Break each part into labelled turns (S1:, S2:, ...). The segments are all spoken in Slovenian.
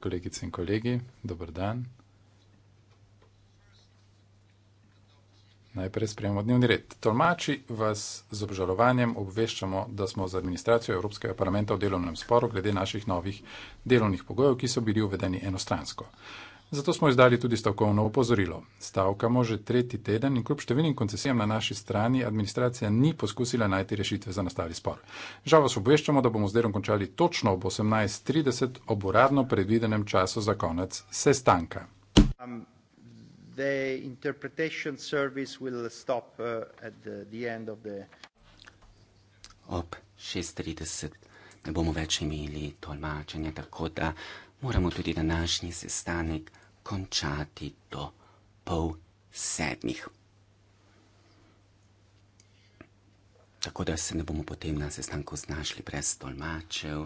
S1: Kolegice in kolegi, dober dan. Najprej sprejemo dnevni red. Tolmači vas z obžalovanjem obveščamo, da smo z administracijo Evropskega parlamenta v delovnem sporu glede naših novih delovnih pogojev, ki so bili uvedeni enostransko. Zato smo izdali tudi stavkovno opozorilo. Stavkamo že tretji teden in kljub številnim koncesijam na naši strani administracija ni poskusila najti rešitve za nastali spor. Žal vas obveščamo, da bomo z delom končali točno ob 18.30 ob uradno predvidenem času za konec sestanka.
S2: Um. Uh,
S3: ob 6.30 ne bomo več imeli tolmačenja, tako da moramo tudi današnji sestanek končati do pol sedmih. Tako da se ne bomo potem na sestanku znašli brez tolmačev.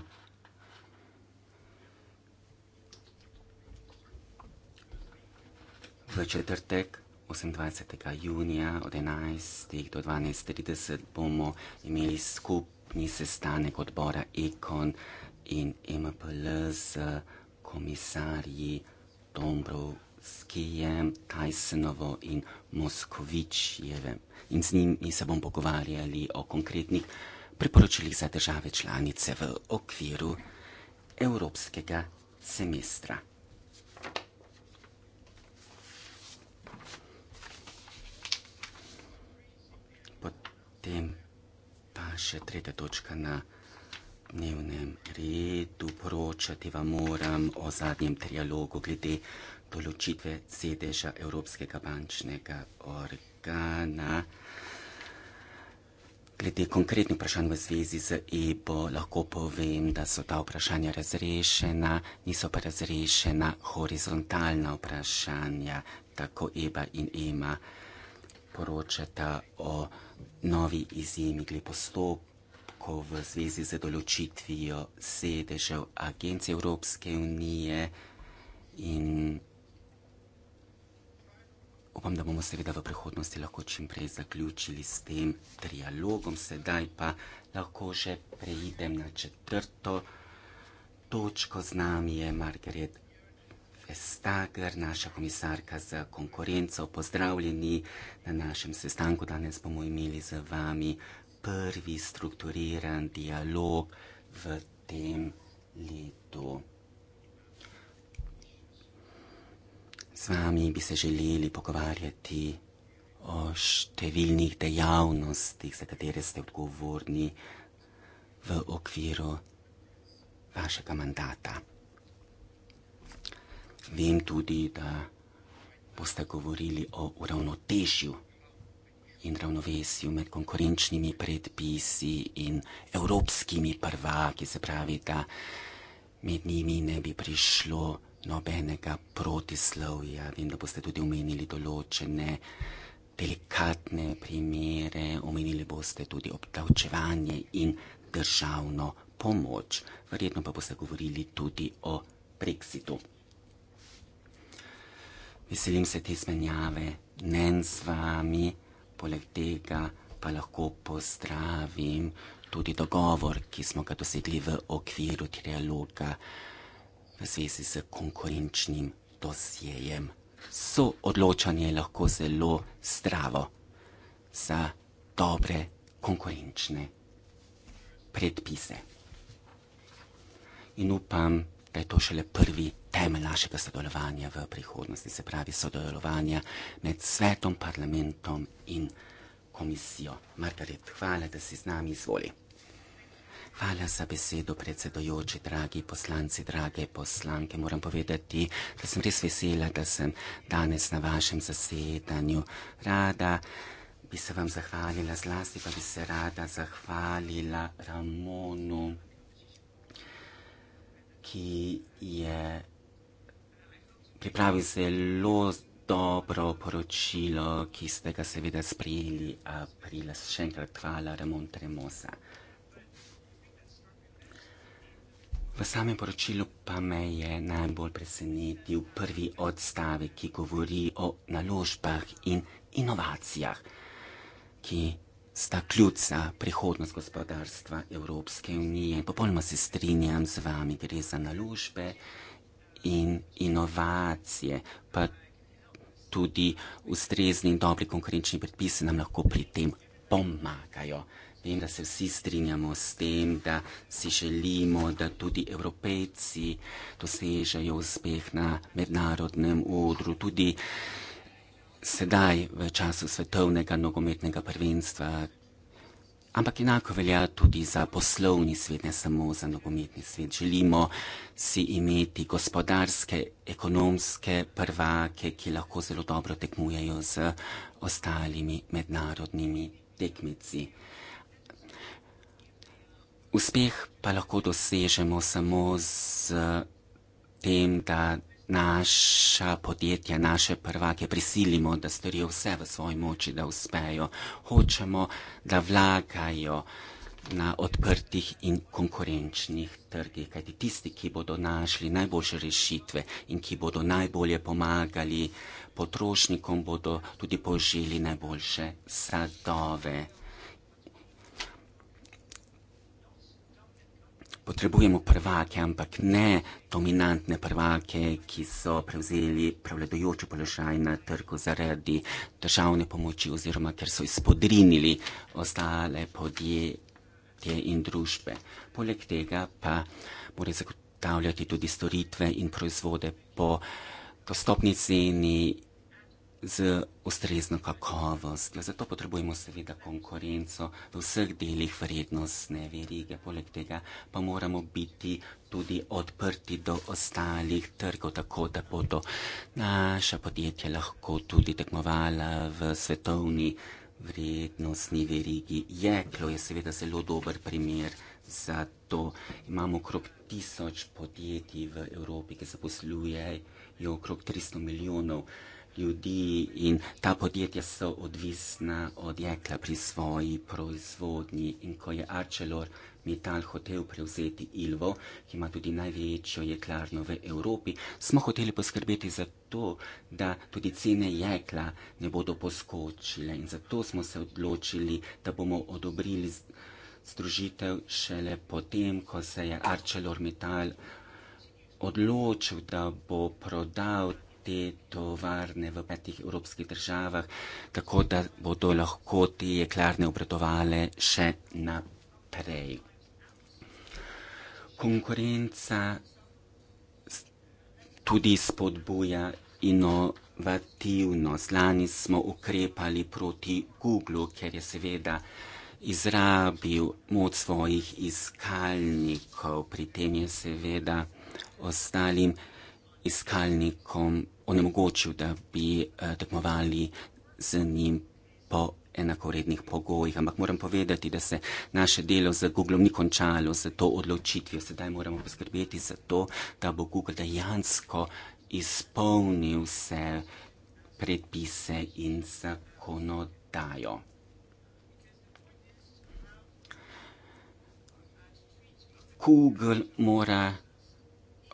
S3: V četrtek 28. junija od 11. do 12.30 bomo imeli skupni sestanek odbora Ekon in MPL z komisarji oktobru v Kijem, Tajsenovo in Moskovičjevem. In z njimi se bom pogovarjali o konkretnih priporočilih za države članice v okviru evropskega semestra. Potem pa še tretja točka na dnevnem redu poročati vam moram o zadnjem trialogu glede določitve sedeža Evropskega bančnega organa. Glede konkretnih vprašanj v zvezi z EBO lahko povem, da so ta vprašanja razrešena, niso pa razrešena horizontalna vprašanja, tako EBA in EMA poročata o novi izjemigli postopki tako v zvezi z določitvijo sedežev agencije Evropske unije in upam, da bomo seveda v prihodnosti lahko čimprej zaključili s tem trialogom, sedaj pa lahko že preidem na četrto točko z nami je Margaret Vestager, naša komisarka za konkurenco. Pozdravljeni na našem sestanku. Danes bomo imeli z vami prvi strukturiran dialog v tem letu. Z vami bi se želeli pogovarjati o številnih dejavnostih, za katere ste odgovorni v okviru vašega mandata. Vem tudi, da boste govorili o uravnotežju in ravnovesju med konkurenčnimi predpisi in evropskimi prvaki, se pravi, da med njimi ne bi prišlo nobenega protislovja. Vem, da boste tudi omenili določene delikatne primere, omenili boste tudi obdavčevanje in državno pomoč. Verjetno pa boste govorili tudi o Brexitu. Veselim se te izmenjave mnen s vami poleg tega pa lahko pozdravim tudi dogovor, ki smo ga dosegli v okviru trialoga v zvezi s konkurenčnim dosjejem. So odločanje lahko zelo zdravo za dobre konkurenčne predpise. In upam, da je to šele prvi temelj našega sodelovanja v prihodnosti, se pravi sodelovanja med svetom, parlamentom in komisijo. Margaret, hvala, da si z nami izvoli. Hvala za besedo, predsedojoči, dragi poslanci, drage poslanke. Moram povedati, da sem res vesela, da sem danes na vašem zasedanju. Rada bi se vam zahvalila, zlasti pa bi se rada zahvalila Ramonu, ki je pripravi zelo dobro poročilo, ki ste ga seveda sprejeli aprila. Še enkrat hvala, Ramon Tremosa. V samem poročilu pa me je najbolj presenetil prvi odstavek, ki govori o naložbah in inovacijah, ki sta kljuca prihodnost gospodarstva Evropske unije. Popolnoma se strinjam z vami, gre za naložbe in inovacije, pa tudi ustrezni in dobri konkurenčni predpisi nam lahko pri tem pomagajo. Vem, da se vsi strinjamo s tem, da si želimo, da tudi evropejci dosežejo uspeh na mednarodnem odru, tudi sedaj v času svetovnega nogometnega prvenstva, Ampak enako velja tudi za poslovni svet, ne samo za nogometni svet. Želimo si imeti gospodarske, ekonomske prvake, ki lahko zelo dobro tekmujejo z ostalimi mednarodnimi tekmici. Uspeh pa lahko dosežemo samo z tem, da naša podjetja, naše prvake prisilimo, da storijo vse v svoji moči, da uspejo. Hočemo, da vlagajo na odprtih in konkurenčnih trgih, kajti tisti, ki bodo našli najboljše rešitve in ki bodo najbolje pomagali potrošnikom, bodo tudi požili najboljše sadove. potrebujemo prvake, ampak ne dominantne prvake, ki so prevzeli prevladojoči položaj na trgu zaradi državne pomoči oziroma ker so izpodrinili ostale podjetje in družbe. Poleg tega pa mora zagotavljati tudi storitve in proizvode po dostopni ceni z ustrezno kakovostjo. Zato potrebujemo seveda konkurenco v vseh delih vrednostne verige. Poleg tega pa moramo biti tudi odprti do ostalih trgov, tako da bodo naša podjetja lahko tudi tekmovala v svetovni vrednostni verigi. Jeklo je seveda zelo dober primer za to. Imamo okrog tisoč podjetij v Evropi, ki zaposlujejo okrog 300 milijonov ljudi ljudi in ta podjetja so odvisna od jekla pri svoji proizvodnji. In ko je Arcelor Metal hotel prevzeti Ilvo, ki ima tudi največjo jeklarno v Evropi, smo hoteli poskrbeti za to, da tudi cene jekla ne bodo poskočile. In zato smo se odločili, da bomo odobrili združitev šele potem, ko se je Arcelor Metal odločil, da bo prodal te tovarne v petih evropskih državah, tako da bodo lahko te jeklarne obratovale še naprej. Konkurenca tudi spodbuja inovativnost. Lani smo ukrepali proti Google, ker je seveda izrabil moč svojih iskalnikov, pri tem je seveda ostalim iskalnikom onemogočil, da bi uh, tekmovali z njim po enakovrednih pogojih. Ampak moram povedati, da se naše delo z Googlom ni končalo z to odločitvijo. Sedaj moramo poskrbeti za to, da bo Google dejansko izpolnil vse predpise in zakonodajo. Google mora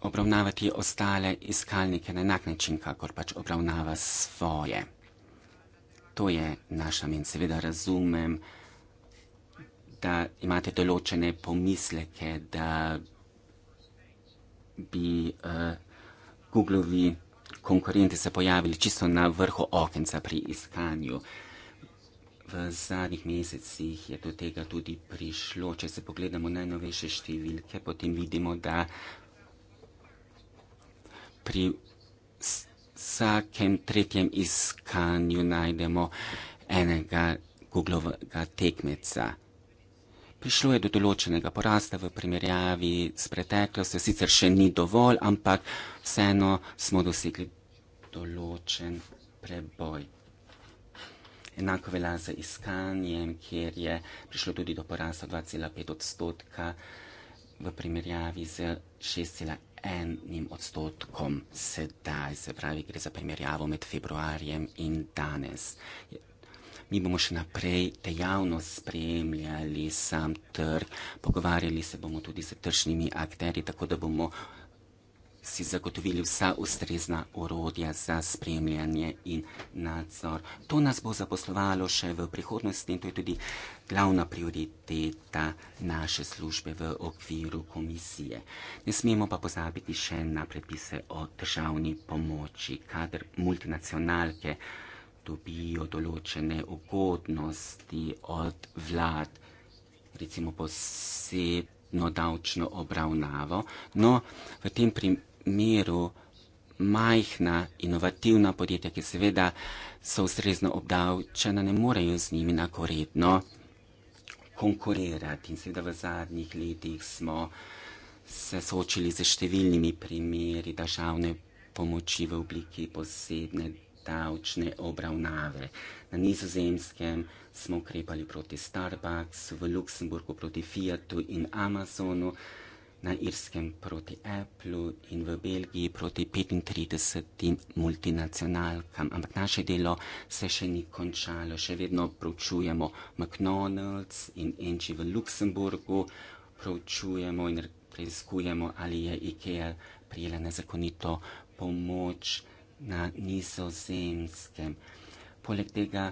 S3: obravnavati ostale iskalnike na enak način, kakor pač obravnava svoje. To je naša min. Seveda razumem, da imate določene pomisleke, da bi uh, eh, Google-ovi konkurenti se pojavili čisto na vrhu okenca pri iskanju. V zadnjih mesecih je do tega tudi prišlo. Če se pogledamo najnovejše številke, potem vidimo, da pri vsakem tretjem iskanju najdemo enega Googlovega tekmeca. Prišlo je do določenega porasta v primerjavi s preteklostjo, sicer še ni dovolj, ampak vseeno smo dosegli določen preboj. Enako velja za iskanjem, kjer je prišlo tudi do porasta 2,5 odstotka v primerjavi z enim odstotkom sedaj, se pravi, gre za primerjavo med februarjem in danes. Mi bomo še naprej dejavno spremljali sam trg, pogovarjali se bomo tudi s tržnimi akteri, tako da bomo si zagotovili vsa ustrezna orodja za spremljanje in nadzor. To nas bo zaposlovalo še v prihodnosti in to je tudi glavna prioriteta naše službe v okviru komisije. Ne smemo pa pozabiti še na predpise o državni pomoči, kadar multinacionalke dobijo določene ugodnosti od vlad, recimo posebno davčno obravnavo. No, v tem primeru miru majhna inovativna podjetja, ki seveda so ustrezno obdavčena, ne morejo z njimi nakoredno konkurirati. In seveda v zadnjih letih smo se soočili z številnimi primeri državne pomoči v obliki posebne davčne obravnave. Na nizozemskem smo ukrepali proti Starbucks, v Luksemburgu proti Fiatu in Amazonu na Irskem proti Apple in v Belgiji proti 35 multinacionalkam. Ampak naše delo se še ni končalo, še vedno proučujemo McDonald's in Enči v Luksemburgu, proučujemo in preizkušujemo, ali je IKEA prijela nezakonito pomoč na nizozemskem. Poleg tega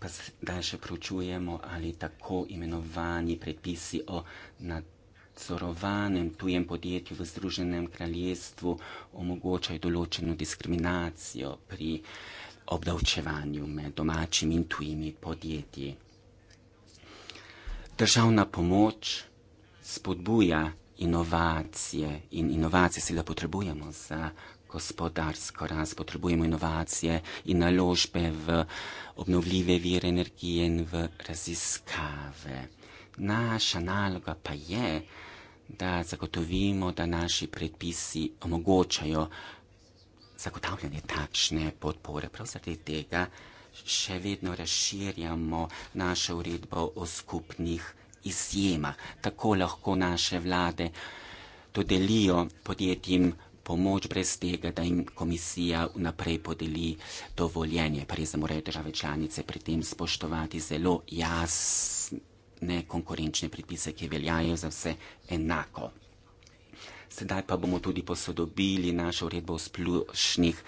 S3: pa zdaj še proučujemo, ali tako imenovani predpisi o nadzoru nadzorovanem tujem podjetju v Združenem kraljestvu omogočajo določeno diskriminacijo pri obdavčevanju med domačimi in tujimi podjetji. Državna pomoč spodbuja inovacije in inovacije si da potrebujemo za gospodarsko rast, potrebujemo inovacije in naložbe v obnovljive vire energije in v raziskave. Naša naloga pa je, da da zagotovimo, da naši predpisi omogočajo zagotavljanje takšne podpore. Prav zaradi tega še vedno razširjamo našo uredbo o skupnih izjemah. Tako lahko naše vlade dodelijo podjetjem pomoč brez tega, da jim komisija vnaprej podeli dovoljenje. Prej se morajo države članice pri tem spoštovati zelo jasno nekonkurenčne predpise, ki veljajo za vse enako. Sedaj pa bomo tudi posodobili našo uredbo v splošnih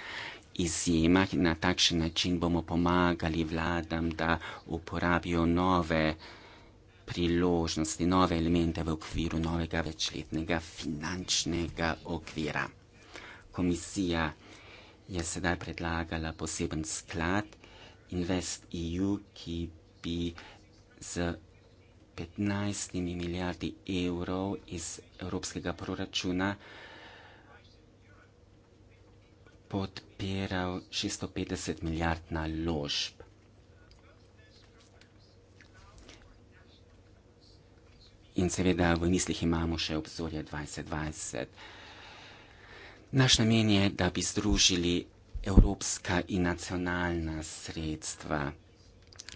S3: izjemah in na takšen način bomo pomagali vladam, da uporabijo nove priložnosti, nove elemente v okviru novega večletnega finančnega okvira. Komisija je sedaj predlagala poseben sklad Invest EU, ki bi z 15 milijardi evrov iz evropskega proračuna podpiral 650 milijard na ložb. In seveda v mislih imamo še obzorje 2020. Naš namen je, da bi združili evropska in nacionalna sredstva.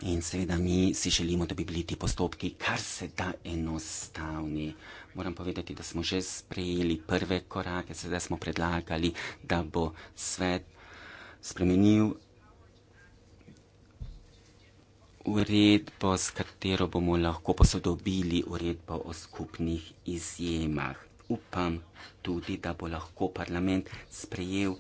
S3: In seveda mi si želimo, da bi bili ti postopki kar se da enostavni. Moram povedati, da smo že sprejeli prve korake, sedaj smo predlagali, da bo svet spremenil uredbo, s katero bomo lahko posodobili uredbo o skupnih izjemah. Upam tudi, da bo lahko parlament sprejel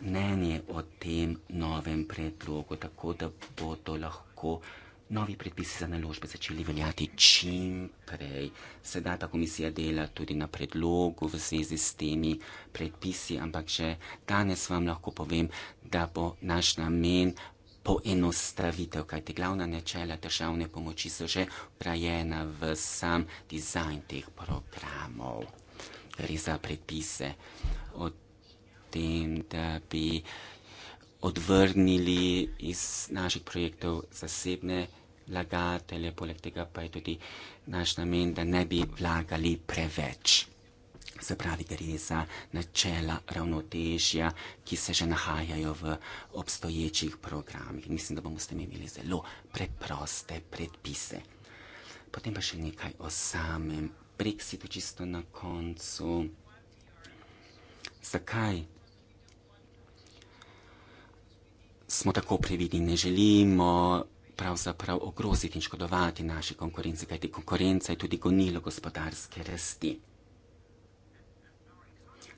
S3: mnenje o tem novem predlogu, tako da bodo lahko lahko novi predpisi za naložbe začeli veljati čim prej. Sedaj pa komisija dela tudi na predlogu v zvezi s temi predpisi, ampak že danes vam lahko povem, da bo naš namen poenostavitev, kajti glavna načela državne pomoči so že prajena v sam dizajn teh programov. Gre za predpise o tem, da bi odvrnili iz naših projektov zasebne vlagatelje, poleg tega pa je tudi naš namen, da ne bi vlagali preveč. Se pravi, gre za načela ravnotežja, ki se že nahajajo v obstoječih programih. Mislim, da bomo s tem imeli zelo preproste predpise. Potem pa še nekaj o samem Brexitu, čisto na koncu. Zakaj smo tako previdni, ne želimo pravzaprav ogroziti in škodovati naše konkurence, kajti konkurenca je tudi gonilo gospodarske rasti.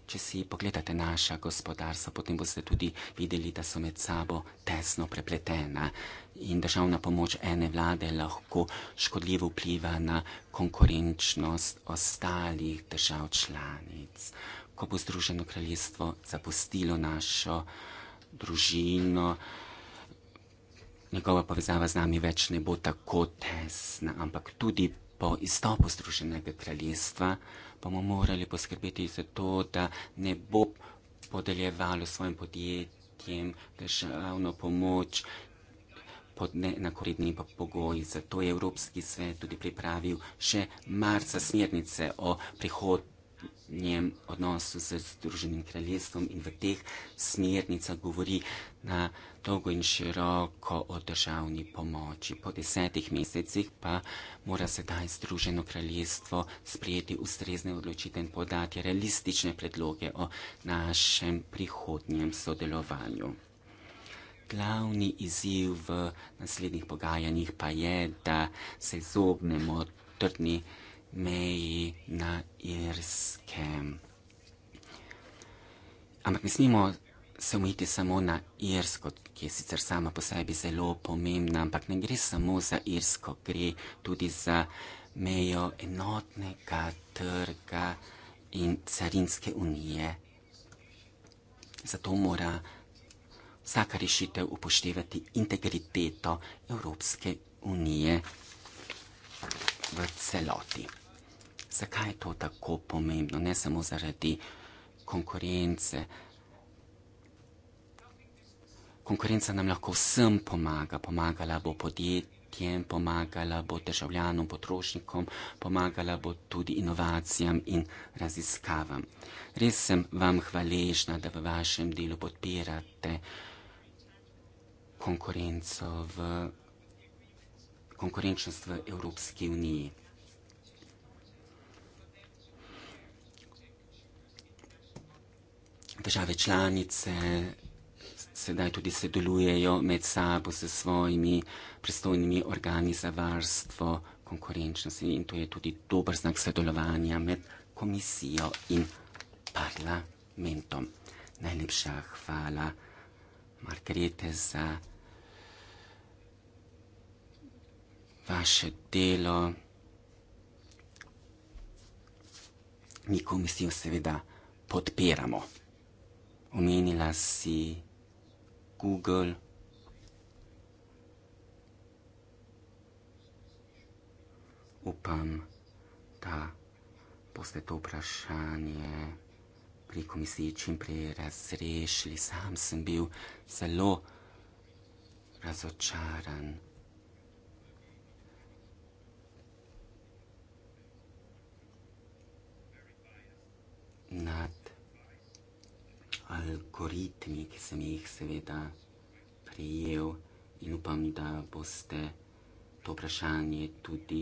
S3: Če si pogledate naša gospodarstva, potem boste tudi videli, da so med sabo tesno prepletena in državna pomoč ene vlade lahko škodljivo vpliva na konkurenčnost ostalih držav članic. Ko bo Združeno kraljestvo zapustilo našo družino, njegova povezava z nami več ne bo tako tesna, ampak tudi po izstopu Združenega kraljestva bomo morali poskrbeti za to, da ne bo podeljevalo svojim podjetjem državno pomoč pod neenakoredni pogoji. Zato je Evropski svet tudi pripravil še marca smernice o prihodnosti njem odnosu z Združenim kraljestvom in v teh smernicah govori na dolgo in široko o državni pomoči. Po desetih mesecih pa mora sedaj Združeno kraljestvo sprejeti ustrezne odločitve in podati realistične predloge o našem prihodnjem sodelovanju. Glavni izziv v naslednjih pogajanjih pa je, da se izognemo trdni meji na Irskem. Ampak ne smemo se umiti samo na Irsko, ki je sicer sama po sebi zelo pomembna, ampak ne gre samo za Irsko, gre tudi za mejo enotnega trga in carinske unije. Zato mora vsaka rešitev upoštevati integriteto Evropske unije v celoti zakaj je to tako pomembno, ne samo zaradi konkurence. Konkurenca nam lahko vsem pomaga, pomagala bo podjetjem, pomagala bo državljanom, potrošnikom, pomagala bo tudi inovacijam in raziskavam. Res sem vam hvaležna, da v vašem delu podpirate konkurenco v konkurenčnost v Evropski uniji. države članice sedaj tudi sedelujejo med sabo s svojimi pristojnimi organi za varstvo konkurenčnosti in to je tudi dober znak sodelovanja med komisijo in parlamentom. Najlepša hvala Margrete za vaše delo. Mi komisijo seveda podpiramo omenila si Google. Upam, da boste to vprašanje pri komisiji čim prej razrešili. Sam sem bil zelo razočaran. nad algoritmi, ki sem jih seveda prijel in upam, da boste to vprašanje tudi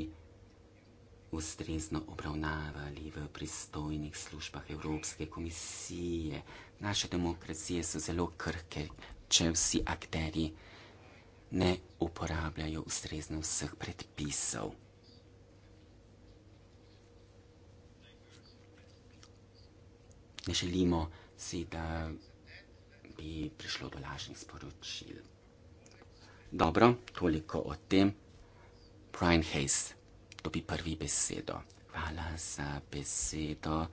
S3: ustrezno obravnavali v pristojnih službah Evropske komisije. Naše demokracije so zelo krhke, če vsi akteri ne uporabljajo ustrezno vseh predpisov. Ne želimo si, da bi prišlo do lažnih sporočil. Dobro, toliko o tem. Brian Hayes dobi prvi besedo. Hvala za besedo.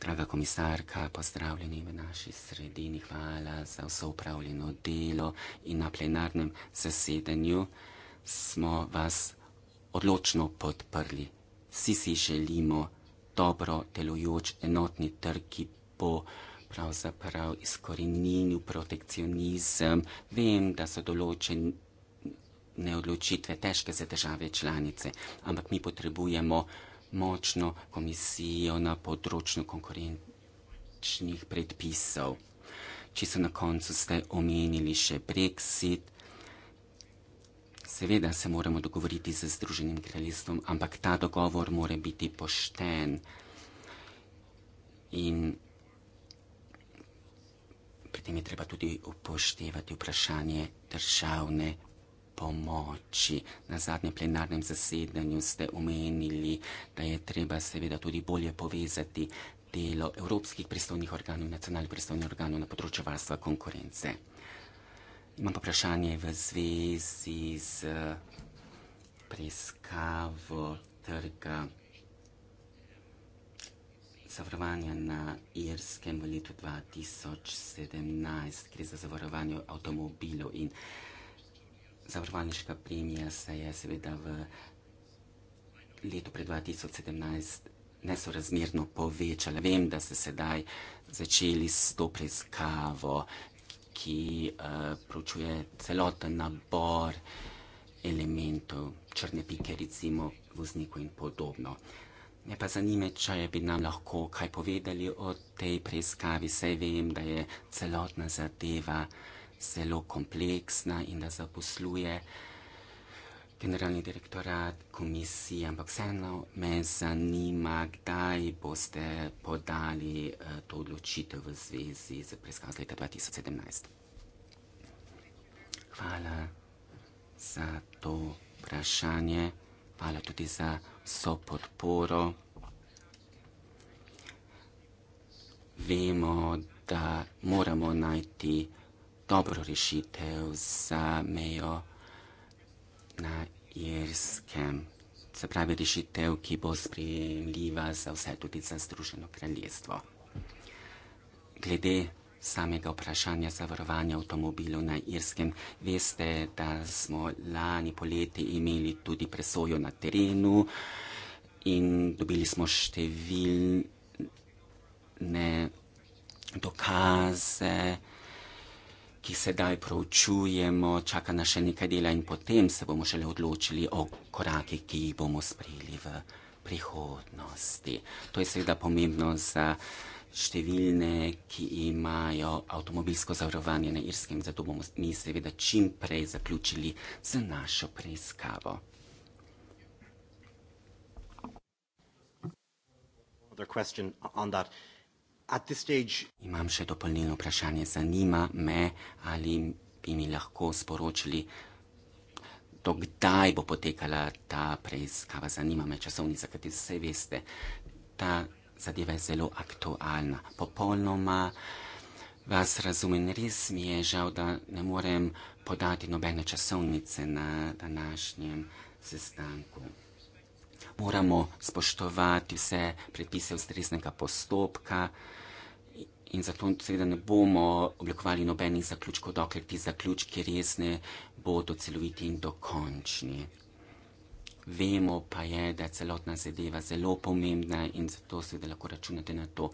S3: Draga komisarka, pozdravljeni v naši sredini. Hvala za vso upravljeno delo in na plenarnem zasedanju smo vas odločno podprli. Vsi si želimo dobro delujoč enotni trg, ki bo pravzaprav izkoreninil protekcionizem. Vem, da so določene odločitve težke za države članice, ampak mi potrebujemo močno komisijo na področju konkurenčnih predpisov. Če so na koncu ste omenili še Brexit, Seveda se moramo dogovoriti z Združenim kraljestvom, ampak ta dogovor mora biti pošten. In pri tem je treba tudi upoštevati vprašanje državne pomoči. Na zadnjem plenarnem zasedanju ste omenili, da je treba seveda tudi bolje povezati delo evropskih pristojnih organov in nacionalnih pristojnih organov na področju varstva konkurence. Imam vprašanje v zvezi z eh, preiskavo trga zavarovanja na Irskem v letu 2017. Gre za zavarovanje avtomobilov in zavarovalniška premija se je seveda v letu pred 2017 nesorazmerno povečala. Vem, da ste sedaj začeli s to preiskavo ki uh, proučuje celoten nabor elementov, črne pike, recimo, vozniku in podobno. Me pa zanima, če bi nam lahko kaj povedali o tej preiskavi. Saj vem, da je celotna zadeva zelo kompleksna in da zaposluje uh, generalni direktorat, komisija, ampak vseeno me zanima, kdaj boste podali uh, to odločitev v zvezi z preiskavo z leta 2017. Hvala za to vprašanje, hvala tudi za so podporo. Vemo, da moramo najti dobro rešitev za mejo na jerskem. Se pravi, rešitev, ki bo sprejemljiva za vse, tudi za Združeno kraljestvo. Glede samega vprašanja zavarovanja avtomobilov na Irskem, veste, da smo lani poleti imeli tudi presojo na terenu in dobili smo številne dokaze ki sedaj proučujemo, čaka na še nekaj dela in potem se bomo šele odločili o korakih, ki jih bomo sprejeli v prihodnosti. To je seveda pomembno za številne, ki imajo avtomobilsko zavarovanje na Irskem, zato bomo mi seveda čim prej zaključili z našo preiskavo. Other question on that. Imam še dopolnilno vprašanje. Zanima me, ali bi mi lahko sporočili, do kdaj bo potekala ta preiskava. Zanima me časovnica, kajti vse veste, ta zadeva je zelo aktualna. Popolnoma vas razumem, res mi je žal, da ne morem podati nobene časovnice na današnjem sestanku. Moramo spoštovati vse predpise ustreznega postopka in zato seveda ne bomo oblikovali nobenih zaključkov, dokler ti zaključki res ne bodo celoviti in dokončni. Vemo pa je, da je celotna zadeva zelo pomembna in zato seveda lahko računate na to,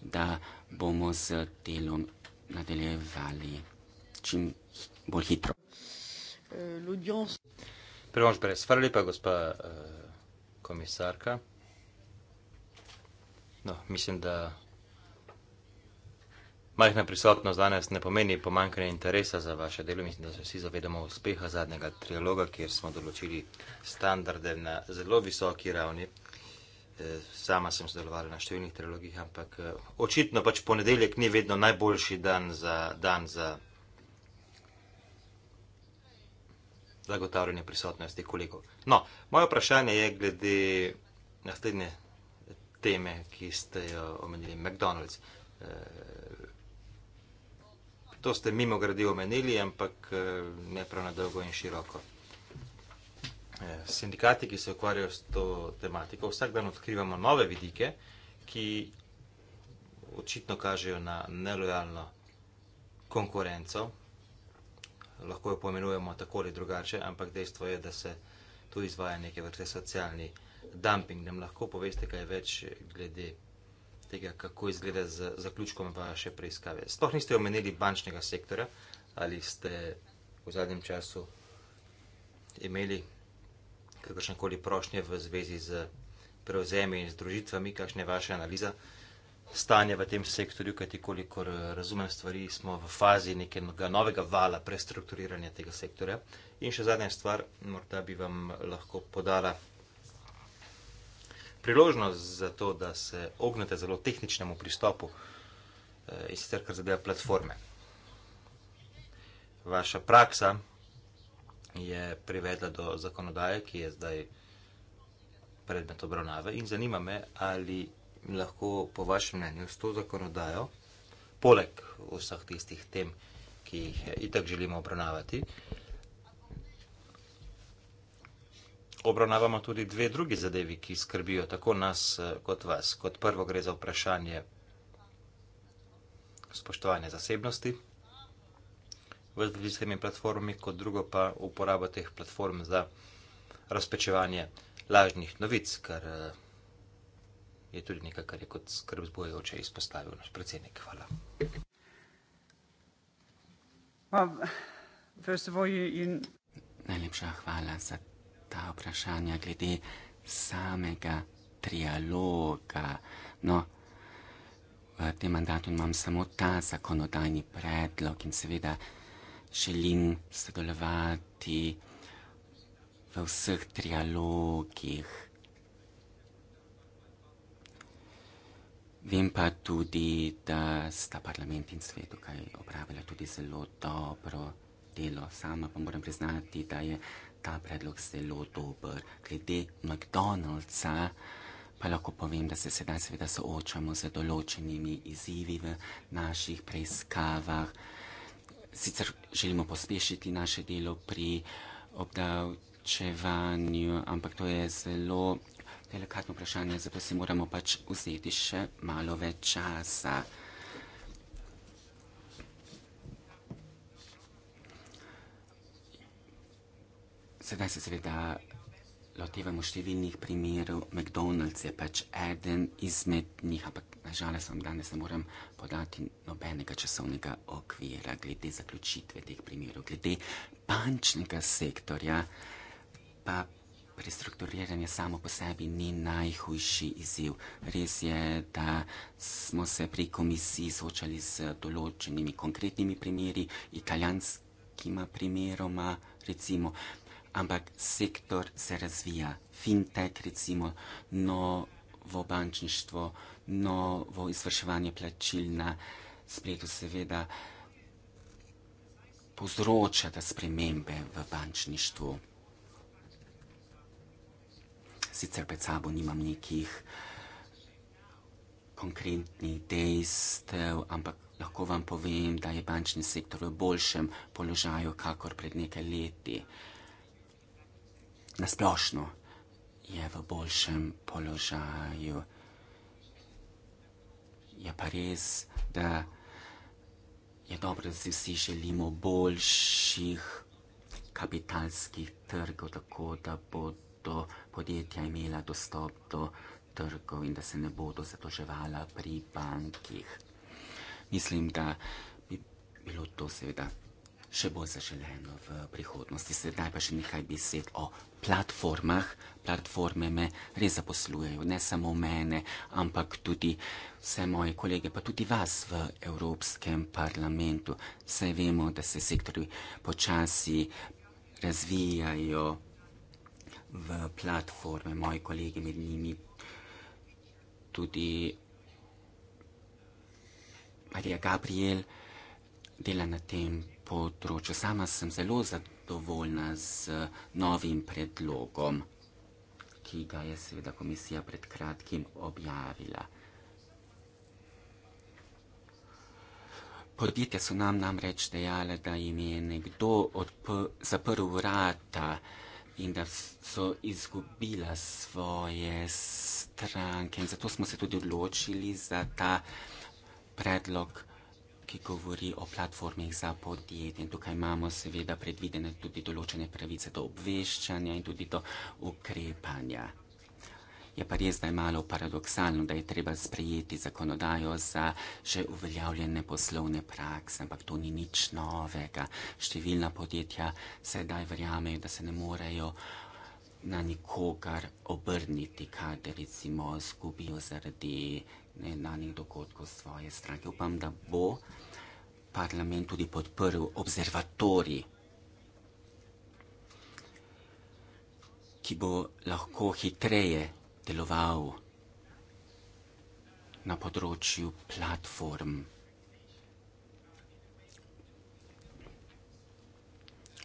S3: da bomo z delom nadaljevali čim bolj hitro. Prvo, že brez hvala lepa, gospa
S2: uh, komisarka. No, mislim, da Majhna prisotnost danes ne pomeni pomankanje interesa za vaše delo. Mislim, da se vsi zavedamo uspeha zadnjega trialoga, kjer smo določili standarde na zelo visoki ravni. E, sama sem sodelovala na številnih trialogih, ampak e, očitno pač ponedeljek ni vedno najboljši dan za, dan za zagotavljanje prisotnosti kolegov. No, moje vprašanje je glede naslednje teme, ki ste jo omenili, McDonald's. E, To ste mimo grede omenili, ampak eh, ne prav na dolgo in široko. Eh, sindikati, ki se ukvarjajo s to tematiko, vsak dan odkrivamo nove vidike, ki očitno kažejo na nelojalno konkurenco. Lahko jo pojmenujemo tako ali drugače, ampak dejstvo je, da se tu izvaja neke vrste socialni dumping. Nam lahko poveste kaj več glede tega, kako izgleda z zaključkom vaše preiskave. Sploh niste omenili bančnega sektora, ali ste v zadnjem času imeli kakršnekoli prošnje v zvezi z prevzemi in združitvami, kakšna je vaša analiza stanja v tem sektorju, kajti kolikor eh, razumem stvari, smo v fazi nekega novega vala prestrukturiranja tega sektorja. In še zadnja stvar, morda bi vam lahko podala priložnost za to, da se ognete zelo tehničnemu pristopu eh, in sicer kar zadeva platforme. Vaša praksa je privedla do zakonodaje, ki je zdaj predmet obravnave in zanima me, ali lahko po vašem mnenju s to zakonodajo, poleg vseh tistih tem, ki jih itak želimo obravnavati, obravnavamo tudi dve drugi zadevi, ki skrbijo tako nas eh, kot vas. Kot prvo gre za vprašanje spoštovanja zasebnosti v zvezi s temi platformami, kot drugo pa uporabo teh platform za razpečevanje lažnih novic, kar eh, je tudi nekaj, kar je kot skrb zbojoče
S3: izpostavil naš predsednik. Hvala.
S2: Well, all, you, you...
S3: Najlepša hvala za to ta vprašanja glede samega trialoga. No, v tem mandatu imam samo ta zakonodajni predlog in seveda želim sodelovati v vseh trialogih. Vem pa tudi, da sta parlament in svet tukaj opravila tudi zelo dobro delo. Sama pa moram priznati, da je ta predlog zelo dober. Glede McDonald'sa pa lahko povem, da se sedaj seveda soočamo z določenimi izzivi v naših preiskavah. Sicer želimo pospešiti naše delo pri obdavčevanju, ampak to je zelo delikatno vprašanje, zato si moramo pač vzeti še malo več časa. Sedaj se seveda lotevamo številnih primerov. McDonald's je pač eden izmed njih, ampak nažalost vam danes ne morem podati nobenega časovnega okvira glede zaključitve teh primerov. Glede bančnega sektorja pa prestrukturiranje samo po sebi ni najhujši izziv. Res je, da smo se pri komisiji soočali z določenimi konkretnimi primeri, italijanskima primeroma, recimo ampak sektor se razvija. Fintech, recimo, novo bančništvo, novo izvrševanje plačil na spletu, seveda, povzroča te spremembe v bančništvu. Sicer pred sabo nimam nekih konkretnih dejstev, ampak lahko vam povem, da je bančni sektor v boljšem položaju, kakor pred nekaj leti na splošno je v boljšem položaju. Je pa res, da je dobro, da si vsi želimo boljših kapitalskih trgov, tako da bodo podjetja imela dostop do trgov in da se ne bodo zadoževala pri bankih. Mislim, da bi bilo to seveda še bolj zaželeno v prihodnosti. Sedaj pa še nekaj besed o platformah. Platforme me res zaposlujejo, ne samo mene, ampak tudi vse moje kolege, pa tudi vas v Evropskem parlamentu. Vse vemo, da se sektori počasi razvijajo v platforme, moji kolegi med njimi tudi Marija Gabriel dela na tem področju. Sama sem zelo zadovoljna z eh, novim predlogom, ki ga je seveda komisija pred kratkim objavila. Podjetja so nam namreč dejale, da jim je nekdo zaprl vrata in da so izgubila svoje stranke. In zato smo se tudi odločili za ta predlog ki govori o platformih za podjetje. In tukaj imamo seveda predvidene tudi določene pravice do obveščanja in tudi do ukrepanja. Je pa res, da je malo paradoksalno, da je treba sprejeti zakonodajo za že uveljavljene poslovne prakse, ampak to ni nič novega. Številna podjetja sedaj verjamejo, da se ne morejo na nikogar obrniti, kaj recimo zgubijo zaradi enanih dogodkov svoje stranke. Upam, da bo parlament tudi podprl observatori, ki bo lahko hitreje deloval na področju platform.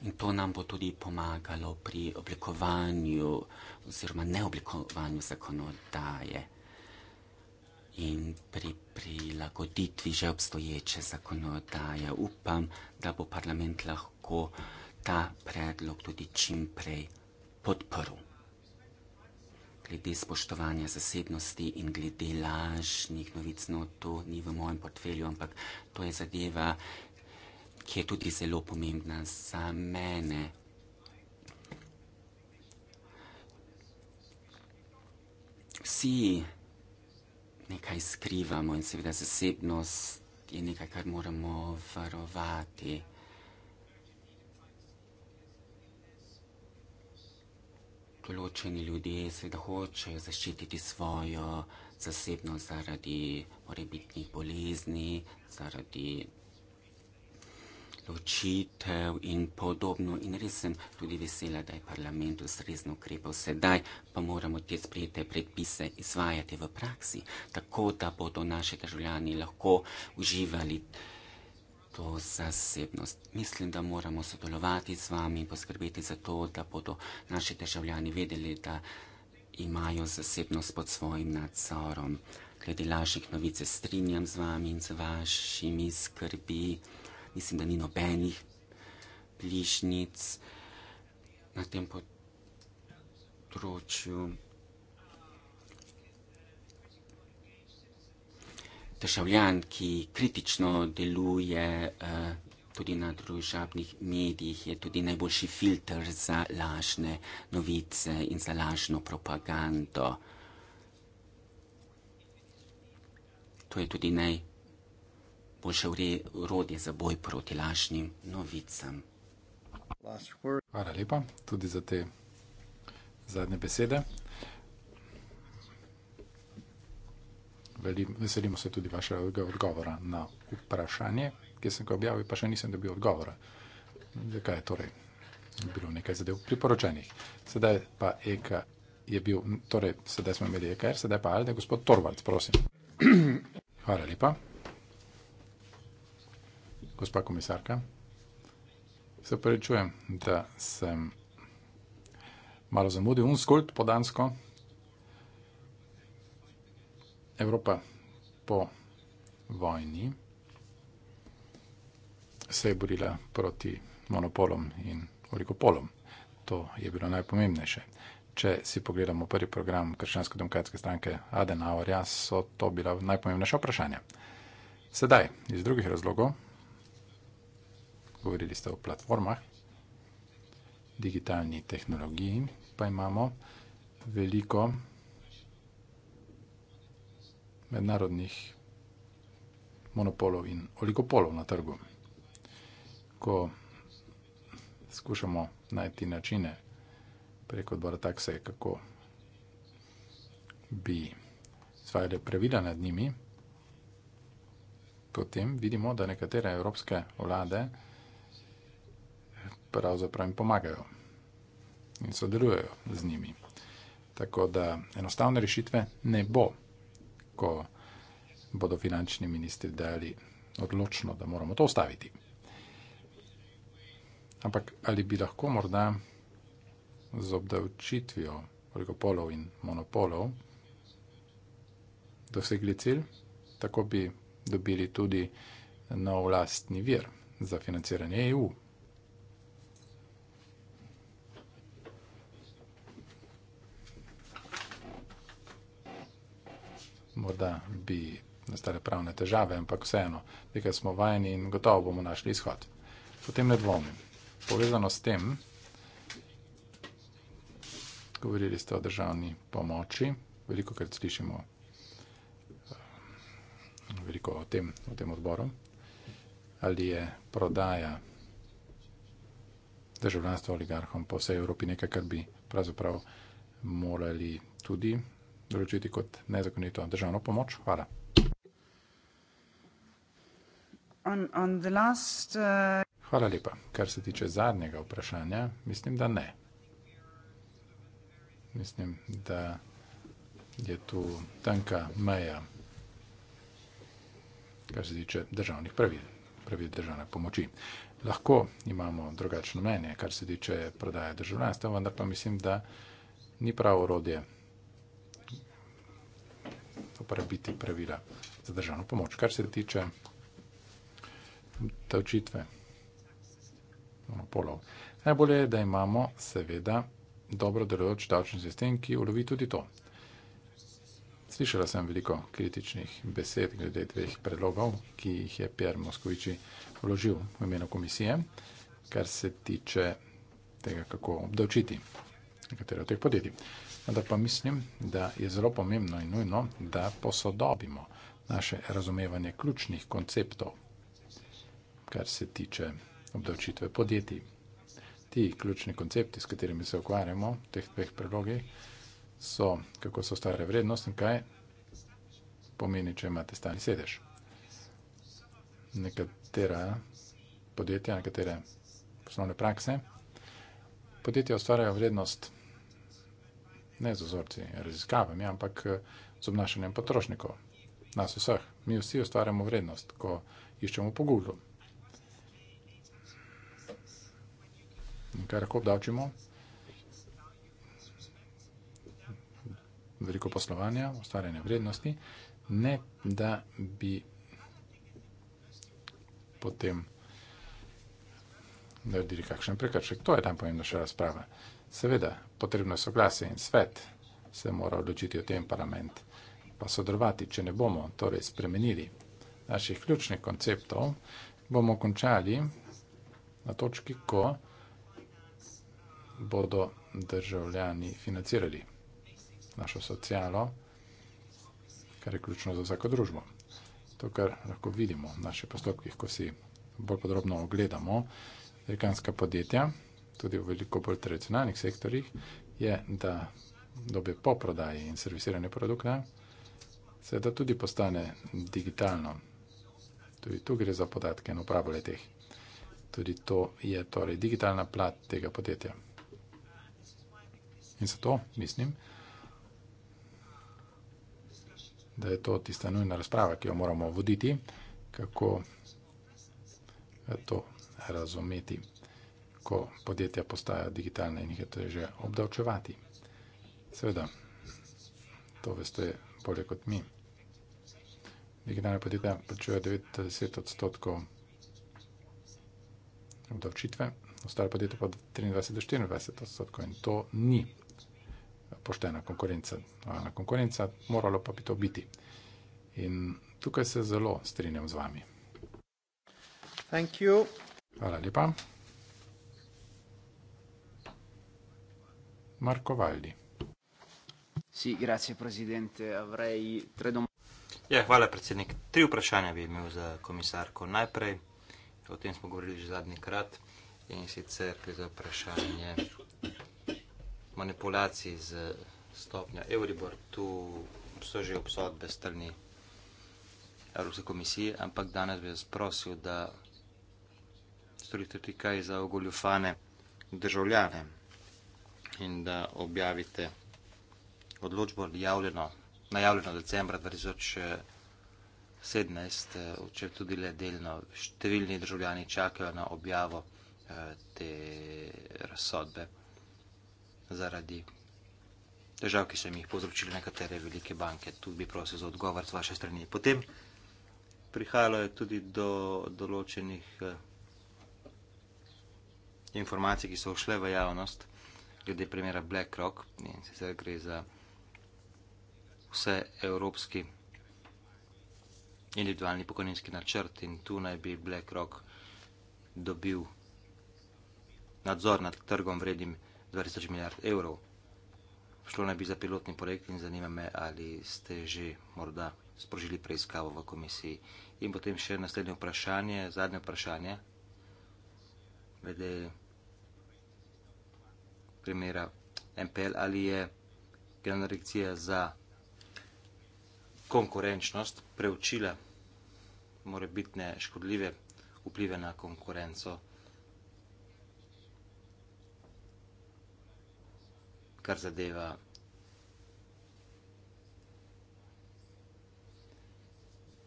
S3: In to nam bo tudi pomagalo pri oblikovanju oziroma neoblikovanju zakonodaje in pri prilagoditvi že obstoječe zakonodaje. Upam, da bo parlament lahko ta predlog tudi čim prej podporil. Glede spoštovanja zasebnosti in glede lažnih novic, no to ni v mojem portfelju, ampak to je zadeva, ki je tudi zelo pomembna za mene. Vsi nekaj skrivamo in seveda zasebnost je nekaj, kar moramo varovati. Določeni ljudje seveda hočejo zaščititi svojo zasebnost zaradi morebitnih bolezni, zaradi ločitev in podobno. In res sem tudi vesela, da je parlament ustrezno ukrepal. Sedaj pa moramo te sprejete predpise izvajati v praksi, tako da bodo naši državljani lahko uživali to zasebnost. Mislim, da moramo sodelovati z vami in poskrbeti za to, da bodo naši državljani vedeli, da imajo zasebnost pod svojim nadzorom. Glede lažnih novice strinjam z vami in z vašimi skrbi mislim, da ni nobenih bližnjic na tem področju. Državljan, ki kritično deluje eh, tudi na družabnih medijih, je tudi najboljši filter za lažne novice in za lažno propagando. To je tudi najboljši bo še urodje za boj proti lažnim novicam. Hvala lepa tudi za te zadnje besede.
S1: Veselimo se tudi vašega odgovora na vprašanje, ki sem ga objavil, pa še nisem dobil odgovora. Zakaj je torej bilo nekaj zadev priporočenih? Sedaj pa Eka je bil, torej sedaj smo imeli Eka, sedaj pa Alde, gospod Torvalc, prosim. Hvala lepa gospa komisarka. Se prečujem, da sem malo zamudil. Unskult po Dansko. Evropa po vojni se je borila proti monopolom in oligopolom. To je bilo najpomembnejše. Če si pogledamo prvi program Krščansko-demokratske stranke Adenauerja, so to bila najpomembnejša vprašanja. Sedaj, iz drugih razlogov, govorili ste o platformah, digitalni tehnologiji, pa imamo veliko mednarodnih monopolov in oligopolov na trgu. Ko skušamo najti načine preko odbora takse, kako bi svajale pravila nad njimi, potem vidimo, da nekatere evropske vlade vsega, pravzaprav jim pomagajo in sodelujejo z njimi. Tako da enostavne rešitve ne bo, ko bodo finančni ministri dali odločno, da moramo to ustaviti. Ampak ali bi lahko morda z obdavčitvijo oligopolov in monopolov dosegli cilj, tako bi dobili tudi nov lastni vir za financiranje EU. morda bi nastale pravne težave, ampak vseeno, nekaj smo vajeni in gotovo bomo našli izhod. Potem ne dvomim. Povezano s tem, govorili ste o državni pomoči, veliko krat slišimo eh, veliko o tem, o tem odboru, ali je prodaja državljanstva oligarhom po vsej Evropi nekaj, kar bi pravzaprav morali tudi določiti kot nezakonito državno pomoč. Hvala.
S3: On, on last, uh...
S1: Hvala lepa. Kar se tiče zadnjega vprašanja, mislim, da ne. Mislim, da je tu tanka meja, kar se tiče državnih pravil, pravil državne pomoči. Lahko imamo drugačno mnenje, kar se tiče prodaje državljanstva, vendar pa mislim, da ni pravo urodje pa biti pravila za državno pomoč, kar se tiče davčitve monopolov. Najbolje je, da imamo seveda dobro delujoč davčni sistem, ki ulovi tudi to. Slišala sem veliko kritičnih besed glede dveh predlogov, ki jih je Pierre Moskoviči vložil v imenu komisije, kar se tiče tega, kako obdavčiti nekatere od teh podjetij vendar pa mislim, da je zelo pomembno in nujno, da posodobimo naše razumevanje ključnih konceptov, kar se tiče obdavčitve podjetij. Ti ključni koncepti, s katerimi se ukvarjamo, teh dveh predlogih, so, kako so stare vrednost in kaj pomeni, če imate stani sedež. Nekatera podjetja, nekatere poslovne prakse, podjetja ustvarjajo vrednost ne z vzorci raziskavami, ampak eh, z obnašanjem potrošnikov. Nas vseh, mi vsi ustvarjamo vrednost, ko iščemo po Google. In kaj lahko obdavčimo? Veliko poslovanja, ustvarjanje vrednosti, ne da bi potem naredili kakšen prekršek. To je tam pomembna še razprava. Seveda, potrebno je soglasje in svet se mora odločiti o tem parlament, pa sodelovati, če ne bomo torej spremenili naših ključnih konceptov, bomo končali na točki, ko bodo državljani financirali našo socialo, kar je ključno za vsako družbo. To, kar lahko vidimo v naših postopkih, ko si bolj podrobno ogledamo, amerikanska podjetja tudi v veliko bolj tradicionalnih sektorjih, je, da dobe po prodaji in serviciranje produkta, seveda tudi postane digitalno. Tudi tu gre za podatke in upravo le teh. Tudi to je torej digitalna plat tega podjetja. In zato mislim, da je to tista nujna razprava, ki jo moramo voditi, kako to razumeti ko podjetja postajajo digitalne in jih je treba že obdavčevati. Seveda, to veste bolje kot mi. Digitalna podjetja plačujejo 90 odstotkov obdavčitve, ostale podjetja pa 23 do 24 odstotkov in to ni poštena konkurenca. Ona konkurenca, moralo pa bi to biti. In tukaj se zelo strinjam z vami. Thank you. Hvala lepa. Marco Valli.
S2: Sì, grazie presidente. Avrei tre domande. Ja, hvala predsednik. Tri vprašanja bi imel za komisarko. Najprej, o tem smo govorili že zadnji krat, in sicer gre za vprašanje manipulacij z stopnja Euribor. Tu so že obsodbe strani Evropske komisije, ampak danes bi vas prosil, da storite tudi kaj za ogoljufane državljane in da objavite odločbo javljeno, najavljeno decembra 2017, eh, če tudi le delno številni državljani čakajo na objavo eh, te razsodbe zaradi težav, ki so jim jih povzročili nekatere velike banke. Tu bi prosil za odgovor z vaše strani. Potem prihajalo je tudi do določenih eh, informacij, ki so ušle v javnost, glede primera BlackRock in sicer gre za vse evropski individualni pokojninski načrt in tu naj bi BlackRock dobil nadzor nad trgom vrednim 20 milijard evrov. Šlo naj bi za pilotni projekt in zanima me, ali ste že morda sprožili preiskavo v komisiji. In potem še naslednje vprašanje, zadnje vprašanje, glede primera MPL ali je generacija za konkurenčnost preučila morebitne škodljive vplive na konkurenco, kar zadeva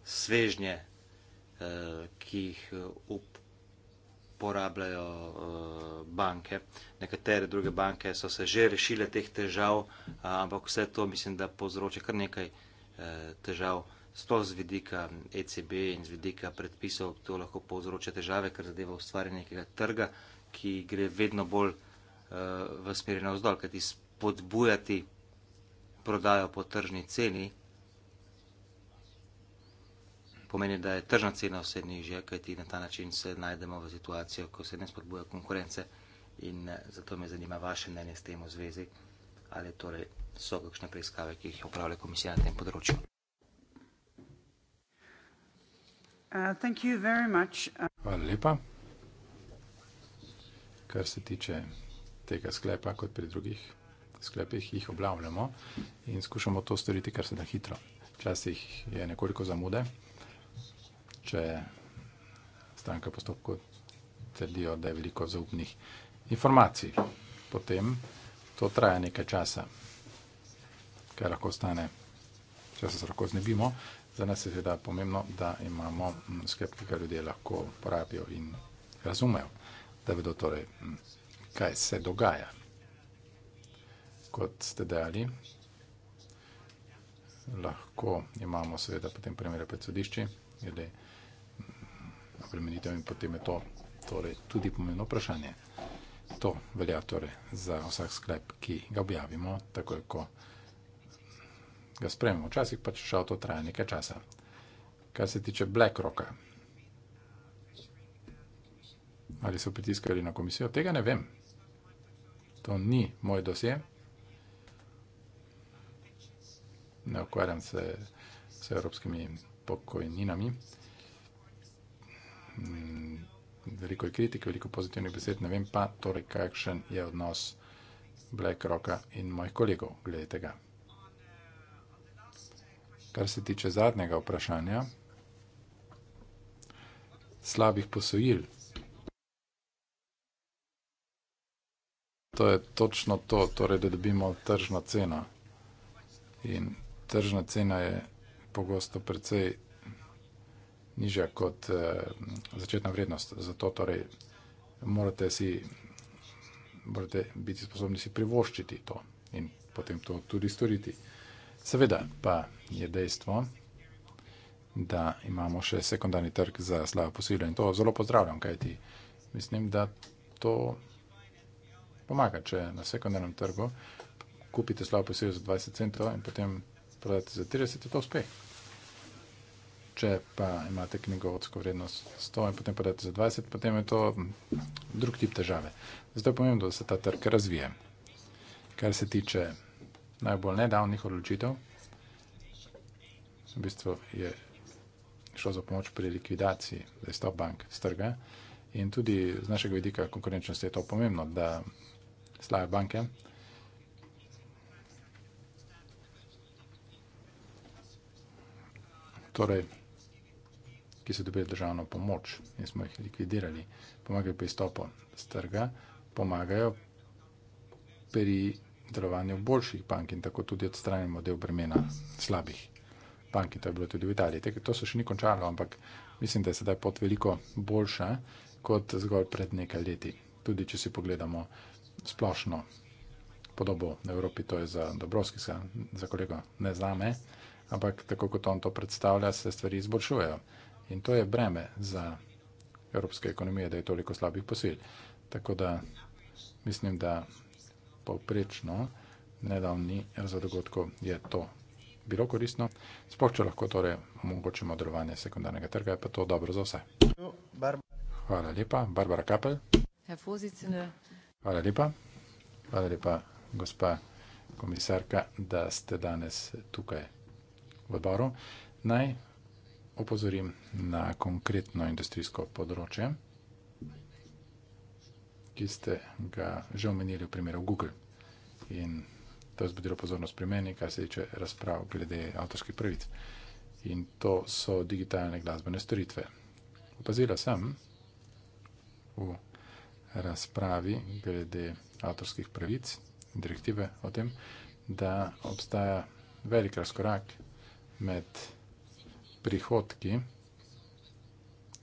S2: svežnje, eh, ki jih up porabljajo uh, eh, banke. Nekatere druge banke so se že rešile teh težav, uh, ampak vse to mislim, da povzroča kar nekaj uh, težav. Sto z vidika ECB in z vidika predpisov to lahko povzroča težave, ker zadeva ustvarjanje nekega trga, ki gre vedno bolj uh, v smeri navzdol, kajti spodbujati prodajo po tržni ceni pomeni, da je tržna cena vse nižja, kajti na ta način se najdemo v situacijo, ko se ne spodbuja konkurence in eh, zato me zanima vaše mnenje s tem v zvezi, ali torej so kakšne preiskave, ki jih opravlja komisija na tem področju.
S3: Uh, thank you very much. Hvala lepa.
S1: Kar se tiče tega sklepa, kot pri drugih sklepih, jih obljavljamo in skušamo to storiti kar se da hitro. Včasih je nekoliko zamude če stranke postopkov trdijo, da je veliko zaupnih informacij. Potem to traja nekaj časa, kar lahko stane, če se lahko znebimo. Za nas je seveda pomembno, da imamo mm, sklep, ki ga ljudje lahko uporabijo in razumejo, da vedo torej, mm, kaj se dogaja. Kot ste dejali, lahko imamo seveda potem primere pred sodišči, glede obremenitev in potem je to torej, tudi pomembno vprašanje. To velja torej za vsak sklep, ki ga objavimo, tako je, ko ga spremimo. Včasih pač šal to traja nekaj časa. Kar se tiče BlackRocka, ali so pritiskali na komisijo, tega ne vem. To ni moj dosje. Ne ukvarjam se s evropskimi pokojninami. Mm, veliko je kritik, veliko pozitivnih besed, ne vem pa, torej, kakšen je odnos BlackRocka in mojih kolegov glede tega. Kar se tiče zadnjega vprašanja, slabih posojil. To je točno to, torej, da dobimo tržno ceno. In tržna cena je pogosto precej nižja kot eh, začetna vrednost. Zato torej morate, si, morate biti sposobni si privoščiti to in potem to tudi storiti. Seveda pa je dejstvo, da imamo še sekundarni trg za slabo posilje in to zelo pozdravljam, kajti mislim, da to pomaga, če na sekundarnem trgu kupite slabo posilje za 20 centov in potem prodate za 30, je to uspeh če pa imate knjigovodsko vrednost 100 in potem podate za 20, potem je to hm, drug tip težave. Zato je pomembno, da se ta trg razvije. Kar se tiče najbolj nedavnih odločitev, v bistvu je šlo za pomoč pri likvidaciji, da je stop bank z trga in tudi z našega vidika konkurenčnosti je to pomembno, da slave banke torej ki so dobili državno pomoč in smo jih likvidirali, pomagajo pri stopu z trga, pomagajo pri delovanju boljših bank in tako tudi odstranimo del bremena slabih bank, to je bilo tudi v Italiji. Tako, to se še ni končalo, ampak mislim, da je sedaj pot veliko boljša kot zgolj pred nekaj leti. Tudi, če si pogledamo splošno podobo na Evropi, to je za Dobrovskega, za kolega ne zame, ampak tako kot on to predstavlja, se stvari izboljšujejo. In to je breme za evropske ekonomije, da je toliko slabih posojil. Tako da mislim, da povprečno nedavni razvoj dogodkov je to bilo koristno. Sploh, če lahko torej omogočimo delovanje sekundarnega trga, je pa to dobro za vse. Hvala lepa. Barbara Kapel. Hvala lepa. Hvala lepa, gospa komisarka, da ste danes tukaj v odboru. Naj opozorim na konkretno industrijsko področje, ki ste ga že omenili v primeru Google. In to je zbudilo pozornost pri meni, kar se tiče razprav glede avtorskih pravic. In to so digitalne glasbene storitve. Opazila sem v razpravi glede avtorskih pravic in direktive o tem, da obstaja velik razkorak med prihodki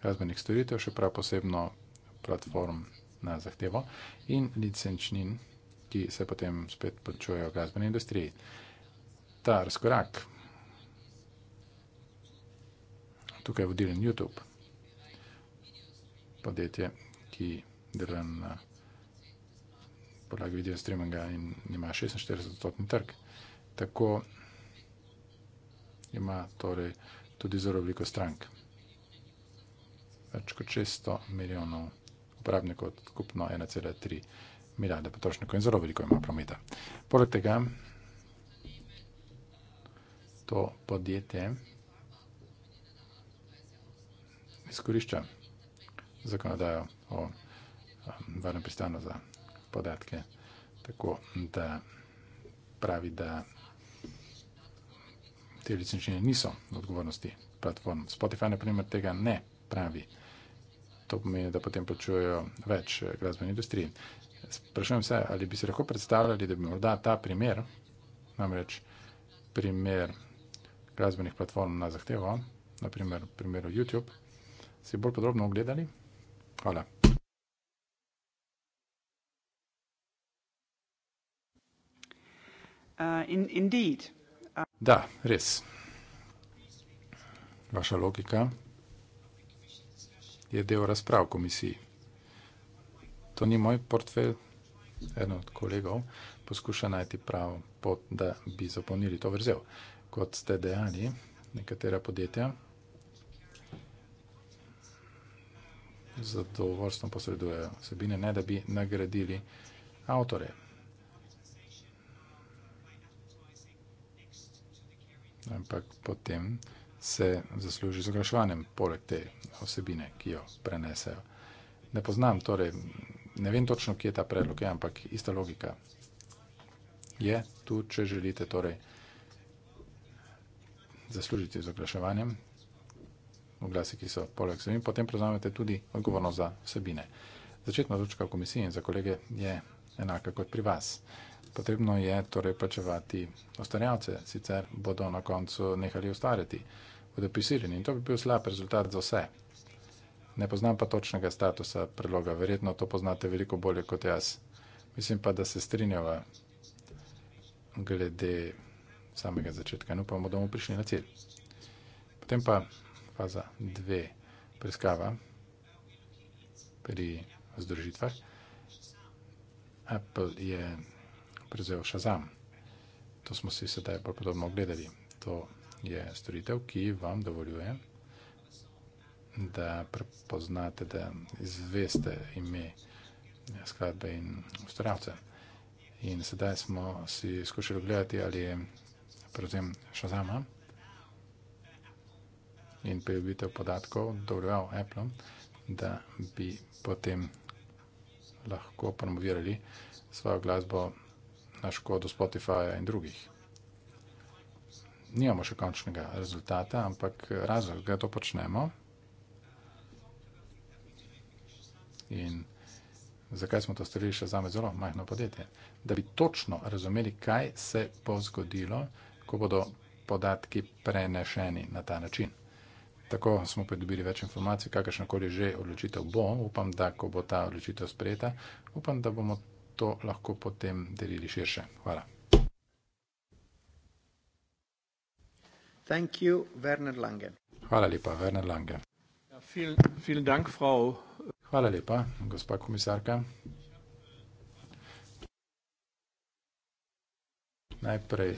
S1: glasbenih storitev, še prav posebno platform na zahtevo in licenčnin, ki se potem spet počujejo v glasbeni industriji. Ta razkorak, tukaj je vodilen YouTube, podjetje, ki deluje na podlagi video streaminga in ima 46-stotni trg. Tako ima torej tudi zelo veliko strank. Več kot 600 milijonov uporabnikov, skupno 1,3 milijarde potrošnikov in zelo veliko ima prometa. Poleg tega to podjetje izkorišča zakonodajo o um, varnem pristanu za podatke, tako da pravi, da te licenčine niso odgovornosti platform. Spotify, na primer, tega ne pravi. To pomeni, da potem počujejo več eh, glasbene industrije. Sprašujem se, ali bi si lahko predstavljali, da bi morda ta primer, namreč primer glasbenih platform na zahtevo, naprimer v primeru YouTube, si bolj podrobno ogledali? Hvala.
S3: Uh, in, indeed.
S1: Da, res. Vaša logika je del razprav komisiji. To ni moj portfelj. En od kolegov poskuša najti pravo pot, da bi zapolnili to vrzel. Kot ste dejali, nekatera podjetja zadovoljstvo posredujejo vsebine, ne da bi nagradili avtore. ampak potem se zasluži z oglaševanjem, poleg te osebine, ki jo prenesejo. Ne poznam, torej ne vem točno, kje je ta predlog, je, ja, ampak ista logika je tu, če želite torej, zaslužiti z oglaševanjem, oglasi, ki so poleg sebi, potem prevzamete tudi odgovornost za vsebine. Začetna točka v komisiji in za kolege je enaka kot pri vas. Potrebno je torej plačevati ostarjavce, sicer bodo na koncu nehali ustarjati, bodo prisiljeni in to bi bil slab rezultat za vse. Ne poznam pa točnega statusa predloga, verjetno to poznate veliko bolje kot jaz. Mislim pa, da se strinjava glede samega začetka in upamo, da bomo prišli na cilj. Potem pa faza dve preiskava pri združitvah. Apple je prevzel Shazam. To smo si sedaj bolj podobno ogledali. To je storitev, ki vam dovoljuje, da prepoznate, da izveste ime skladbe in ustvarjalce. In sedaj smo si skušali gledati, ali je prevzem Shazama in pojavitev podatkov dovoljeval Apple, da bi potem lahko promovirali svojo glasbo na škodo Spotifyja in drugih. Nijamo še končnega rezultata, ampak razlog, da to počnemo in zakaj smo to storili še zame zelo majhno podjetje, da bi točno razumeli, kaj se bo zgodilo, ko bodo podatki prenešeni na ta način. Tako smo pridobili več informacij, kakršnakoli že odločitev bo. Upam, da ko bo ta odločitev sprejeta, upam, da bomo to lahko potem delili širše. Hvala. Thank you, Werner Lange. Hvala lepa, Werner Lange. Ja, viel, viel Dank, Frau. Hvala lepa, gospa komisarka. Najprej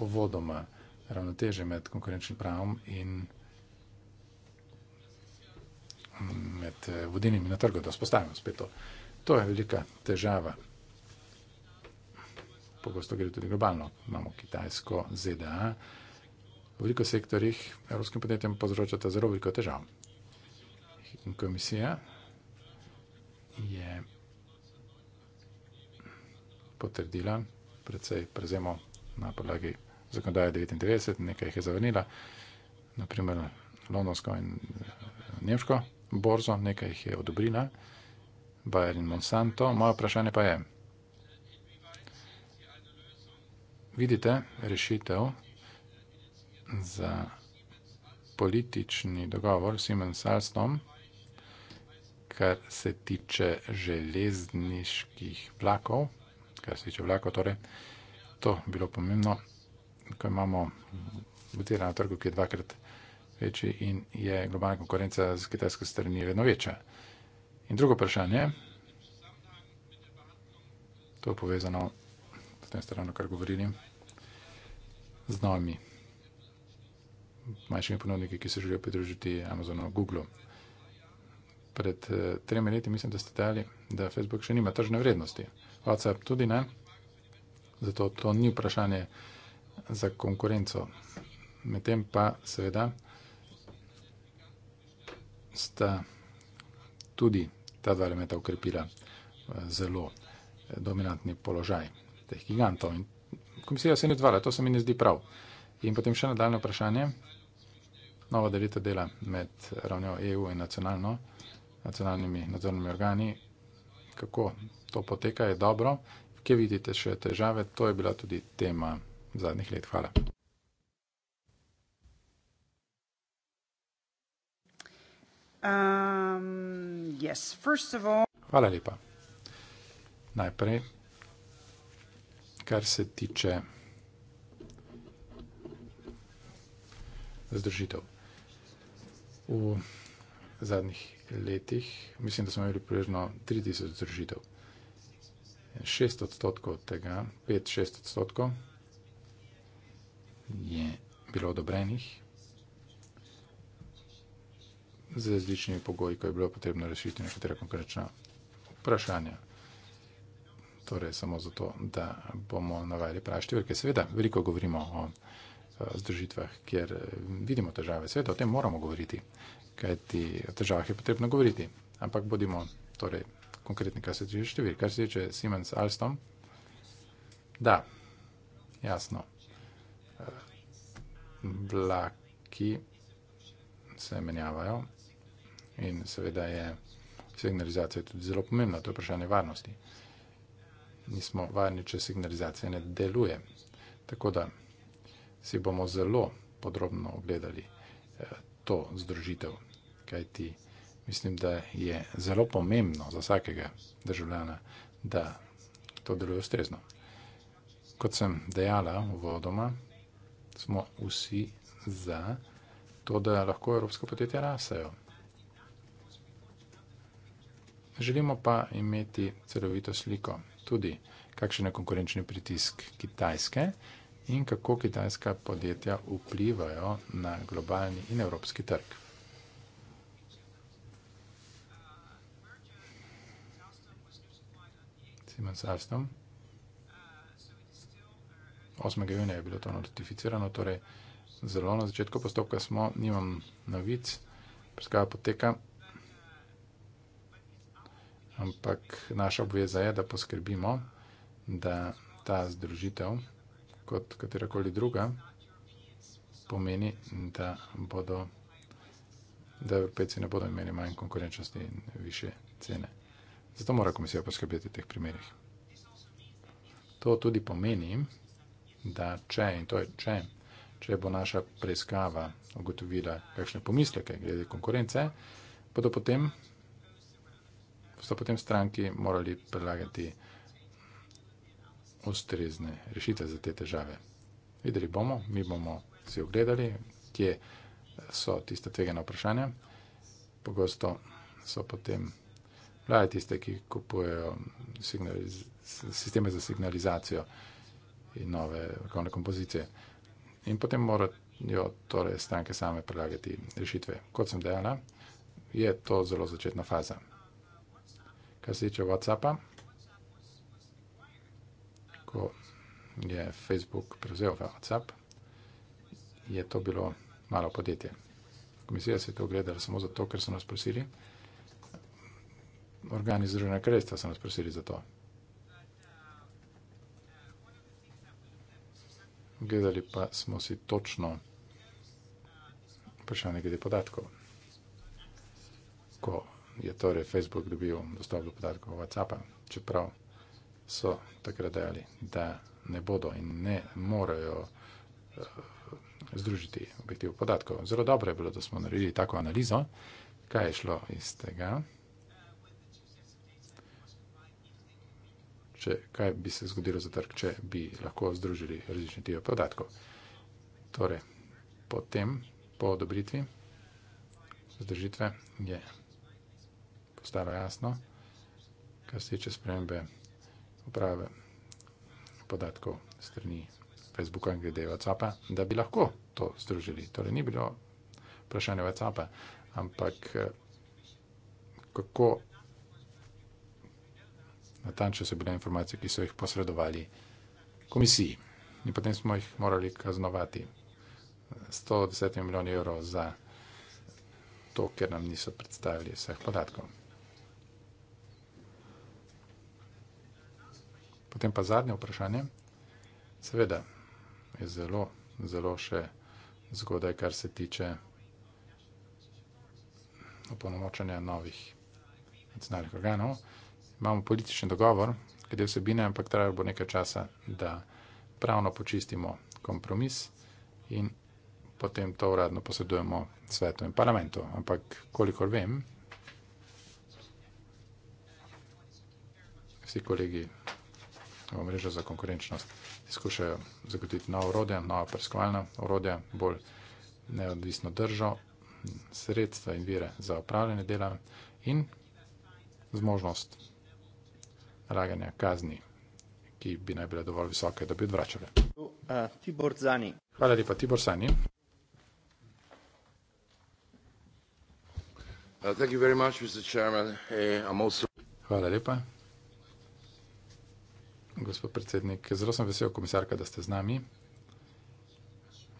S1: ovodoma ravnoteže med konkurenčnim pravom in mm, med eh, vodilnimi na trgu, da spostavimo spet to. To je velika težava pogosto gre tudi globalno. Imamo Kitajsko, ZDA. V veliko sektorjih evropskim podjetjem povzročata zelo veliko težav. In komisija je potrdila precej prezemo na podlagi zakonodaje 99, nekaj jih je zavrnila, naprimer londonsko in eh, nemško borzo, nekaj jih je odobrila, Bayer in Monsanto. Moje vprašanje pa je, Vidite rešitev za politični dogovor s Simon Salstom, kar se tiče železniških vlakov, kar se tiče vlakov, torej, to bilo pomembno, ko imamo vtira na trgu, ki je dvakrat večji in je globalna konkurenca z kitajsko strani vedno večja. In drugo vprašanje, to je povezano s tem strano, kar govorili, z novimi manjšimi ponudniki, ki se želijo pridružiti Amazonu, Googlu. Pred uh, tremi leti mislim, da ste dali, da Facebook še nima tržne vrednosti. WhatsApp tudi ne. Zato to ni vprašanje za konkurenco. Medtem pa seveda sta tudi ta dva elementa ukrepila eh, zelo eh, dominantni položaj teh gigantov in komisija se ni odzvala, to se mi ne zdi prav. In potem še nadaljne vprašanje. Nova delitev dela med ravnjo EU in nacionalno, nacionalnimi nadzornimi organi. Kako to poteka, je dobro. Kje vidite še težave? To je bila tudi tema zadnjih let.
S3: Hvala. Um, yes. all...
S1: Hvala lepa. Najprej kar se tiče zdržitev. V zadnjih letih, mislim, da smo imeli približno 3000 zdržitev. 6 odstotkov od tega, 5-6 odstotkov je bilo odobrenih z različnimi pogoji, ko je bilo potrebno rešiti nekatera konkrečna vprašanja torej samo zato, da bomo navajali prave številke. Seveda, veliko govorimo o eh, združitvah, kjer eh, vidimo težave. Seveda, o tem moramo govoriti, kajti o težavah je potrebno govoriti. Ampak bodimo torej, konkretni, kar se tiče števil. Kar se tiče Siemens Alstom, da, jasno, eh, vlaki se menjavajo in seveda je signalizacija tudi zelo pomembna, to je vprašanje varnosti. Uh, nismo vajeni, če signalizacija ne deluje. Tako da si bomo zelo podrobno ogledali eh, to združitev, kajti mislim, da je zelo pomembno za vsakega državljana, da to deluje ustrezno. Kot sem dejala vodoma, smo vsi za to, da lahko evropske podjetja rasejo. Želimo pa imeti celovito sliko tudi, kakšen je konkurenčni pritisk Kitajske in kako kitajska podjetja vplivajo na globalni in evropski trg. Simon Sarstom. 8. junija je bilo to notificirano, torej zelo na začetku postopka smo, nimam novic, preskava poteka ampak naša obveza je, da poskrbimo, da ta združitev, kot katerakoli druga, pomeni, da bodo, da evropejci ne bodo imeli manj konkurenčnosti in više cene. Zato mora komisija poskrbeti v teh primerih. To tudi pomeni, da če, in to je če, če bo naša preiskava ugotovila kakšne pomisleke glede konkurence, bodo potem so potem stranki morali predlagati ustrezne rešitve za te težave. Videli bomo, mi bomo si ogledali, kje so tiste tvegane vprašanja. Pogosto so potem vlade tiste, ki kupujejo sisteme za signalizacijo in nove vrkovne kompozicije. In potem morajo torej stranke same predlagati rešitve. Kot sem dejala, je to zelo začetna faza kar se tiče WhatsAppa, ko je Facebook prevzel WhatsApp, je to bilo malo podjetje. Komisija se je to ogledala samo zato, ker so nas prosili. Organi Združenja kraljestva so nas prosili za to. Gledali pa smo si točno vprašanje glede podatkov. Ko je torej Facebook dobil dostop do podatkov WhatsAppa, čeprav so takrat dejali, da ne bodo in ne morejo uh, združiti objektivov podatkov. Zelo dobro je bilo, da smo naredili tako analizo, kaj je šlo iz tega. Če, kaj bi se zgodilo za trg, če bi lahko združili različne tipe podatkov. Torej, potem, po odobritvi združitve, je postalo jasno, kar se tiče spremembe uprave podatkov strani Facebooka in glede WhatsAppa, da bi lahko to združili. Torej ni bilo vprašanje WhatsAppa, ampak eh, kako natančno so bile informacije, ki so jih posredovali komisiji. In potem smo jih morali kaznovati 110 milijoni evrov za to, ker nam niso predstavili vseh podatkov. Potem pa zadnje vprašanje. Seveda je zelo, zelo še zgodaj, kar se tiče opolnomočanja novih nacionalnih organov. Imamo politični dogovor, glede vsebine, ampak trajalo bo nekaj časa, da pravno počistimo kompromis in potem to uradno posredujemo svetu in parlamentu. Ampak kolikor vem, vsi kolegi v mrežo za konkurenčnost. Ti skušajo zagotoviti nove orodje, nove preiskovalne orodje, bolj neodvisno držo, sredstva in vire za upravljanje dela in zmožnost raganja kazni, ki bi naj bile dovolj visoke, da bi odvračale. Hvala lepa, Tibor Zani. Uh, uh, Hvala lepa gospod predsednik. Zelo sem vesel, komisarka, da ste z nami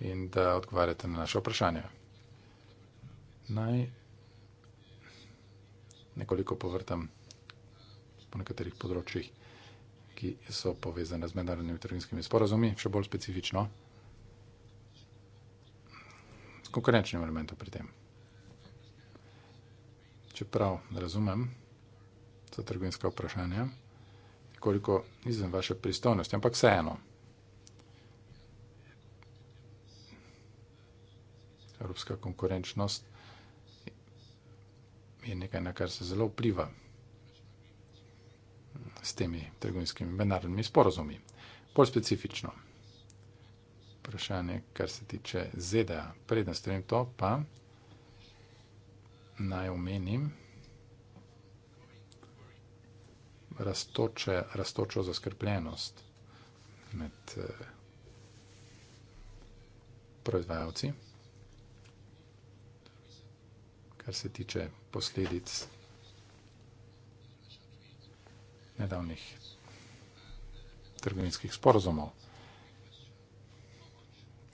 S1: in da odgovarjate na naše vprašanje. Naj nekoliko povrtam po nekaterih področjih, ki so povezane z mednarodnimi trgovinskimi sporazumi, še bolj specifično, s konkurenčnim elementom pri tem. Čeprav razumem, so trgovinska vprašanja nekoliko izven vaše pristojnosti, ampak vseeno. Evropska konkurenčnost je nekaj, na kar se zelo vpliva s temi trgovinskimi mednarodnimi sporozumi. Bolj specifično, vprašanje, kar se tiče ZDA, prednostrim to pa naj omenim. raztoče, raztočo zaskrbljenost med eh, proizvajalci, kar se tiče posledic nedavnih trgovinskih sporozumov.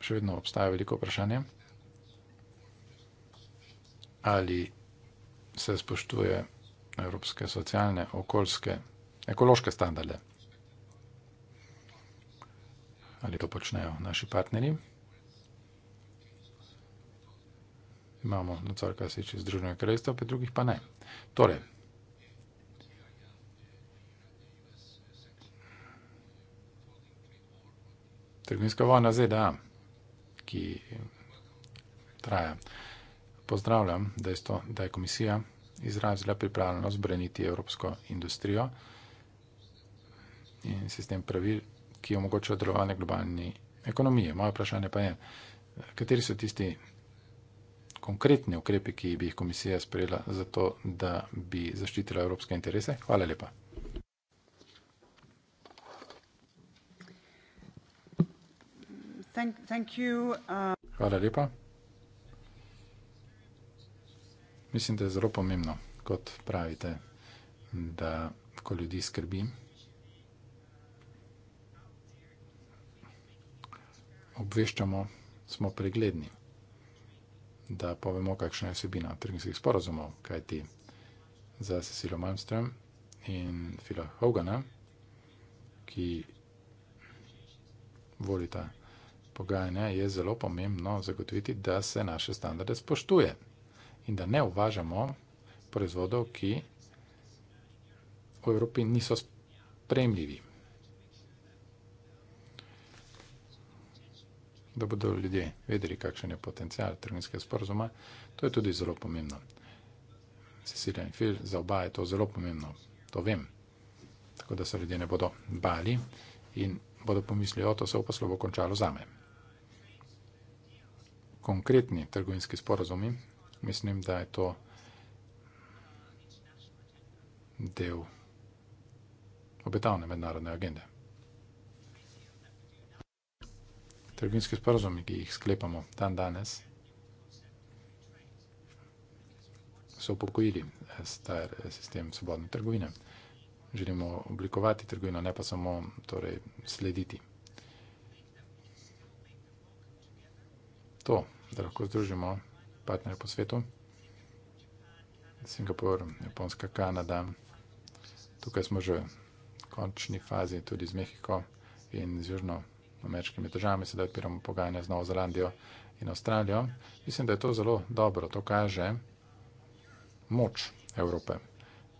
S1: Še vedno obstaja veliko vprašanje, ali se spoštuje evropske socialne, okoljske ekološke standarde. Ali to počnejo naši partnerji? Imamo nadzor, kaj se tiče Združenega kraljestva, pri drugih pa ne. Torej, trgovinska vojna ZDA, ki traja. Pozdravljam, da je, to, da je komisija izrazila pripravljenost braniti evropsko industrijo in sistem pravil, ki omogočajo delovanje globalni ekonomije. Moje vprašanje pa je, kateri so tisti konkretni ukrepi, ki bi jih komisija sprejela za to, da bi zaščitila evropske interese? Hvala lepa.
S3: Thank, thank you, uh...
S1: Hvala lepa. Mislim, da je zelo pomembno, kot pravite, da ko ljudi skrbim, obveščamo, smo pregledni, da povemo, kakšna je vsebina trgovinskih sporozumov, kaj ti za Cecilio Malmström in Fila Hogana, ki volita pogajanja, je zelo pomembno zagotoviti, da se naše standarde spoštuje in da ne uvažamo proizvodov, ki v Evropi niso spremljivi. da bodo ljudje vedeli, kakšen je potencial trgovinskega sporozuma. To je tudi zelo pomembno. Cecilia in Phil, za oba je to zelo pomembno, to vem. Tako da se ljudje ne bodo bali in bodo pomislili, o to se bo poslovo končalo zame. Konkretni trgovinski sporozumi, mislim, da je to del obetavne mednarodne agende. trgovinski sporozumi, ki jih sklepamo dan danes, so upokojili eh, star eh, sistem svobodne trgovine. Želimo oblikovati trgovino, ne pa samo torej, slediti. To, da lahko združimo partnerje po svetu, Singapur, Japonska, Kanada, tukaj smo že v končni fazi, tudi z Mehiko in z Južno ameriškimi državami, sedaj odpiramo pogajanja z Novo Zelandijo in Avstralijo. Mislim, da je to zelo dobro, to kaže moč Evrope,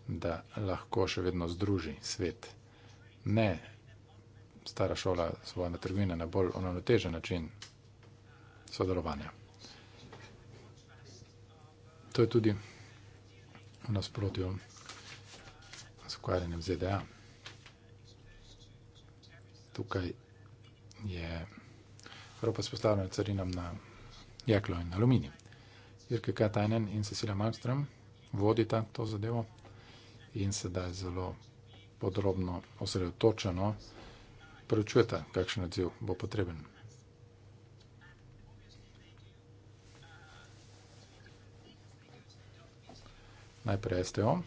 S1: da lahko še vedno združi svet. Ne stara šola svoje na trgovine na bolj onanotežen način sodelovanja. To je tudi v nasprotju z ukvarjanjem ZDA. Tukaj je Evropa spostavljena carinam na jeklo in aluminij. Jirke Katajnen in Cecilia Malmström vodita to zadevo in sedaj zelo podrobno osredotočeno preučujeta, kakšen odziv bo potreben. Najprej STO,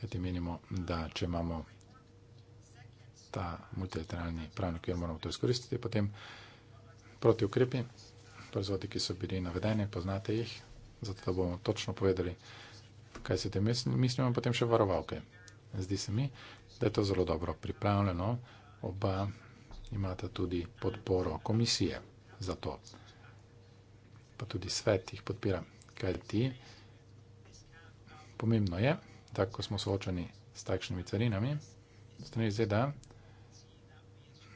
S1: kajti menimo, da če imamo ta multilateralni pravni okvir, moramo to izkoristiti. Potem proti ukrepi, proizvodi, ki so bili navedeni, poznate jih, zato da bomo točno povedali, kaj se tem mislimo, in potem še varovalke. Zdi se mi, da je to zelo dobro pripravljeno, oba imata tudi podporo komisije za to, pa tudi svet jih podpira, kaj ti. Pomembno je, da ko smo soočeni s takšnimi carinami, strani ZDA,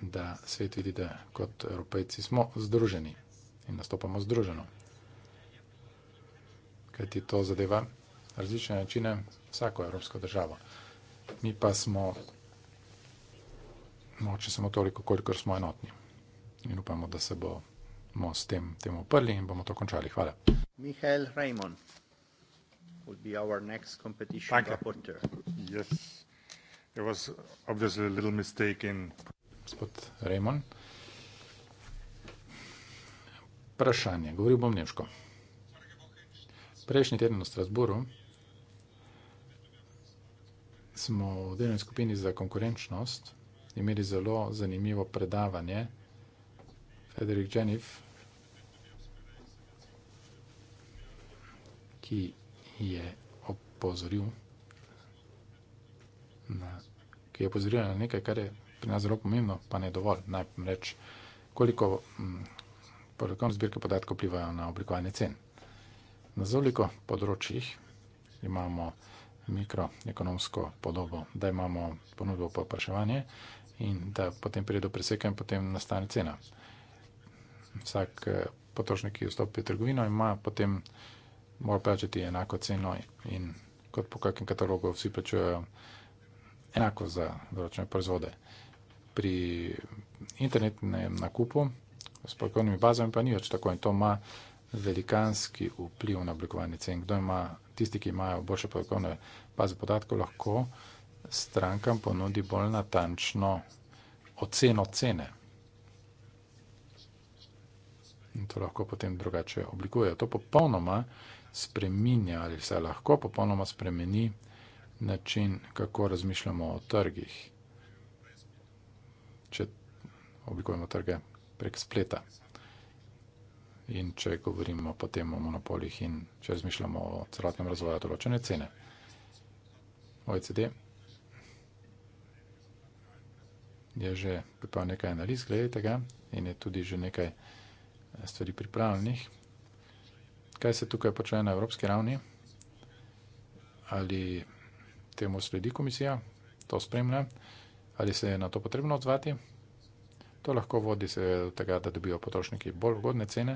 S1: da svet vidi, da kot evropejci smo združeni in nastopamo združeno. Kajti to zadeva različne načine vsako evropsko državo. Mi pa smo moči samo toliko, koliko smo enotni. In upamo, da se bomo s tem temu uprli in bomo to končali. Hvala.
S2: Mihael Raymond. Would be our next competition Thank you. Yes, there was
S1: obviously a little mistake in gospod Remon. Vprašanje, govoril bom nemško. Prejšnji teden v Strasburu smo v delovni skupini za konkurenčnost imeli zelo zanimivo predavanje. Frederik Dženif, ki je opozoril na, ki je opozoril na nekaj, kar je pri nas zelo pomembno, pa ne dovolj. Naj reč, koliko mm, podatkov zbirke podatkov vplivajo na oblikovanje cen. Na zoliko področjih imamo mikroekonomsko podobo, da imamo ponudbo popraševanje in da potem pride do preseka in potem nastane cena. Vsak eh, potrošnik, ki vstopi v trgovino, ima potem mora plačati enako ceno in kot po kakšnem katalogu vsi plačujejo enako za določene proizvode. Uh, pri internetnem nakupu s podkovnimi bazami pa ni več tako in to ima velikanski vpliv na oblikovanje cen. Kdo ima, tisti, ki imajo boljše podkovne baze podatkov, lahko strankam ponudi bolj natančno oceno cene. In to lahko potem drugače oblikujejo. To popolnoma spreminja ali se lahko popolnoma spremeni način, kako razmišljamo o trgih oblikujemo trge prek spleta. In če govorimo potem o monopolih in če razmišljamo o celotnem razvoju določene cene. OECD je že pripravil nekaj analiz glede tega in je tudi že nekaj eh, stvari pripravljenih. Kaj se tukaj počne na evropski ravni? Ali temu sledi komisija, to spremlja, ali se je na to potrebno odzvati? To lahko vodi do tega, da dobijo potrošniki bolj ugodne cene,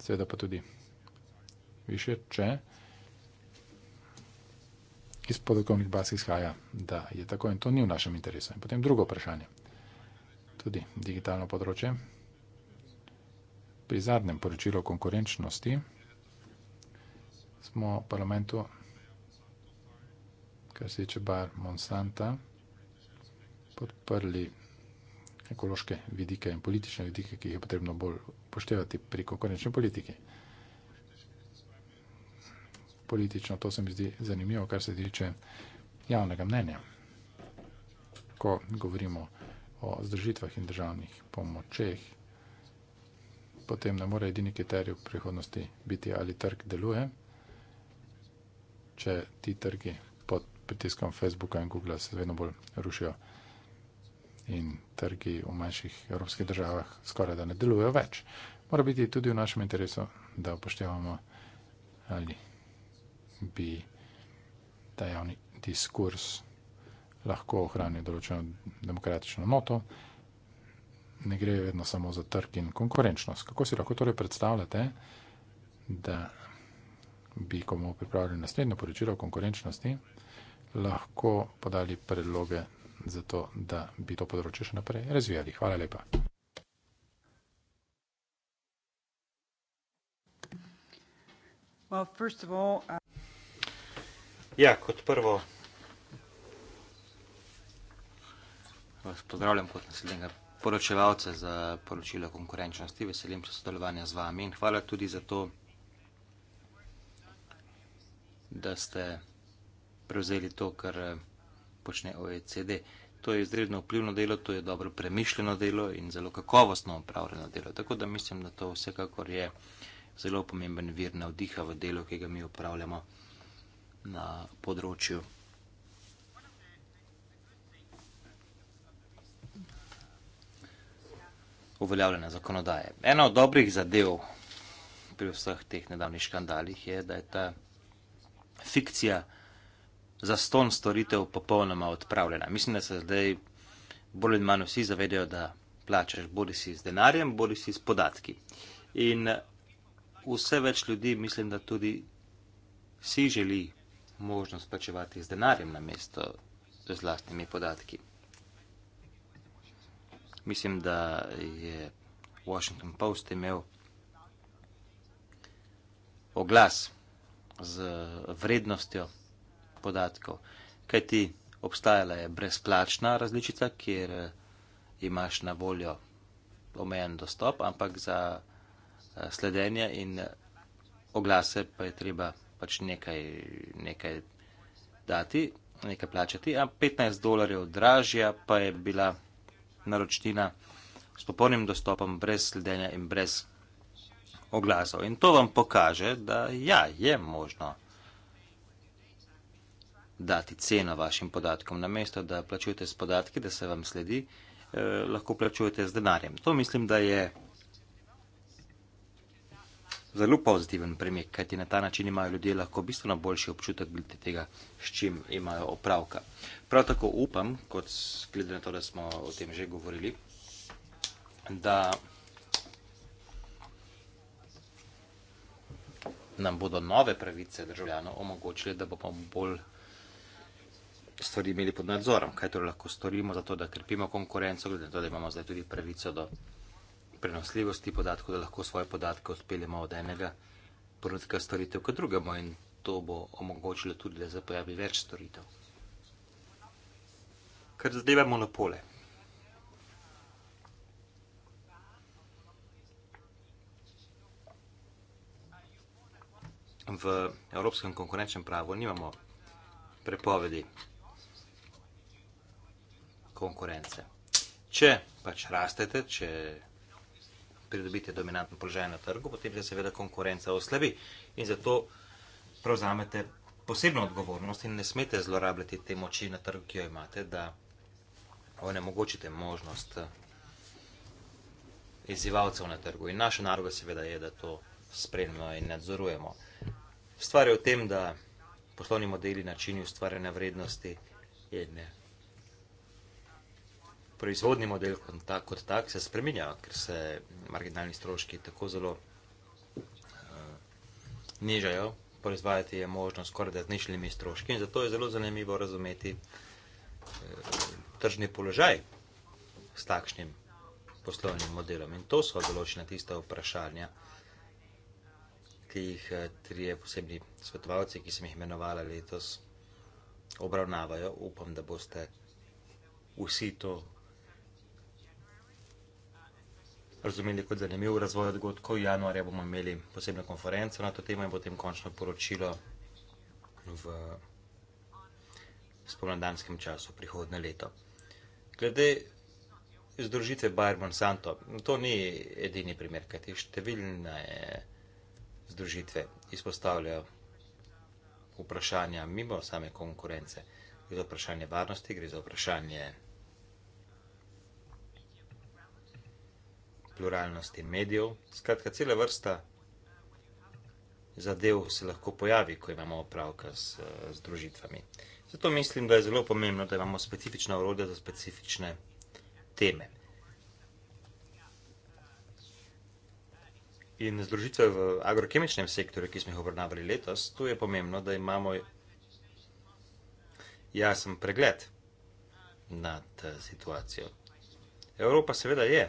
S1: seveda pa tudi više, če iz podokovnih baz izhaja, da je tako in to ni v našem interesu. In potem drugo vprašanje, tudi digitalno področje. Pri zadnjem poročilu o konkurenčnosti smo v parlamentu, kar se tiče bar Monsanta, podprli vprašanje, ekološke vidike in politične vidike, ki jih je potrebno bolj poštevati pri konkurenčni politiki. Politično to se mi zdi zanimivo, kar se tiče javnega mnenja. Ko govorimo o združitvah in državnih pomočeh, potem ne more edini kriterij v prihodnosti biti, ali trg deluje, če ti trgi pod pritiskom Facebooka in Googlea se vedno bolj rušijo in trgi v manjših evropskih državah skoraj da ne delujejo več. Mora biti tudi v našem interesu, da upoštevamo ali bi ta javni diskurs lahko ohranil določeno demokratično noto. Ne gre vedno samo za trg in konkurenčnost. Kako si lahko torej predstavljate, da bi, ko bomo pripravili naslednjo poročilo o konkurenčnosti, lahko podali predloge zato, da bi to področje še naprej razvijali. Hvala lepa.
S3: Well, all, uh...
S2: Ja, kot prvo vas pozdravljam kot naslednjega poročevalca za poročilo konkurenčnosti. Veselim se sodelovanja z vami in hvala tudi za to, da ste prevzeli to, kar uh, počne OECD. To je izredno vplivno delo, to je dobro premišljeno delo in zelo kakovostno upravljeno delo. Tako da mislim, da to vsekakor je zelo pomemben vir navdiha v delu, ki ga mi upravljamo na področju. Uveljavljene zakonodaje. Ena od dobrih zadev pri vseh teh nedavnih škandalih je, da je ta fikcija, ki zaston storitev popolnoma odpravljena. Mislim, da se zdaj bolj in manj vsi zavedajo, da plačeš bodi si z denarjem, bodi si s podatki. In vse več ljudi, mislim, da tudi si želi možnost plačevati z denarjem na mesto z vlastnimi podatki. Mislim, da je Washington Post imel oglas z vrednostjo podatkov. Kaj ti obstajala je brezplačna različica, kjer eh, imaš na voljo omejen dostop, ampak za eh, sledenje in eh, oglase pa je treba pač nekaj, nekaj dati, nekaj plačati. A 15 dolarjev dražja pa je bila naročnina s popolnim dostopom, brez sledenja in brez oglasov. In to vam pokaže, da ja, je možno dati ceno vašim podatkom, namesto da plačujete s podatki, da se vam sledi, eh, lahko plačujete z denarjem. To mislim, da je zelo pozitiven premik, kajti na ta način imajo ljudje lahko bistveno boljši občutek glede tega, s čim imajo opravka. Prav tako upam, kot glede na to, da smo o tem že govorili, da nam bodo nove pravice državljanov omogočile, da bomo bolj stvari imeli pod nadzorom, kaj torej lahko storimo za to, da krpimo konkurenco, glede na to, da imamo zdaj tudi pravico do prenosljivosti podatkov, da lahko svoje podatke odpeljemo od enega ponudnika storitev k drugemu in to bo omogočilo tudi, da se pojavi več storitev. Kar zadeva monopole. V evropskem konkurenčnem pravu nimamo prepovedi konkurence. Če pač rastete, če pridobite dominantno položaj na trgu, potem se seveda konkurenca oslabi in zato prevzamete posebno odgovornost in ne smete zlorabljati te moči na trgu, ki jo imate, da onemogočite možnost izzivalcev na trgu. In naša naloga seveda je, da to spremljamo in nadzorujemo. Stvar je v tem, da poslovni modeli, načini ustvarjanja vrednosti in proizvodni model kot tak, kot tak se spremenja, ker se marginalni stroški tako zelo uh, nižajo. Proizvajati je možno skoraj da z nižjimi stroški in zato je zelo zanimivo razumeti uh, tržni položaj s takšnim poslovnim modelom. In to so določena tista vprašanja, ki jih uh, trije posebni svetovalci, ki sem jih imenovala letos, obravnavajo. Upam, da boste. Vsi to razumeli kot zanimiv razvoj dogodkov. Januarja bomo imeli posebno konferenco na to temo in potem končno poročilo v spomladanskem času prihodne leto. Glede združitve Bayer Monsanto, to ni edini primer, kajti številne združitve izpostavljajo vprašanja mimo same konkurence. Gre za vprašanje varnosti, gre za vprašanje pluralnosti medijev, skratka, cela vrsta zadev se lahko pojavi, ko imamo opravka s združitvami. Zato mislim, da je zelo pomembno, da imamo specifična orodja za specifične teme. In združitve v agrokemičnem sektorju, ki smo jih obravnavali letos, tu je pomembno, da imamo jasen pregled nad eh, situacijo. Evropa seveda je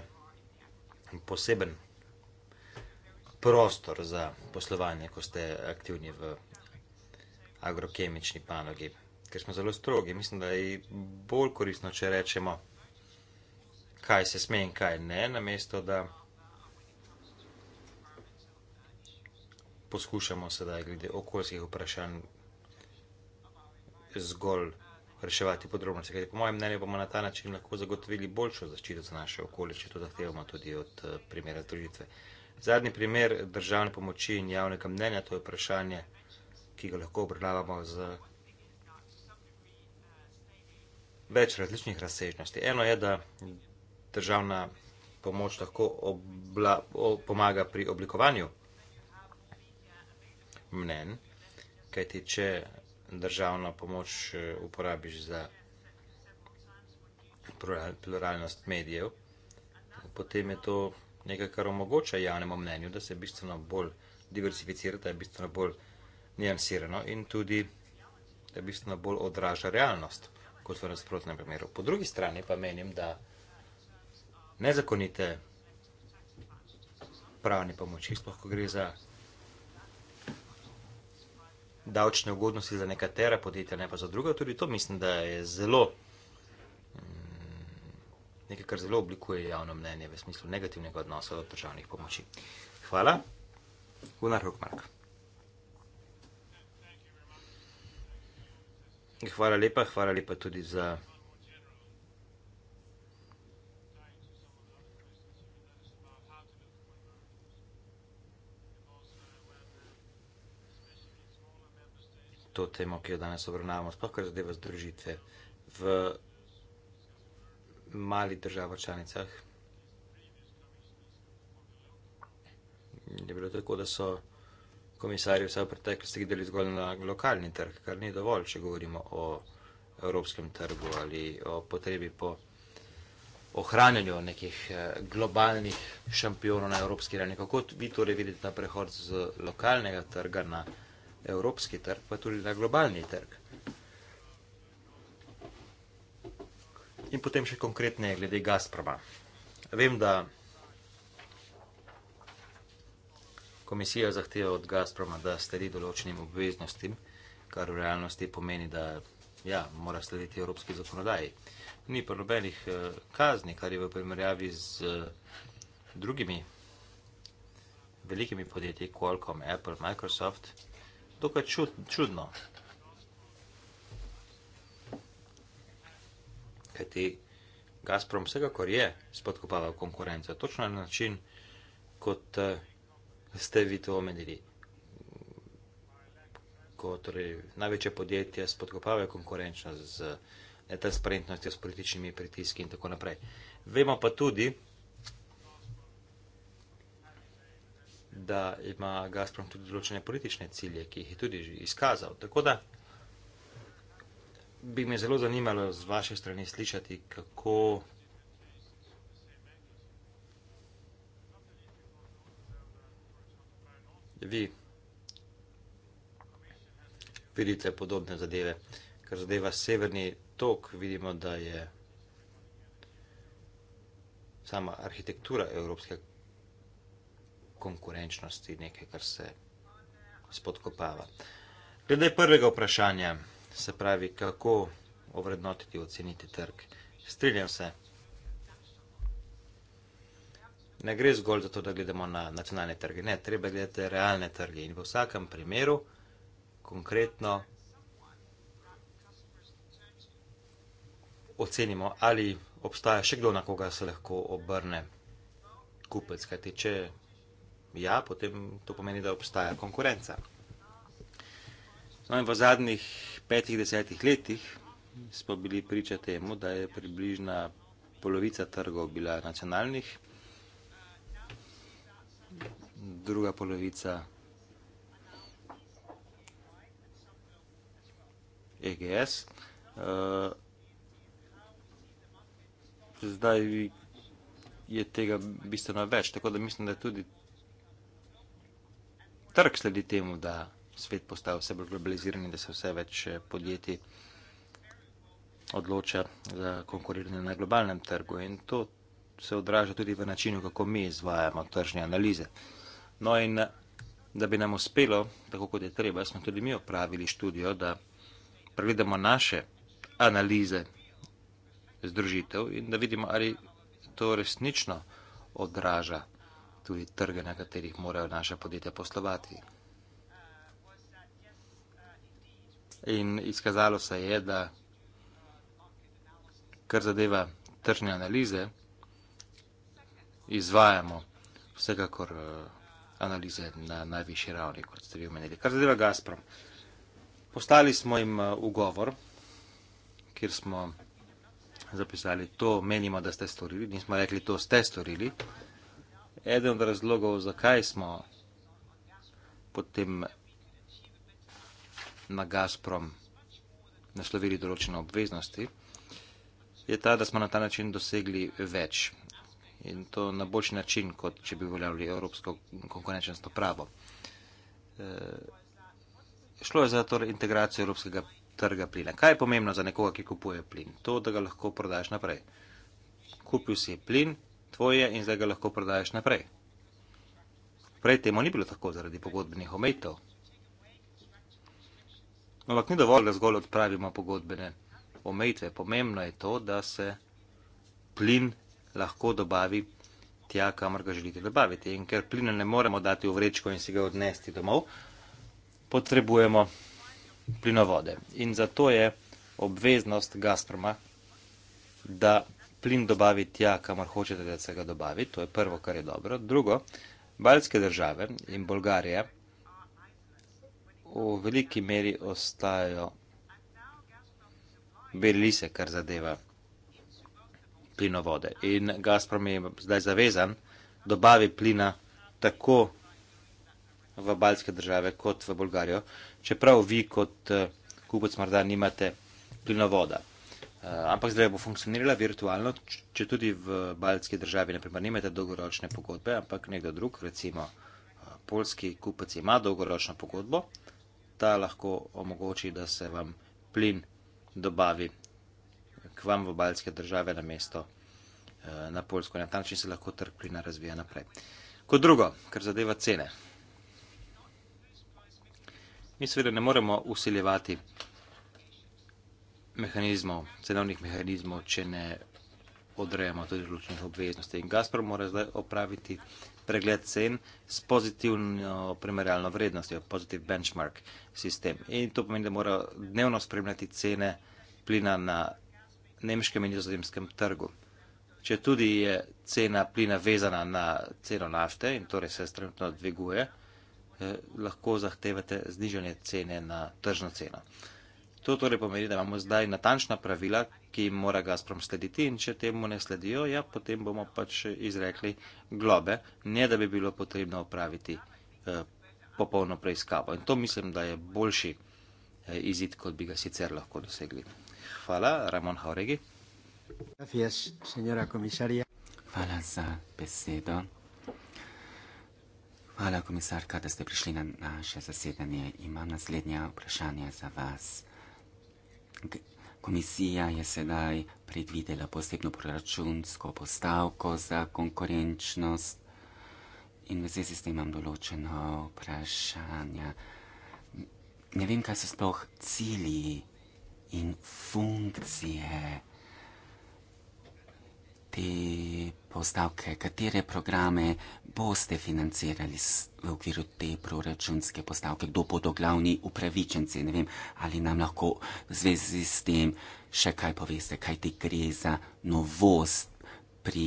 S2: poseben prostor za poslovanje, ko ste aktivni v agrokemični panogi, ker smo zelo strogi. Mislim, da je bolj korisno, če rečemo, kaj se sme in kaj ne, namesto da poskušamo sedaj glede okoljskih vprašanj zgolj reševati podrobnosti. Kaj, po mojem mnenju bomo na ta način lahko zagotovili boljšo zaščito za naše okolje, če to zahtevamo tudi od eh, primera združitve. Zadnji primer državne pomoči in javnega mnenja, to je vprašanje, ki ga lahko obravnavamo z več različnih razsežnosti. Eno je, da državna pomoč lahko obla, o, pomaga pri oblikovanju mnen, kajti če državno pomoč eh, uporabiš za pluralnost medijev, potem je to nekaj, kar omogoča javnemu mnenju, da se bistveno bolj diversificira, da je bistveno bolj nijansirano in tudi, da je bistveno bolj odraža realnost, kot v nasprotnem primeru. Po drugi strani pa menim, da nezakonite pravne pomoči, sploh ko gre za davčne ugodnosti za nekatera podjetja, ne pa za druga. Tudi to mislim, da je zelo mm, nekaj, kar zelo oblikuje javno mnenje v smislu negativnega odnosa do državnih pomoči. Hvala. Gunnar Hukmark. Hvala lepa, hvala lepa tudi za. to temo, ki jo danes obravnavamo, sploh kar zadeva združitve v malih državah članicah. Je bilo tako, da so komisarji vse v preteklosti gledali zgolj na lokalni trg, kar ni dovolj, če govorimo o evropskem trgu ali o potrebi po ohranjanju nekih eh, globalnih šampionov na evropski ravni. Kako vi torej vidite ta prehod z lokalnega trga na evropski trg? evropski trg, pa tudi na globalni trg. In potem še konkretneje glede Gazproma. Vem, da komisija zahteva od Gazproma, da sledi določenim obveznostim, kar v realnosti pomeni, da ja, mora slediti evropski zakonodaji. Ni pa nobenih eh, kazni, kar je v primerjavi z eh, drugimi velikimi podjetji, Qualcomm, Apple, Microsoft, dokaj čud, čudno. Kaj ti Gazprom vsekakor je spodkopaval konkurenco, točno na način, kot uh, ste vi to omenili. Ko torej, največje podjetje spodkopavajo konkurenčnost z netransparentnostjo, s političnimi pritiski in tako naprej. Vemo pa tudi, da ima Gazprom tudi določene politične cilje, ki jih je tudi že izkazal. Tako da bi me zelo zanimalo z vaše strani slišati, kako. Vi vidite podobne zadeve, kar zadeva severni tok, vidimo, da je sama arhitektura evropskega konkurenčnosti, nekaj, kar se spodkopava. Glede prvega vprašanja, se pravi, kako ovrednotiti, oceniti trg, strinjam se. Ne gre zgolj za to, da gledamo na nacionalne trge, ne, treba gledati realne trge in v vsakem primeru konkretno ocenimo, ali obstaja še kdo, na koga se lahko obrne kupec. Kajti, če ja, potem to pomeni, da obstaja konkurenca. No v zadnjih petih, desetih letih smo bili priča temu, da je približna polovica trgov bila nacionalnih, druga polovica EGS. Eh, zdaj je tega bistveno več, tako da mislim, da tudi trg sledi temu, da svet postaja vse bolj globaliziran, da se vse več eh, podjetij odloča za konkuriranje na globalnem trgu. In to se odraža tudi v načinu, kako mi izvajamo tržne analize. No in eh, da bi nam uspelo, tako kot je treba, smo tudi mi opravili študijo, da pregledamo naše analize združitev in da vidimo, ali to resnično odraža tudi trge, na katerih morajo naše podjetja poslovati. In izkazalo se je, da kar zadeva tržne analize, izvajamo vsekakor eh, analize na najvišji ravni, kot ste vi omenili. Kar zadeva Gazprom, postali smo jim eh, ugovor, kjer smo zapisali to, menimo, da ste storili, nismo rekli to, ste storili eden od razlogov, zakaj smo potem na Gazprom naslovili določene obveznosti, je ta, da smo na ta način dosegli več. In to na boljši način, kot če bi uveljavili evropsko konkurenčnost pravo. E, šlo je za torej integracijo evropskega trga plina. Kaj je pomembno za nekoga, ki kupuje plin? To, da ga lahko prodaš naprej. Kupil si plin, tvoj je in zdaj ga lahko prodajaš naprej. Prej temu ni bilo tako zaradi pogodbenih omejitev. Ampak ni dovolj, da zgolj odpravimo pogodbene omejitve. Pomembno je to, da se plin lahko dobavi tja, kamor ga želite dobaviti. In ker plina ne moremo dati v vrečko in si ga odnesti domov, potrebujemo plinovode. In zato je obveznost Gazproma, da plin dobaviti tja, kamor hočete, da se ga dobavi, to je prvo, kar je dobro. Drugo, baljske države in Bolgarije v veliki meri ostajajo beli se, kar zadeva plinovode. In Gazprom je zdaj zavezan dobavi plina tako v baljske države kot v Bolgarijo, čeprav vi kot eh, kupec morda nimate plinovoda. Eh, ampak zdaj bo funkcionirala virtualno, če tudi v baljski državi, naprimer, nimate dolgoročne pogodbe, ampak nekdo drug, recimo eh, polski kupec, ima dolgoročno pogodbo, ta lahko omogoči, da se vam plin dobavi k vam v baljske države na mesto eh, na Polsko. Na ta način se lahko trg plina razvija naprej. Kot drugo, kar zadeva cene. Mi seveda ne moremo usiljevati mehanizmov, cenovnih mehanizmov, če ne odrejamo tudi določenih obveznosti. In Gazprom mora zdaj opraviti pregled cen s pozitivno primerjalno vrednostjo, pozitiv benchmark sistem. In to pomeni, da mora dnevno spremljati cene plina na nemškem in nizozemskem trgu. Če tudi je cena plina vezana na ceno nafte in torej se trenutno dviguje, eh, lahko zahtevate znižanje cene na tržno ceno. To torej pomeni, da imamo zdaj natančna pravila, ki jim mora Gazprom slediti in če temu ne sledijo, ja, potem bomo pač izrekli globe, ne da bi bilo potrebno upraviti eh, popolno preiskavo. In to mislim, da je boljši eh, izid, kot bi ga sicer lahko dosegli. Hvala, Ramon Hauregi.
S3: Hvala za besedo. Hvala, komisarka, da ste prišli na naše zasedanje. Imam naslednja vprašanja za vas. Komisija je sedaj predvidela posebno proračunsko postavko za konkurenčnost in v zvezi s tem imam določeno vprašanje. Ne vem, kaj so sploh cilji in funkcije te postavke, katere programe boste financirali v okviru te proračunske postavke, kdo bodo glavni upravičenci. Ne vem, ali nam lahko v zvezi s tem še kaj poveste, kaj ti gre za novost pri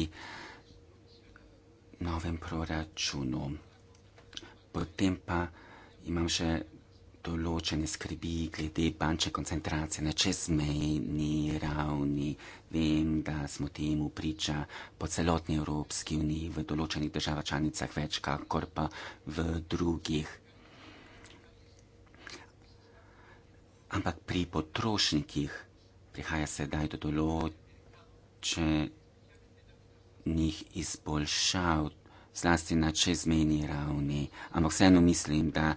S3: novem proračunu. Potem pa imam še določene skrbi glede bančne koncentracije na čezmejni ravni. Vem, da smo temu priča po celotni Evropski uniji v določenih državah članicah več, kakor pa v drugih. Ampak pri potrošnikih prihaja sedaj do določenih izboljšav, zlasti na čezmejni ravni. Ampak vseeno mislim, da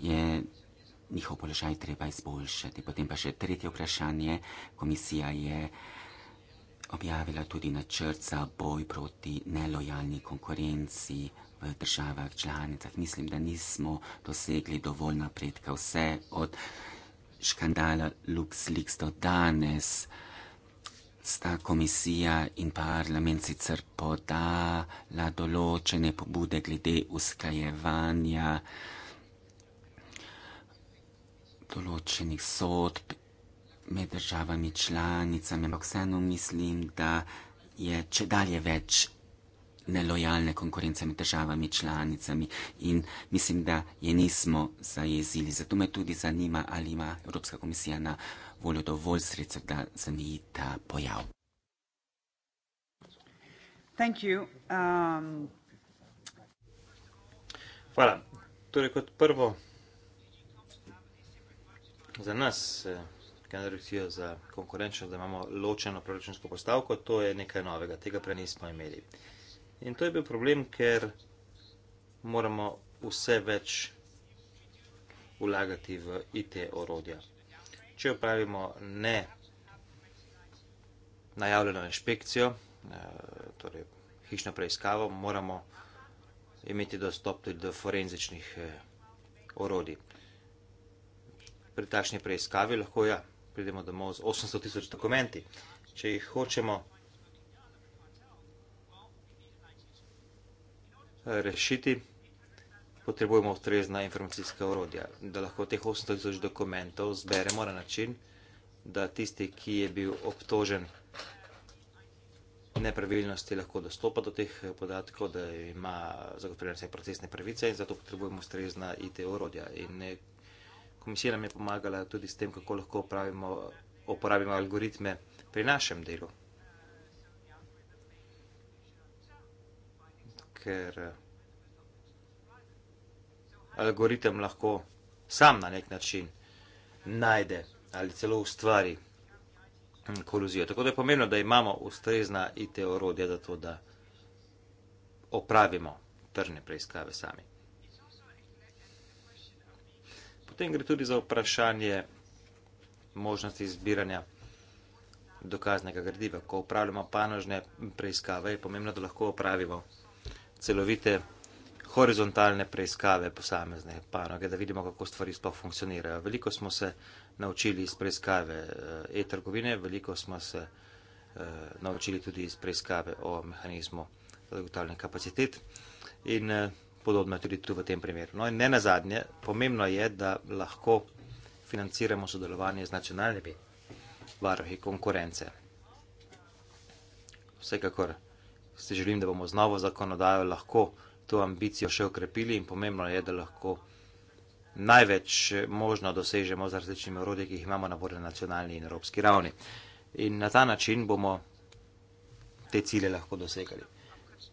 S3: je njihov položaj treba izboljšati. Potem pa še tretje vprašanje. Komisija je objavila tudi načrt za boj proti nelojalni konkurenci v državah članicah. Mislim, da nismo dosegli dovolj napredka. Vse od škandala LuxLeaks do danes sta komisija in parlament sicer podala določene pobude glede usklajevanja določenih sodb med državami članicami, ampak vseeno mislim, da je če dalje več nelojalne konkurence med državami članicami in mislim, da je nismo zajezili. Zato me tudi zanima, ali ima Evropska komisija na voljo dovolj sredstev, da zaniji ta pojav. Thank you. Um...
S2: Hvala. Torej kot prvo, za nas, ki je naredil za konkurenčnost, da imamo ločeno proračunsko postavko, to je nekaj novega, tega prej nismo imeli. In to je bil problem, ker moramo vse več vlagati v IT orodja. Če upravimo ne najavljeno inšpekcijo, eh, torej hišno preiskavo, moramo imeti dostop tudi do forenzičnih eh, orodij pri takšni preiskavi lahko ja, pridemo domov z 800 tisoč dokumenti. Če jih hočemo rešiti, potrebujemo ustrezna informacijska orodja, da lahko teh 800 tisoč dokumentov zberemo na način, da tisti, ki je bil obtožen nepravilnosti, lahko dostopa do teh podatkov, da ima zagotovljene vse procesne pravice in zato potrebujemo ustrezna IT orodja. In Komisija nam je pomagala tudi s tem, kako lahko upravimo, uporabimo algoritme pri našem delu. Ker eh, algoritem lahko sam na nek način najde ali celo ustvari hm, koluzijo. Tako da je pomembno, da imamo ustrezna IT orodja za to, da opravimo trne preiskave sami potem gre tudi za vprašanje možnosti zbiranja dokaznega gradiva. Ko upravljamo panožne preiskave, je pomembno, da lahko opravimo celovite horizontalne preiskave posamezne panoge, da vidimo, kako stvari sploh funkcionirajo. Veliko smo se naučili iz preiskave eh, e-trgovine, veliko smo se eh, naučili tudi iz preiskave o mehanizmu zagotavljanja kapacitet. In eh, podobno je tudi tu v tem primeru. No in ne na zadnje, pomembno je, da lahko financiramo sodelovanje z nacionalnimi varohi konkurence. Vsekakor se želim, da bomo z novo zakonodajo lahko to ambicijo še ukrepili in pomembno je, da lahko največ možno dosežemo z različnimi orodji, ki jih imamo na vore nacionalni in evropski ravni. In na ta način bomo te cilje lahko dosegali.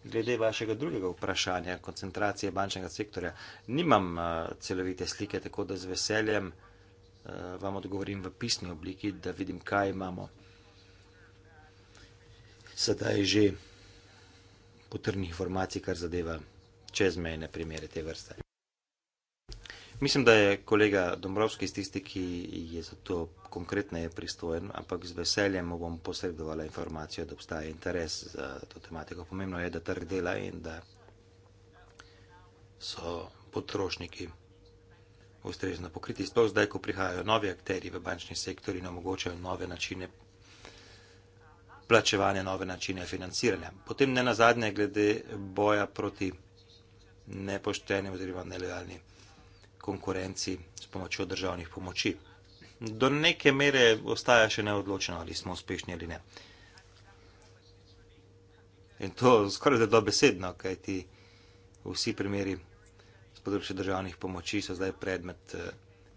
S2: Glede vašega drugega vprašanja, koncentracije bančnega sektorja, nimam uh, celovite slike, tako da z veseljem uh, vam odgovorim v pisni obliki, da vidim, kaj imamo sedaj že potrnih informacij, kar zadeva čezmejne primere te vrste. Mislim, da je kolega Dombrovski tisti, ki je za to konkretneje pristojen, ampak z veseljem mu bom posredovala informacijo, da obstaja interes za to tematiko. Pomembno je, da trg dela in da so potrošniki ustrezno pokriti. Sploh zdaj, ko prihajajo novi akteri v bančni sektor in omogočajo nove načine plačevanja, nove načine financiranja. Potem ne nazadnje glede boja proti nepoštenim oziroma nelojalnim konkurenci s pomočjo državnih pomoči. Do neke mere ostaja še neodločeno, ali smo uspešni ali ne. In to skoraj da dobesedno, kaj ti vsi primeri s področja državnih pomoči so zdaj predmet eh,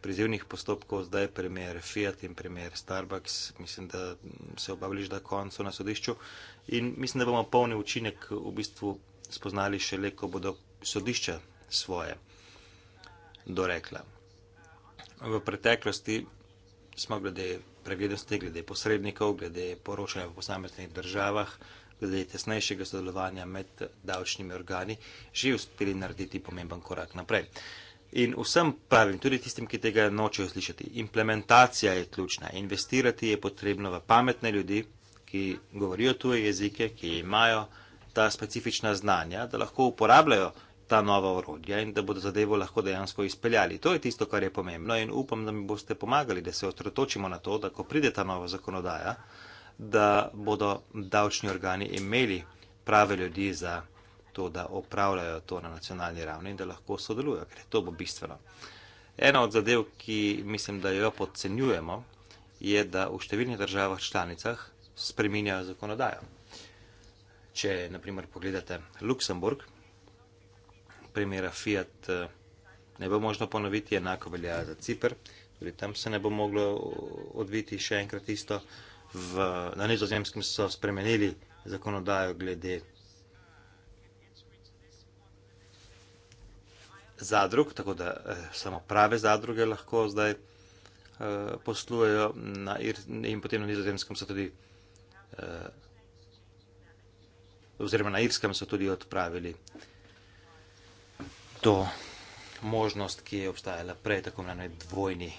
S2: prizivnih postopkov, zdaj primer Fiat in primer Starbucks, mislim, da se obavljiš da koncu na sodišču in mislim, da bomo polni učinek v bistvu spoznali šele, ko bodo sodišča svoje dorekla. V preteklosti smo glede previdnosti, glede posrednikov, glede poročanja v posameznih državah, glede tesnejšega sodelovanja med davčnimi organi že uspeli narediti pomemben korak naprej. In vsem pravim, tudi tistim, ki tega nočejo slišati, implementacija je ključna. Investirati je potrebno v pametne ljudi, ki govorijo tuje jezike, ki imajo ta specifična znanja, da lahko uporabljajo ta nova orodja in da bodo zadevo lahko dejansko izpeljali. To je tisto, kar je pomembno in upam, da mi boste pomagali, da se otrotočimo na to, da ko pride ta nova zakonodaja, da bodo davčni organi imeli prave ljudi za to, da opravljajo to na nacionalni ravni in da lahko sodelujo, ker je to bo bistveno. Ena od zadev, ki mislim, da jo podcenjujemo, je, da v številnih državah članicah spreminjajo zakonodajo. Če naprimer pogledate Luksemburg, primera Fiat eh, ne bo možno ponoviti, enako velja za Cipr, tudi tam se ne bo moglo eh, odviti še enkrat isto. V, na nizozemskem so spremenili zakonodajo glede zadrug, tako da eh, samo prave zadruge lahko zdaj eh, poslujejo na, in potem na nizozemskem so tudi eh, oziroma na irskem so tudi odpravili eh, to možnost, ki je obstajala prej, tako imenovani dvojni,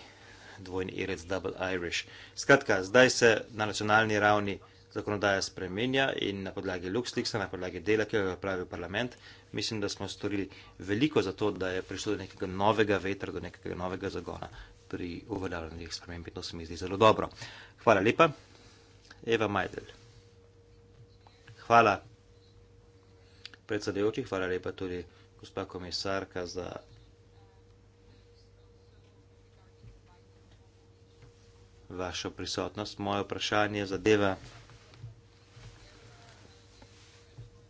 S2: dvojni irec, double Irish. Skratka, zdaj se na nacionalni ravni zakonodaja spremenja in na podlagi LuxLeaksa, na podlagi dela, ki ga je pravil parlament, mislim, da smo storili veliko za to, da je prišlo do nekega novega vetra, do nekega novega zagona pri uveljavljanju teh sprememb in to se mi zdi zelo dobro. Hvala lepa. Eva Majdel. Hvala predsedujoči, hvala lepa tudi gospa komisarka, za vašo prisotnost. Moje vprašanje zadeva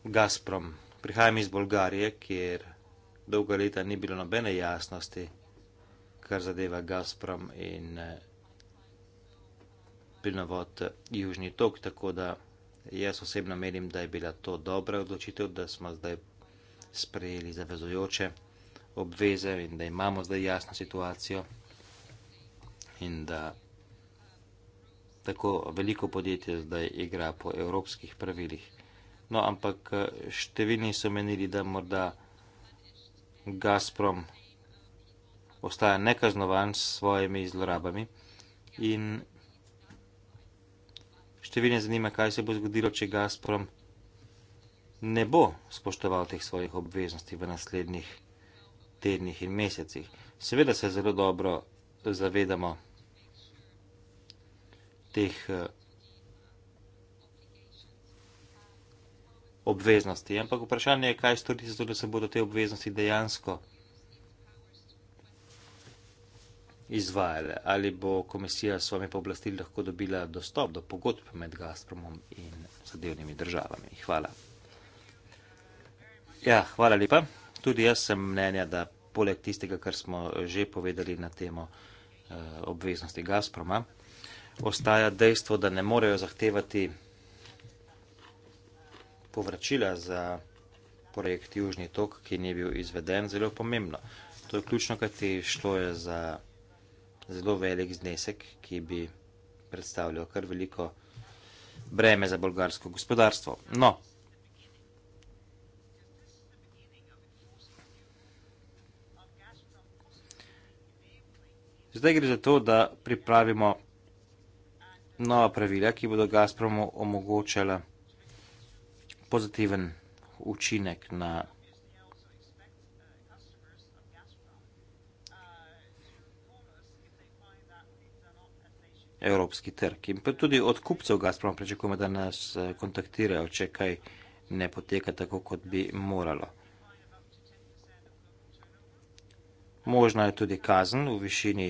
S2: Gazprom. Prihajam iz Bolgarije, kjer dolga leta ni bilo nobene jasnosti, kar zadeva Gazprom in eh, plinovod eh, Južni tok, tako da jaz osebno menim, da je bila to dobra odločitev, da smo zdaj sprejeli zavezujoče obveze in da imamo zdaj jasno situacijo in da tako veliko podjetje zdaj igra po evropskih pravilih. No, ampak eh, številni so menili, da morda Gazprom ostaja nekaznovan s svojimi zlorabami in številni zanima, kaj se bo zgodilo, če Gazprom ne bo spoštoval teh svojih obveznosti v naslednjih tednih in mesecih. Seveda se zelo dobro zavedamo teh eh, obveznosti, ampak vprašanje je, kaj storiti, zato da se bodo te obveznosti dejansko izvajale. Ali bo komisija s svojimi pooblastili lahko dobila dostop do pogodb med Gazpromom in zadevnimi državami. Hvala. Ja, hvala lepa. Tudi jaz sem mnenja, da poleg tistega, kar smo že povedali na temo eh, obveznosti Gazproma, ostaja dejstvo, da ne morejo zahtevati povračila za projekt Južni tok, ki ni bil izveden, zelo pomembno. To je ključno, kaj ti šlo je za zelo velik znesek, ki bi predstavljal kar veliko breme za bolgarsko gospodarstvo. No, Zdaj gre za to, da pripravimo nova pravila, ki bodo Gazpromu omogočala pozitiven učinek na evropski trg. In pa tudi od kupcev Gazpromu pričakujemo, da nas eh, kontaktirajo, če kaj ne poteka tako, kot bi moralo. Možna je tudi kazen v višini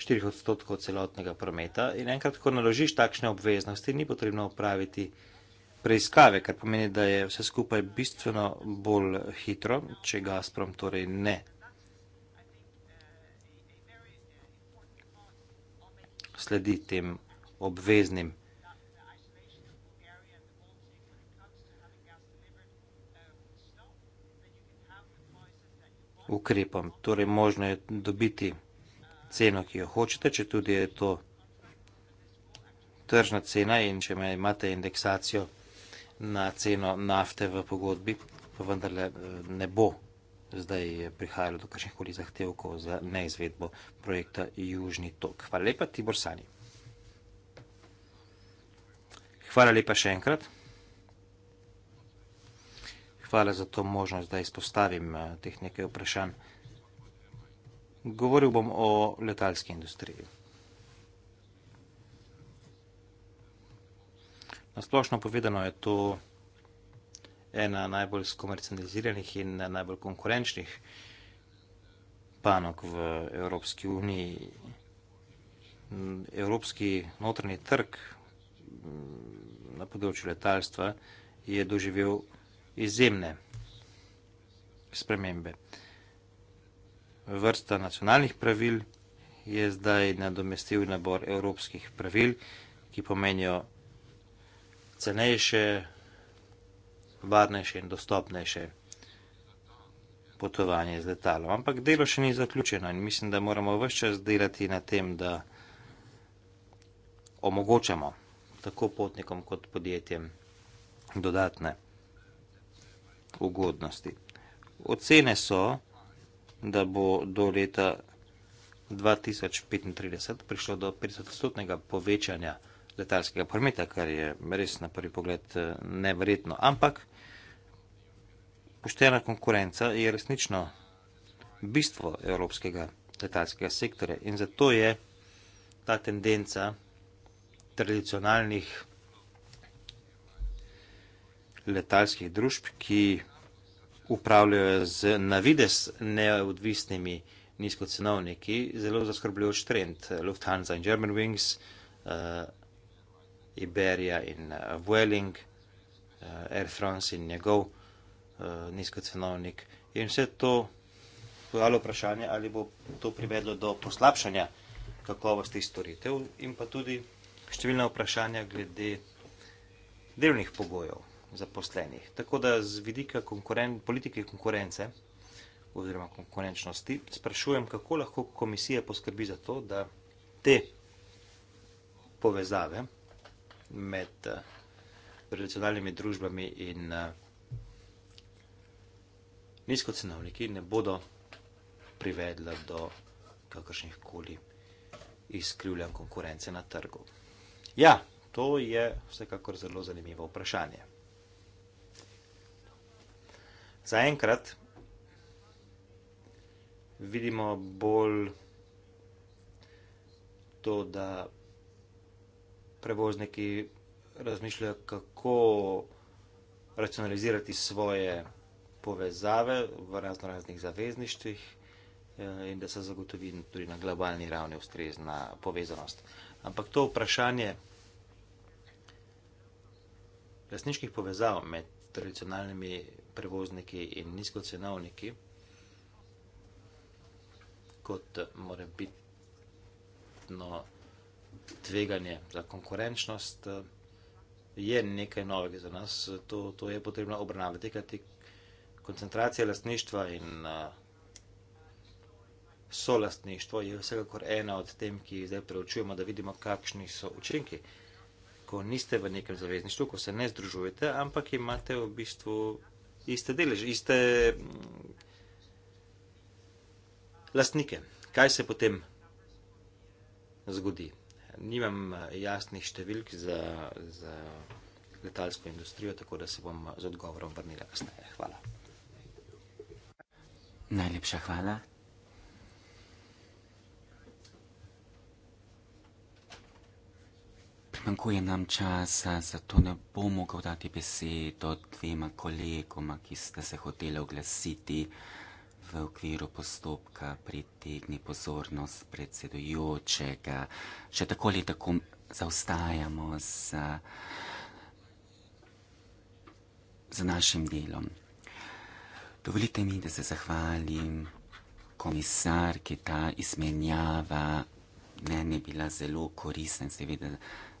S2: 4 odstotkov celotnega prometa in enkrat, ko naložiš takšne obveznosti, ni potrebno upraviti preiskave, kar pomeni, da je vse skupaj bistveno bolj hitro, če Gazprom torej ne. sledi tem obveznim ukrepom. Torej, možno je dobiti ceno, ki jo hočete, če tudi je to tržna cena in če imate indeksacijo na ceno nafte v pogodbi, pa vendarle eh, ne bo zdaj prihajalo do kakšnih koli zahtevkov za neizvedbo projekta Južni tok. Hvala lepa, Tibor Sani. Hvala lepa še enkrat. Hvala za to možnost, da izpostavim eh, teh nekaj vprašanj. Govoril bom o letalski industriji. Nasplošno povedano je to ena najbolj skomercializiranih in najbolj konkurenčnih panog v Evropski uniji. Evropski notrni trg mm, na področju letalstva je doživel izjemne spremembe. Vrsta nacionalnih pravil je zdaj nadomestil nabor evropskih pravil, ki pomenijo cenejše, varnejše in dostopnejše potovanje z letalom. Ampak delo še ni zaključeno in mislim, da moramo vse čas delati na tem, da omogočamo tako potnikom kot podjetjem dodatne ugodnosti. Ocene so, da bo do leta 2035 prišlo do 50-stotnega povečanja letalskega prometa, kar je res na prvi pogled eh, nevredno. Ampak poštena konkurenca je resnično bistvo evropskega letalskega sektorja in zato je ta tendenca tradicionalnih letalskih družb, ki upravljajo z navides neodvisnimi nizkocenovniki, zelo zaskrbljujoč trend. Lufthansa in German Wings, uh, Iberia in eh, Vueling, uh, Air France in njegov uh, nizkocenovnik. In vse to podalo vprašanje, ali bo to privedlo do poslabšanja kakovosti storitev in pa tudi številna vprašanja glede delnih pogojev zaposlenih. Tako da z vidika konkuren politike konkurence oziroma konkurenčnosti sprašujem, kako lahko komisija poskrbi za to, da te povezave med eh, tradicionalnimi uh, družbami in uh, nizkocenovniki ne bodo privedle do kakršnih koli izkrivljanj konkurence na trgu. Ja, to je vsekakor zelo zanimivo vprašanje zaenkrat vidimo bolj to, da prevozniki razmišljajo, kako racionalizirati svoje povezave v razno raznih zavezništvih eh, in da se zagotovi tudi na globalni ravni ustrezna povezanost. Ampak to vprašanje lasniških povezav med tradicionalnimi prevozniki in nizkocenovniki, kot eh, mora biti no, tveganje za konkurenčnost, eh, je nekaj novega za nas. To, to je potrebno obravnavati, kajti koncentracija lastništva in eh, solastništvo je vsekakor ena od tem, ki zdaj preučujemo, da vidimo, kakšni so učinki. Ko niste v nekem zavezništvu, ko se ne združujete, ampak imate v bistvu iste deleže, iste mm, lastnike. Kaj se potem zgodi? Nimam eh, jasnih številk za, za letalsko industrijo, tako da se bom eh, z odgovorom
S3: vrnila kasneje. Hvala. Najlepša hvala. Manjkuje nam časa, zato ne bom mogel dati besedo dvema kolegoma, ki ste se hoteli oglasiti v okviru postopka pritegni pozornost predsedujočega. Še tako ali tako zaostajamo za, za našim delom. Dovolite mi, da se zahvalim komisar, ki ta izmenjava meni bila zelo koristna in seveda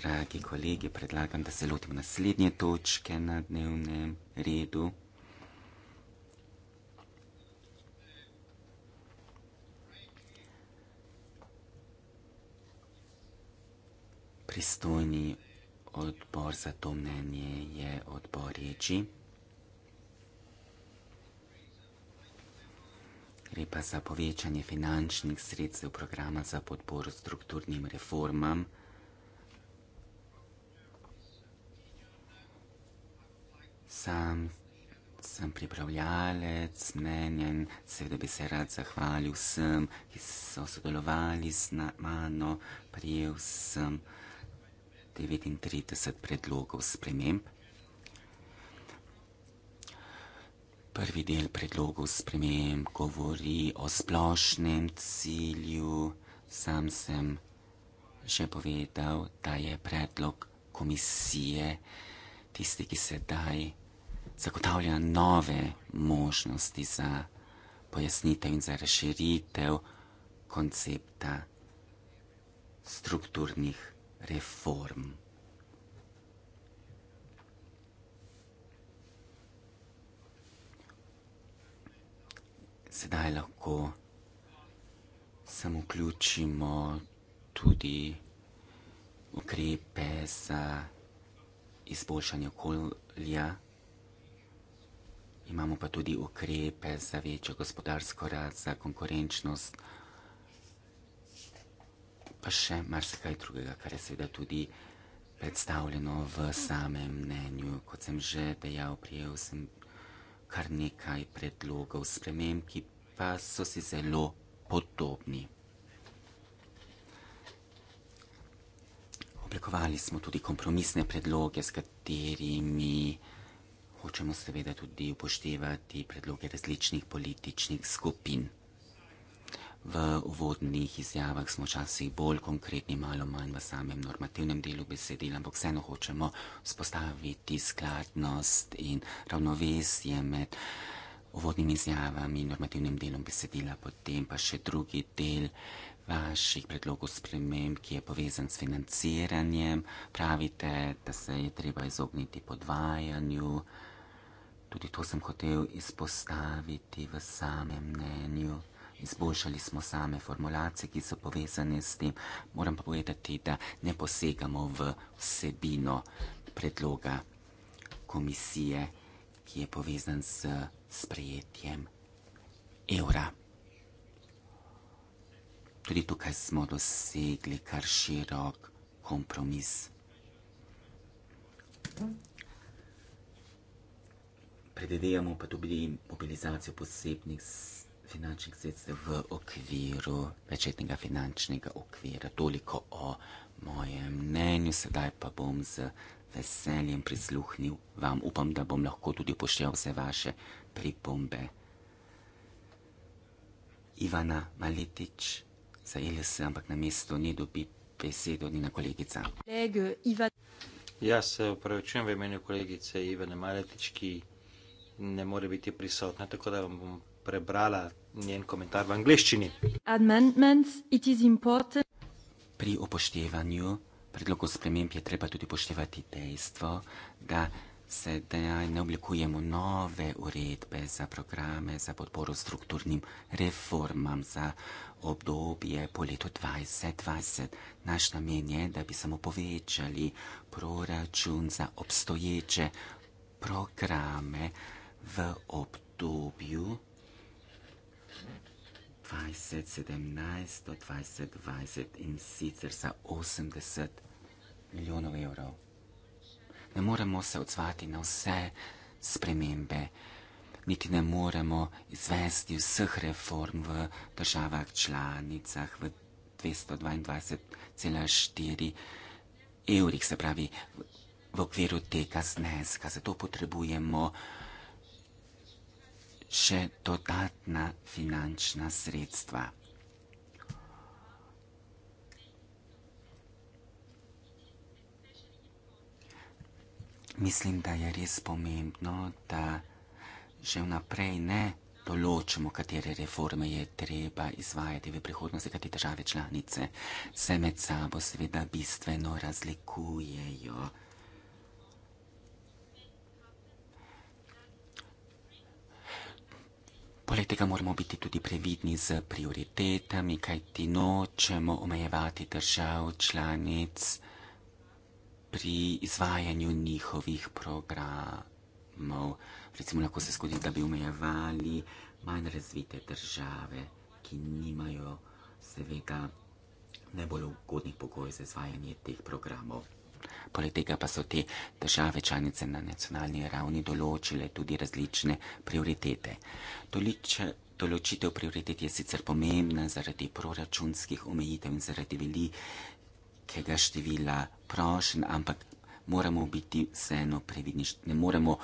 S3: Dragi kolegi, predlagam, da se lotimo naslednje točke na dnevnem redu. Pristojni odbor za to mnenje je odbor reči. Gre pa za povečanje finančnih sredstev programa za podporo strukturnim reformam. Sam sem pripravljalec mnenja in seveda bi se rad zahvalil vsem, ki so sodelovali z mano. Prijel sem 39 predlogov sprememb. Prvi del predlogov sprememb govori o splošnem cilju. Sam sem že povedal, da je predlog komisije tisti, ki sedaj zagotavlja nove možnosti za pojasnitev in za razširitev koncepta strukturnih reform. sedaj lahko samo vključimo tudi ukrepe za izboljšanje okolja, imamo pa tudi ukrepe za večjo gospodarsko rad, za konkurenčnost, pa še marsikaj drugega, kar je seveda tudi predstavljeno v samem mnenju. Kot sem že dejal, prijel sem kar nekaj predlogov sprememb, ki pa so si zelo podobni. Oblikovali smo tudi kompromisne predloge, s katerimi hočemo seveda tudi upoštevati predloge različnih političnih skupin. V uvodnih izjavah smo včasih bolj konkretni, malo manj v samem normativnem delu besedila, ampak vseeno hočemo spostaviti skladnost in ravnovesje med uvodnimi izjavami in normativnim delom besedila, potem pa še drugi del vaših predlogov sprememb, ki je povezan s financiranjem. Pravite, da se je treba izogniti podvajanju. Tudi to sem hotel izpostaviti v samem mnenju. Izboljšali smo same formulacije, ki so povezane s tem. Moram pa povedati, da ne posegamo v vsebino predloga komisije, ki je povezan s sprejetjem evra. Tudi tukaj smo dosegli kar širok kompromis. Predvidevamo pa tudi mobilizacijo posebnih sredstev finančnih sredstev v okviru večletnega finančnega okvira. Toliko o mojem mnenju, sedaj pa bom z veseljem prisluhnil vam. Upam, da bom lahko tudi upošteval vse vaše pripombe. Ivana Maletič za ILS, ampak na mesto ne dobi besedo, ni na kolegica. Jaz se upravičujem v imenu kolegice
S2: Ivane Maletič, ki ne more biti prisotna, tako da vam bom prebrala
S3: njen komentar v angleščini. Pri upoštevanju predlogov sprememb je treba tudi upoštevati dejstvo, da sedaj ne oblikujemo nove uredbe za programe za podporo strukturnim reformam za obdobje po letu 2020. Naš namen je, da bi samo povečali proračun za obstoječe programe v obdobju 2020. 20, 17 do 20, 20 in sicer za 80 milijonov evrov. Ne moremo se odzvati na vse spremembe, niti ne moremo izvesti vseh reform v državah članicah v 222,4 evrih, se pravi v okviru tega zneska. Zato potrebujemo še dodatna finančna sredstva. Mislim, da je res pomembno, da že vnaprej ne določimo, katere reforme je treba izvajati v prihodnosti, kajti države članice se med sabo seveda bistveno razlikujejo. Poleg tega moramo biti tudi previdni z prioritetami, kaj ti nočemo omejevati držav članic pri izvajanju njihovih programov. Recimo lahko se zgodi, da bi omejevali manj razvite države, ki nimajo seveda najbolj ugodnih pogojev za izvajanje teh programov. Poleg tega pa so te države članice na nacionalni ravni določile tudi različne prioritete. Tolič, določitev prioritet je sicer pomembna zaradi proračunskih omejitev in zaradi velikega števila prošen, ampak moramo biti vseeno previdni. Ne moremo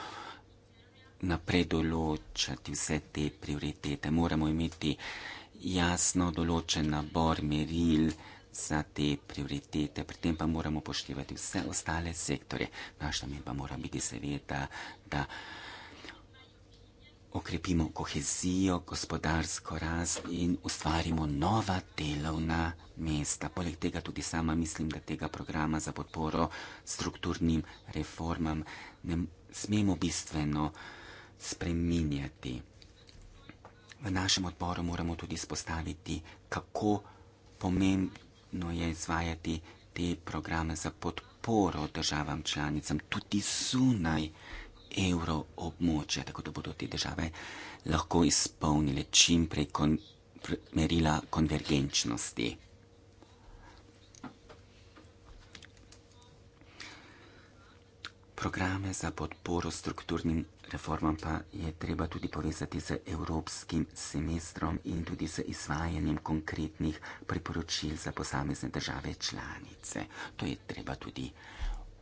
S3: naprej določati vse te prioritete, moramo imeti jasno določen nabor meril za te prioritete, pri tem pa moramo poštevati vse ostale sektore. Naš namen pa mora biti seveda, da okrepimo kohezijo, gospodarsko rast in ustvarimo nova delovna mesta. Poleg tega tudi sama mislim, da tega programa za podporo strukturnim reformam ne smemo bistveno spreminjati. V našem odboru moramo tudi spostaviti, kako pomembno potrebno je izvajati te programe za podporo državam članicam tudi zunaj evro območja, tako da bodo te države lahko izpolnile čim prej kon pr merila konvergenčnosti. Programe za podporo strukturnim reformam pa je treba tudi povezati z evropskim semestrom in tudi z izvajanjem konkretnih priporočil za posamezne države članice. To je treba tudi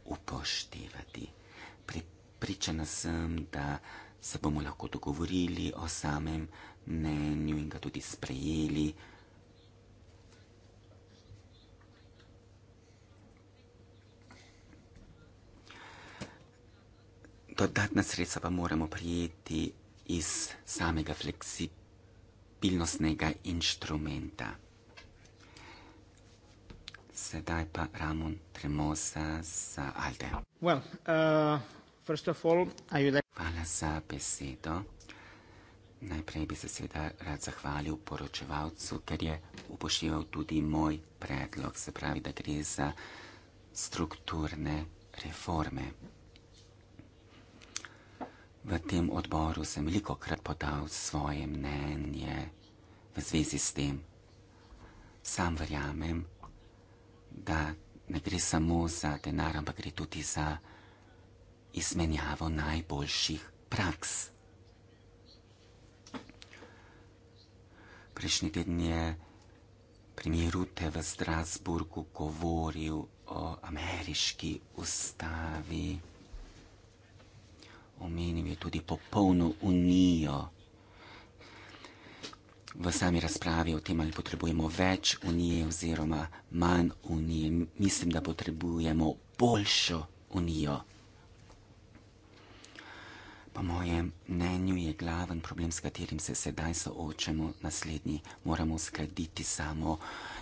S3: upoštevati. Pri, pričana sem, da se bomo lahko dogovorili o samem mnenju in ga tudi sprejeli. dodatna sredstva pa moramo prijeti iz samega fleksibilnostnega inštrumenta. Sedaj pa Ramon Tremosa za Alde. Well, uh, first of all, are you there? Hvala za besedo. Najprej bi se seveda rad zahvalil poročevalcu, ker je upošteval tudi moj predlog, se pravi, da gre za strukturne reforme. V tem odboru sem veliko krat podal svoje mnenje v zvezi s tem. Sam verjamem, da ne gre samo za denar, ampak gre tudi za izmenjavo najboljših praks. Prejšnji teden je premijer Rute v Strasburgu govoril o ameriški ustavi omenil je tudi popolno unijo. V sami razpravi o tem, ali potrebujemo več unije oziroma manj unije, mislim, da potrebujemo boljšo unijo. Po mojem mnenju je glaven problem, s katerim se sedaj soočamo, naslednji. Moramo uskladiti samo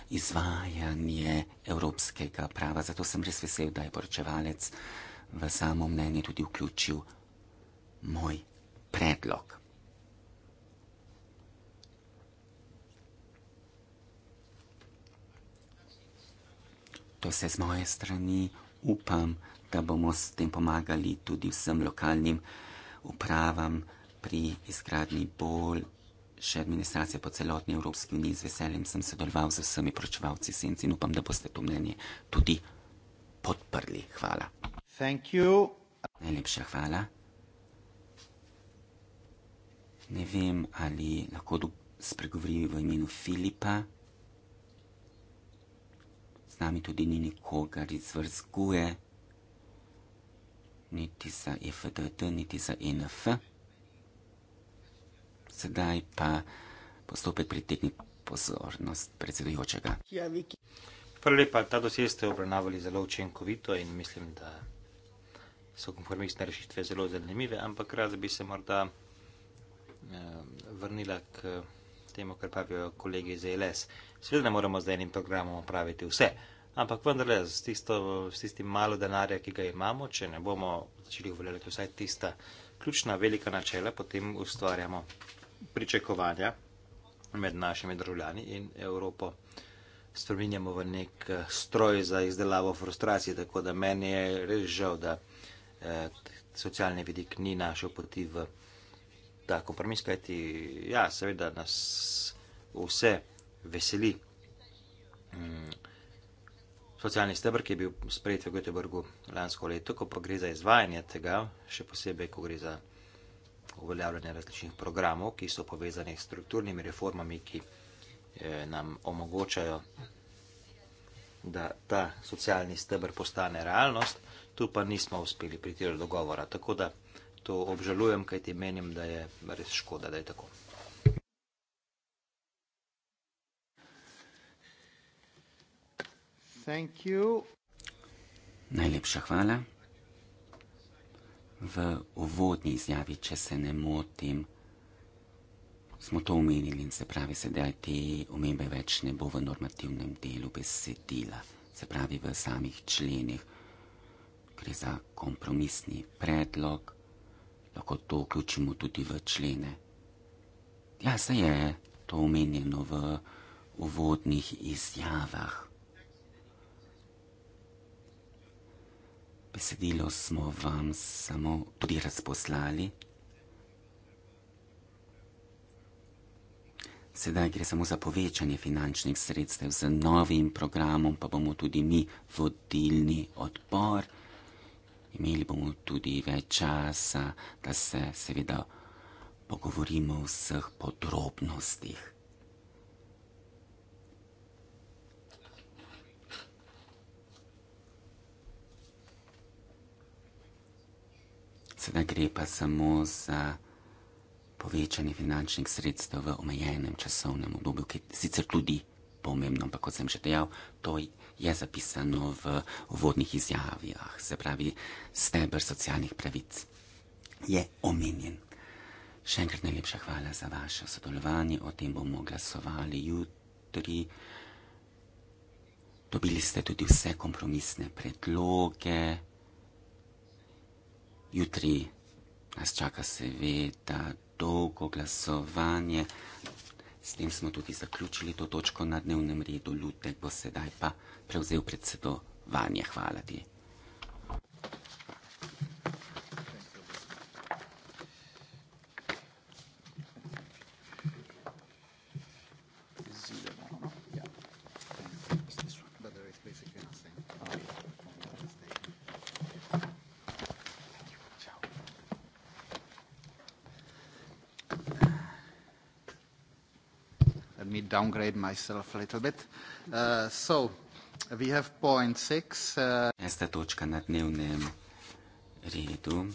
S3: izvajanje evropskega prava. Zato sem res vesel, da je poročevalec v samo mnenje tudi vključil moj predlog. To se z moje strani upam, da bomo s tem pomagali tudi vsem lokalnim upravam pri izgradnji bolj še administracije po celotni Evropski uniji. Z veseljem sem sodeloval z vsemi pročevalci senc in upam, da boste to mnenje tudi podprli. Hvala. Thank you. Najlepša hvala. Ne vem, ali lahko spregovorim v imenu Filipa. Z nami tudi ni nikogar iz vrzguje, niti za e FDD, niti za e NF. Sedaj pa postopek pritekni pozornost predsedujočega. Ja,
S2: Prelepa, ta dosed ste obravnavali zelo učinkovito in mislim, da so konformistne rešitve zelo zanimive, ampak rad bi se morda Eh, vrnila k temu, kar pravijo kolegi iz ELS. Sveda ne moramo z enim programom opraviti vse, ampak vendarle z, tisto, z tistim malo denarja, ki ga imamo, če ne bomo začeli uveljavljati vsaj tista ključna velika načela, potem ustvarjamo pričakovanja med našimi državljani in Evropo. Strminjamo v nek eh, stroj za izdelavo frustracij, tako da meni je res žal, da eh, socialni vidik ni našel poti v. Da, kompromis, kajti, ja, seveda nas vse veseli. Mm. Socialni stebr, ki je bil sprejet v Göteborgu lansko leto, ko pa gre za izvajanje tega, še posebej, ko gre za uveljavljanje različnih programov, ki so povezani s strukturnimi reformami, ki eh, nam omogočajo, da ta socialni stebr postane realnost, tu pa nismo uspeli priti do dogovora. Tako da to obžalujem, kajti menim, da je res škoda, da je tako.
S3: Najlepša hvala. V uvodni izjavi, če se ne motim, smo to omenili in se pravi, sedaj te omembe več ne bo v normativnem delu besedila, se pravi v samih členih. Gre za kompromisni predlog, lahko to vključimo tudi v člene. Ja, se je to omenjeno v uvodnih izjavah. Besedilo smo vam samo tudi razposlali. Sedaj gre samo za povečanje finančnih sredstev z novim programom, pa bomo tudi mi vodilni odpor imeli bomo tudi več časa, da se seveda pogovorimo o vseh podrobnostih. Sedaj gre pa samo za povečanje finančnih sredstev v omejenem časovnem obdobju, ki je sicer tudi pomembno, ampak kot sem že dejal, to je je zapisano v uvodnih izjavah, se pravi, steber socialnih pravic je omenjen. Še enkrat najlepša hvala za vaše sodelovanje, o tem bomo glasovali jutri. Dobili ste tudi vse kompromisne predloge. Jutri nas čaka seveda dolgo glasovanje. S tem smo tudi zaključili to točko na dnevnem redu. Ljutek bo sedaj pa prevzel predsedovanje. Hvala ti.
S2: downgrade myself a little bit. Uh, so we have point
S3: six. Uh... Esta točka na dnevnem redu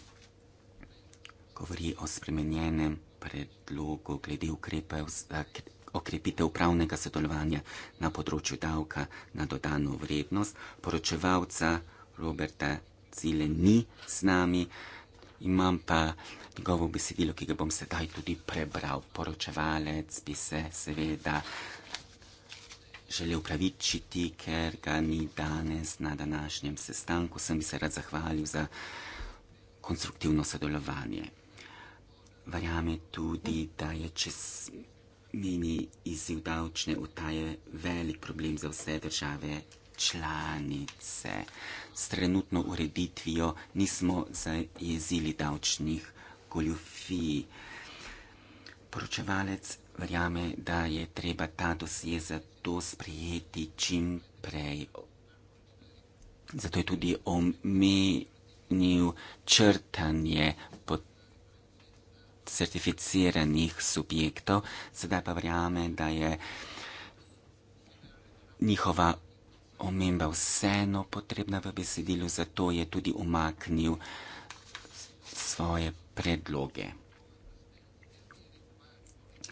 S3: govori o spremenjenem predlogu glede ukrepev za okrepitev pravnega sodelovanja na področju davka na dodano vrednost. Poročevalca Roberta Cile ni z nami. Uh, imam pa njegovo besedilo, ki ga bom sedaj tudi prebral. Poročevalec bi se seveda želel pravičiti, ker ga ni danes na današnjem sestanku. Sem bi se rad zahvalil za konstruktivno sodelovanje. Verjame tudi, da je čez mini izziv davčne utaje velik problem za vse države članice. S trenutno ureditvijo nismo zajezili davčnih goljufij. Poročevalec verjame, da je treba ta dosje za to sprijeti čim prej. Zato je tudi omenil črtanje pod certificiranih subjektov, sedaj pa verjame, da je njihova omemba vseeno potrebna v besedilu, zato je tudi umaknil svoje predloge.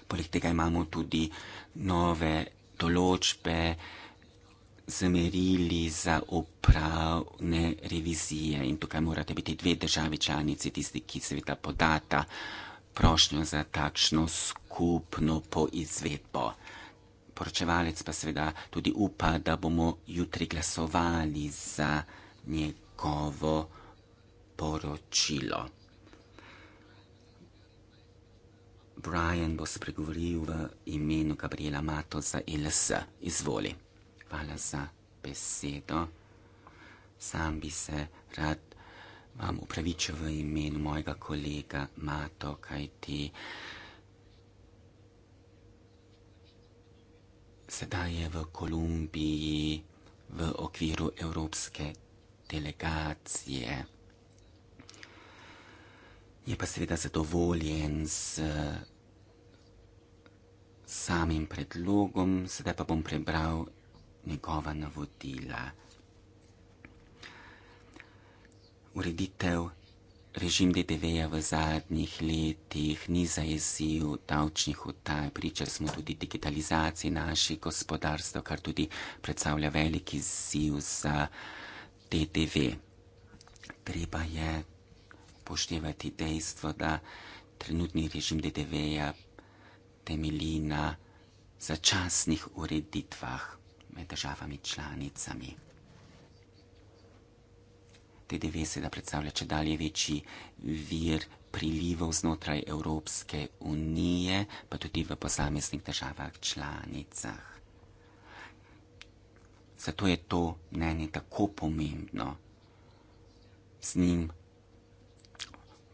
S3: Poleg tega imamo tudi nove določbe z merili za upravne revizije in tukaj morate biti dve državi članice, tisti, ki seveda podata prošnjo za takšno skupno poizvedbo poročevalec pa seveda tudi upa, da bomo jutri glasovali za njegovo poročilo. Brian bo spregovoril v imenu Gabriela Mato za e LS. Izvoli. Hvala za besedo. Sam bi se rad vam um, upravičil v imenu mojega kolega Mato, kaj ti. sedaj je v Kolumbiji v okviru evropske delegacije. Je pa seveda zadovoljen s samim predlogom, sedaj pa bom prebral njegova navodila. Ureditev režim DDV-ja v zadnjih letih ni zaizil davčnih utaj, priča smo tudi digitalizaciji naših gospodarstv, kar tudi predstavlja veliki ziv za DDV. Treba je upoštevati dejstvo, da trenutni režim DDV-ja temelji na začasnih ureditvah med državami članicami. TDV seveda predstavlja če dalje večji vir prilivov znotraj Evropske unije, pa tudi v posameznih državah članicah. Zato je to mnenje tako pomembno. Z njim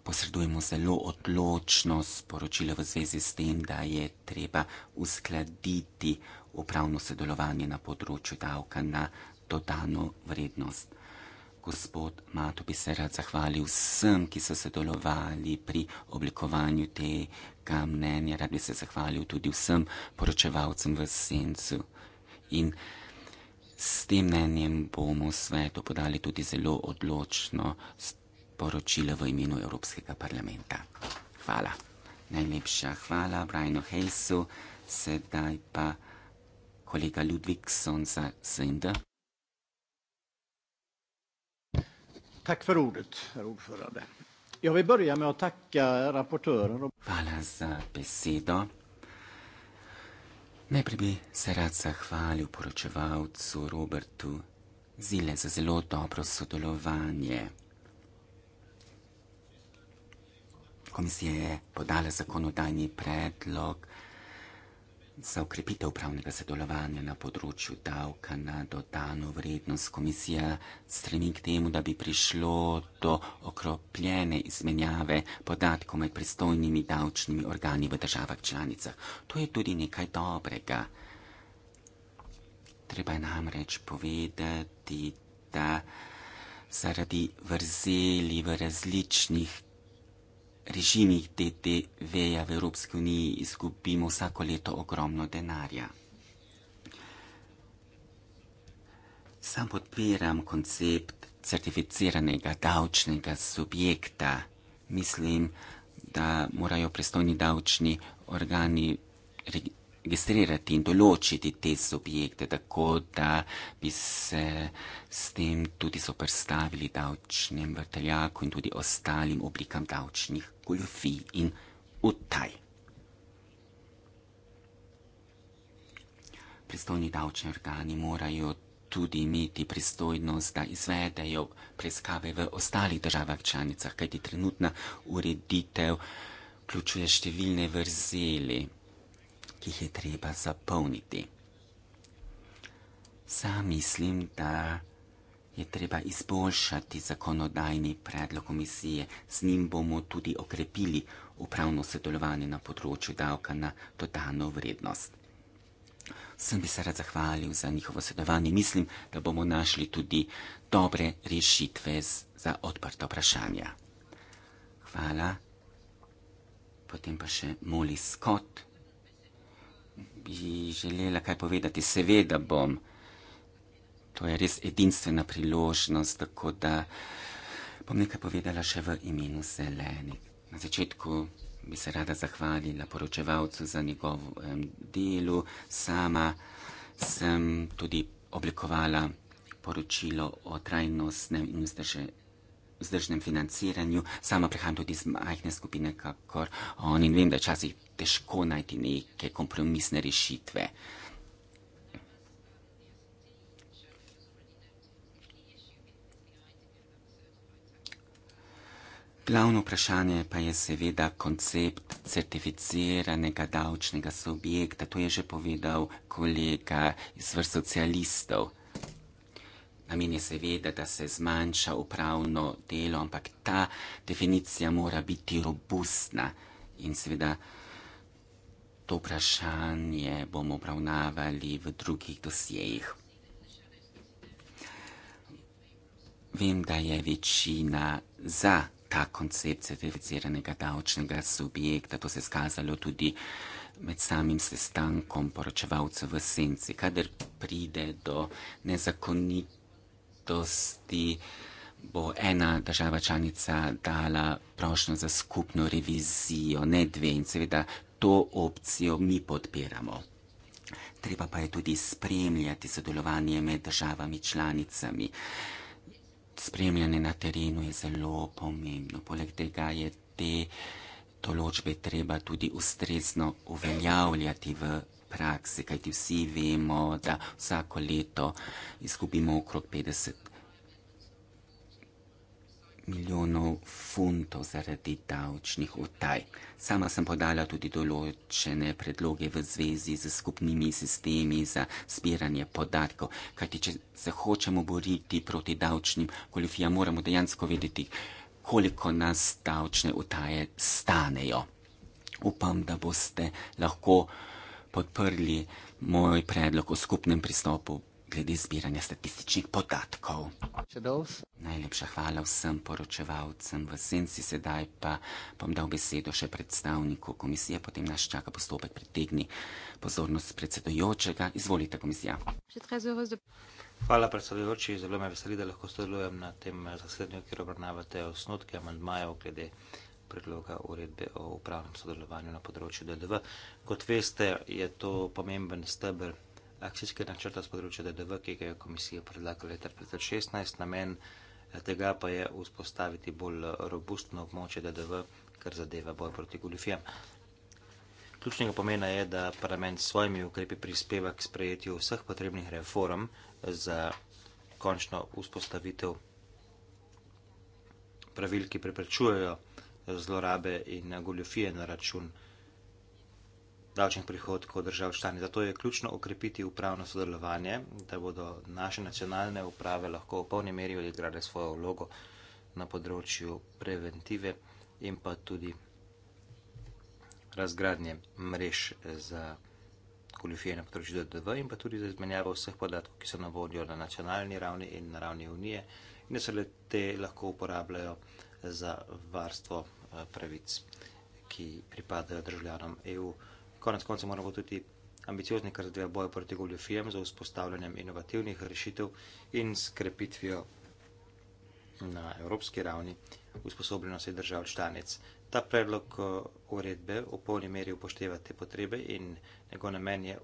S3: posredujemo zelo odločno sporočilo v zvezi s tem, da je treba uskladiti upravno sodelovanje na področju davka na dodano vrednost gospod Mato bi se rad zahvalil vsem, ki so sodelovali pri oblikovanju tega mnenja. Rad bi se zahvalil tudi vsem poročevalcem v Sencu. In s tem mnenjem bomo svetu podali tudi zelo odločno poročilo v imenu Evropskega parlamenta. Hvala. Najlepša hvala Brianu Hejsu, sedaj pa kolega Ludvikson za SND. Tack för ordet, herr ordförande. Jag vill börja med att tacka rapportören. Valaza Besido. Najprej bi se rad zahvalil poročevalcu Robertu Zile za zelo dobro sodelovanje. Komisija je podala zakonodajni predlog Za ukrepitev upravnega sodelovanja na področju davka na dodano vrednost komisija stremi k temu, da bi prišlo do okropljene izmenjave podatkov med pristojnimi davčnimi organi v državah članicah. To je tudi nekaj dobrega. Treba je namreč povedati, da zaradi vrzeli v različnih režimi TTV-ja v Evropski uniji izgubimo vsako leto ogromno denarja. Sam podpiram koncept certificiranega davčnega subjekta. Mislim, da morajo pristojni davčni organi registrirati in določiti te subjekte, tako da bi se s tem tudi soprstavili davčnem vrteljaku in tudi ostalim oblikam davčnih goljofij in utaj. Pristojni davčni organi morajo tudi imeti pristojnost, da izvedejo preiskave v ostalih državah članicah, kajti trenutna ureditev vključuje številne vrzeli ki jih je treba zapolniti. Sam mislim, da je treba izboljšati zakonodajni predlog komisije, s njim bomo tudi okrepili upravno sodelovanje na področju davka na dodano vrednost. Sem bi se rad zahvalil za njihovo sodelovanje. Mislim, da bomo našli tudi dobre rešitve za odprta vprašanja. Hvala. Potem pa še Moli Scott bi želela kaj povedati. Seveda bom. To je res edinstvena priložnost, tako da bom nekaj povedala še v imenu Zelenih. Na začetku bi se rada zahvalila poročevalcu za njegovem delu. Sama sem tudi oblikovala poročilo o trajnostnem in vzdrževanju vzdržnem financiranju. Sama prihajam tudi iz majhne skupine, kakor on in vem, da je včasih težko najti neke kompromisne rešitve. Glavno vprašanje pa je seveda koncept certificiranega davčnega subjekta. To je že povedal kolega iz vrst socialistov. Namen je seveda, da se zmanjša upravno delo, ampak ta definicija mora biti robustna in seveda to vprašanje bomo obravnavali v drugih dosjejih. Vem, da je večina za ta koncept certificiranega davčnega subjekta, to se je skazalo tudi med samim sestankom poročevalcev v senci, kadar pride do nezakonitega letosti bo ena država članica dala prošnjo za skupno revizijo, ne dve in seveda to opcijo mi podpiramo. Treba pa je tudi spremljati sodelovanje med državami članicami. Spremljanje na terenu je zelo pomembno. Poleg tega je te določbe treba tudi ustrezno uveljavljati v praksi, kajti vsi vemo, da vsako leto izgubimo okrog 50 milijonov funtov zaradi davčnih utaj. Sama sem podala tudi določene predloge v zvezi z skupnimi sistemi za spiranje podatkov, kajti če se hočemo boriti proti davčnim goljufijam, moramo dejansko vedeti, koliko nas davčne utaje stanejo. Upam, da boste lahko podprli moj predlog o skupnem pristopu glede zbiranja statističnih podatkov. Najlepša hvala vsem poročevalcem v senci, sedaj pa bom dal besedo še predstavniku komisije, potem nas čaka postopek pritegni pozornost predsedojočega. Izvolite, komisija. Hvala, predsedojoči,
S2: zelo me veseli, da lahko sodelujem na tem zasednju, kjer obravnavate osnotke, amandmaje, glede predloga uredbe o upravnem sodelovanju na področju DDV. Kot veste, je to pomemben stebr akcijske načrta z področja DDV, ki ga je komisija predlagala leta 2016. Namen eh, tega pa je vzpostaviti bolj eh, robustno območje DDV, kar zadeva boj proti goljufijam. Ključnega pomena je, da parlament s svojimi ukrepi prispeva k sprejetju vseh potrebnih reform za končno vzpostavitev pravil, ki preprečujejo zlorabe in goljofije na račun davčnih prihodkov držav članic. Zato je ključno okrepiti upravno sodelovanje, da bodo naše nacionalne uprave lahko v polni meri odigrale svojo vlogo na področju preventive in pa tudi razgradnje mrež za goljofije na področju DDV in pa tudi za izmenjavo vseh podatkov, ki so na voljo na nacionalni ravni in na ravni unije in da se le te lahko uporabljajo za varstvo eh, pravic, ki pripadajo državljanom EU. Konec konca moramo tudi ambiciozni, kar zadeva boje proti goljofijem za vzpostavljanjem inovativnih rešitev in skrepitvijo na evropski ravni usposobljenosti držav članic. Ta predlog eh, uredbe v polni meri upošteva te potrebe in njegov namen je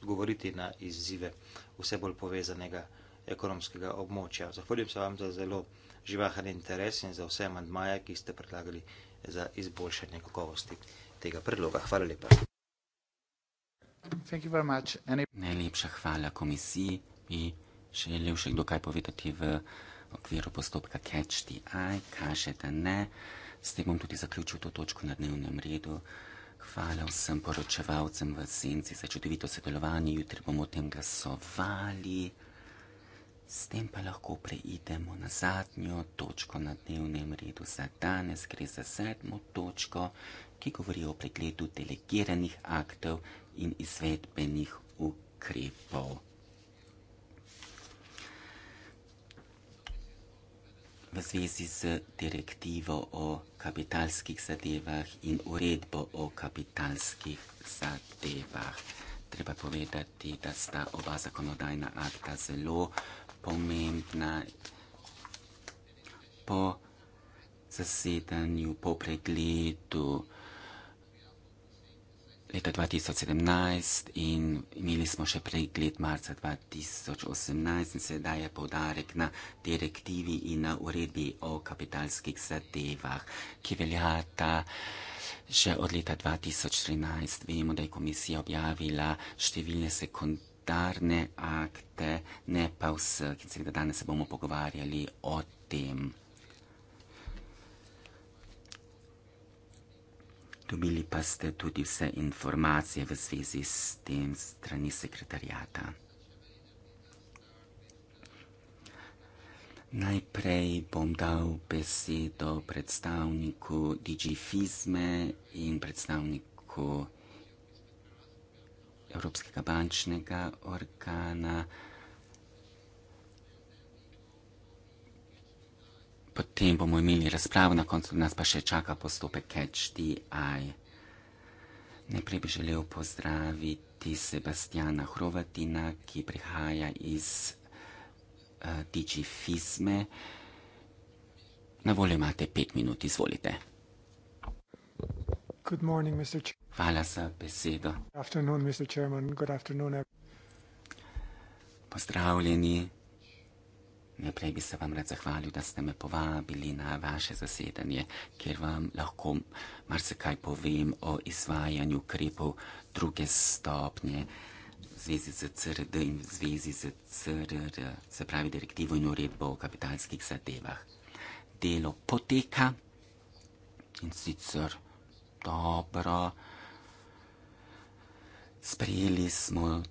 S2: odgovoriti na izzive vse bolj povezanega ekonomskega območja. Zahvaljujem se vam za zelo živahen interes in za vse amantmaje, ki ste predlagali za izboljšanje kakovosti tega predloga. Hvala lepa.
S3: Any... Najlepša hvala komisiji. Bi želel še kdo kaj povedati v okviru postopka Catch the Eye? Kaže, da ne. S tem bom tudi zaključil to točko na dnevnem redu. Hvala vsem poročevalcem v senci za čudovito sodelovanje. Jutri bomo o tem glasovali. S tem pa lahko preidemo na zadnjo točko na dnevnem redu za danes, gre za sedmo točko, ki govori o pregledu delegiranih aktov in izvedbenih ukrepov. V zvezi z direktivo o kapitalskih zadevah in uredbo o kapitalskih zadevah. Treba povedati, da sta oba zakonodajna akta zelo pomembna po zasedanju, po pregledu leta 2017 in imeli smo še pregled marca 2018 in se daje povdarek na direktivi in na uredbi o kapitalskih zadevah, ki veljata še od leta 2013. Vemo, da je komisija objavila številne sekunde humanitarne akte, ne pa vse, ki se ga danes bomo pogovarjali o tem. Dobili pa ste tudi vse informacije v zvezi s tem strani sekretarjata. Najprej bom dal besedo predstavniku Digifizme in predstavniku Evropskega bančnega organa. Potem bomo imeli razpravo, na koncu nas pa še čaka postopek CHDI. Najprej bi želel pozdraviti Sebastiana Hrovatina, ki prihaja iz uh, eh, Digifizme. Na voljo imate pet minut, izvolite.
S1: Good morning, Mr. Chairman.
S3: Hvala za besedo. Pozdravljeni. Najprej bi se vam rad zahvalil, da ste me povabili na vaše zasedanje, kjer vam lahko marsikaj povem o izvajanju ukrepov druge stopnje v zvezi z CRD in v zvezi z CRR, se pravi direktivo in uredbo o kapitalskih zadevah. Delo poteka in sicer dobro. Sprejeli smo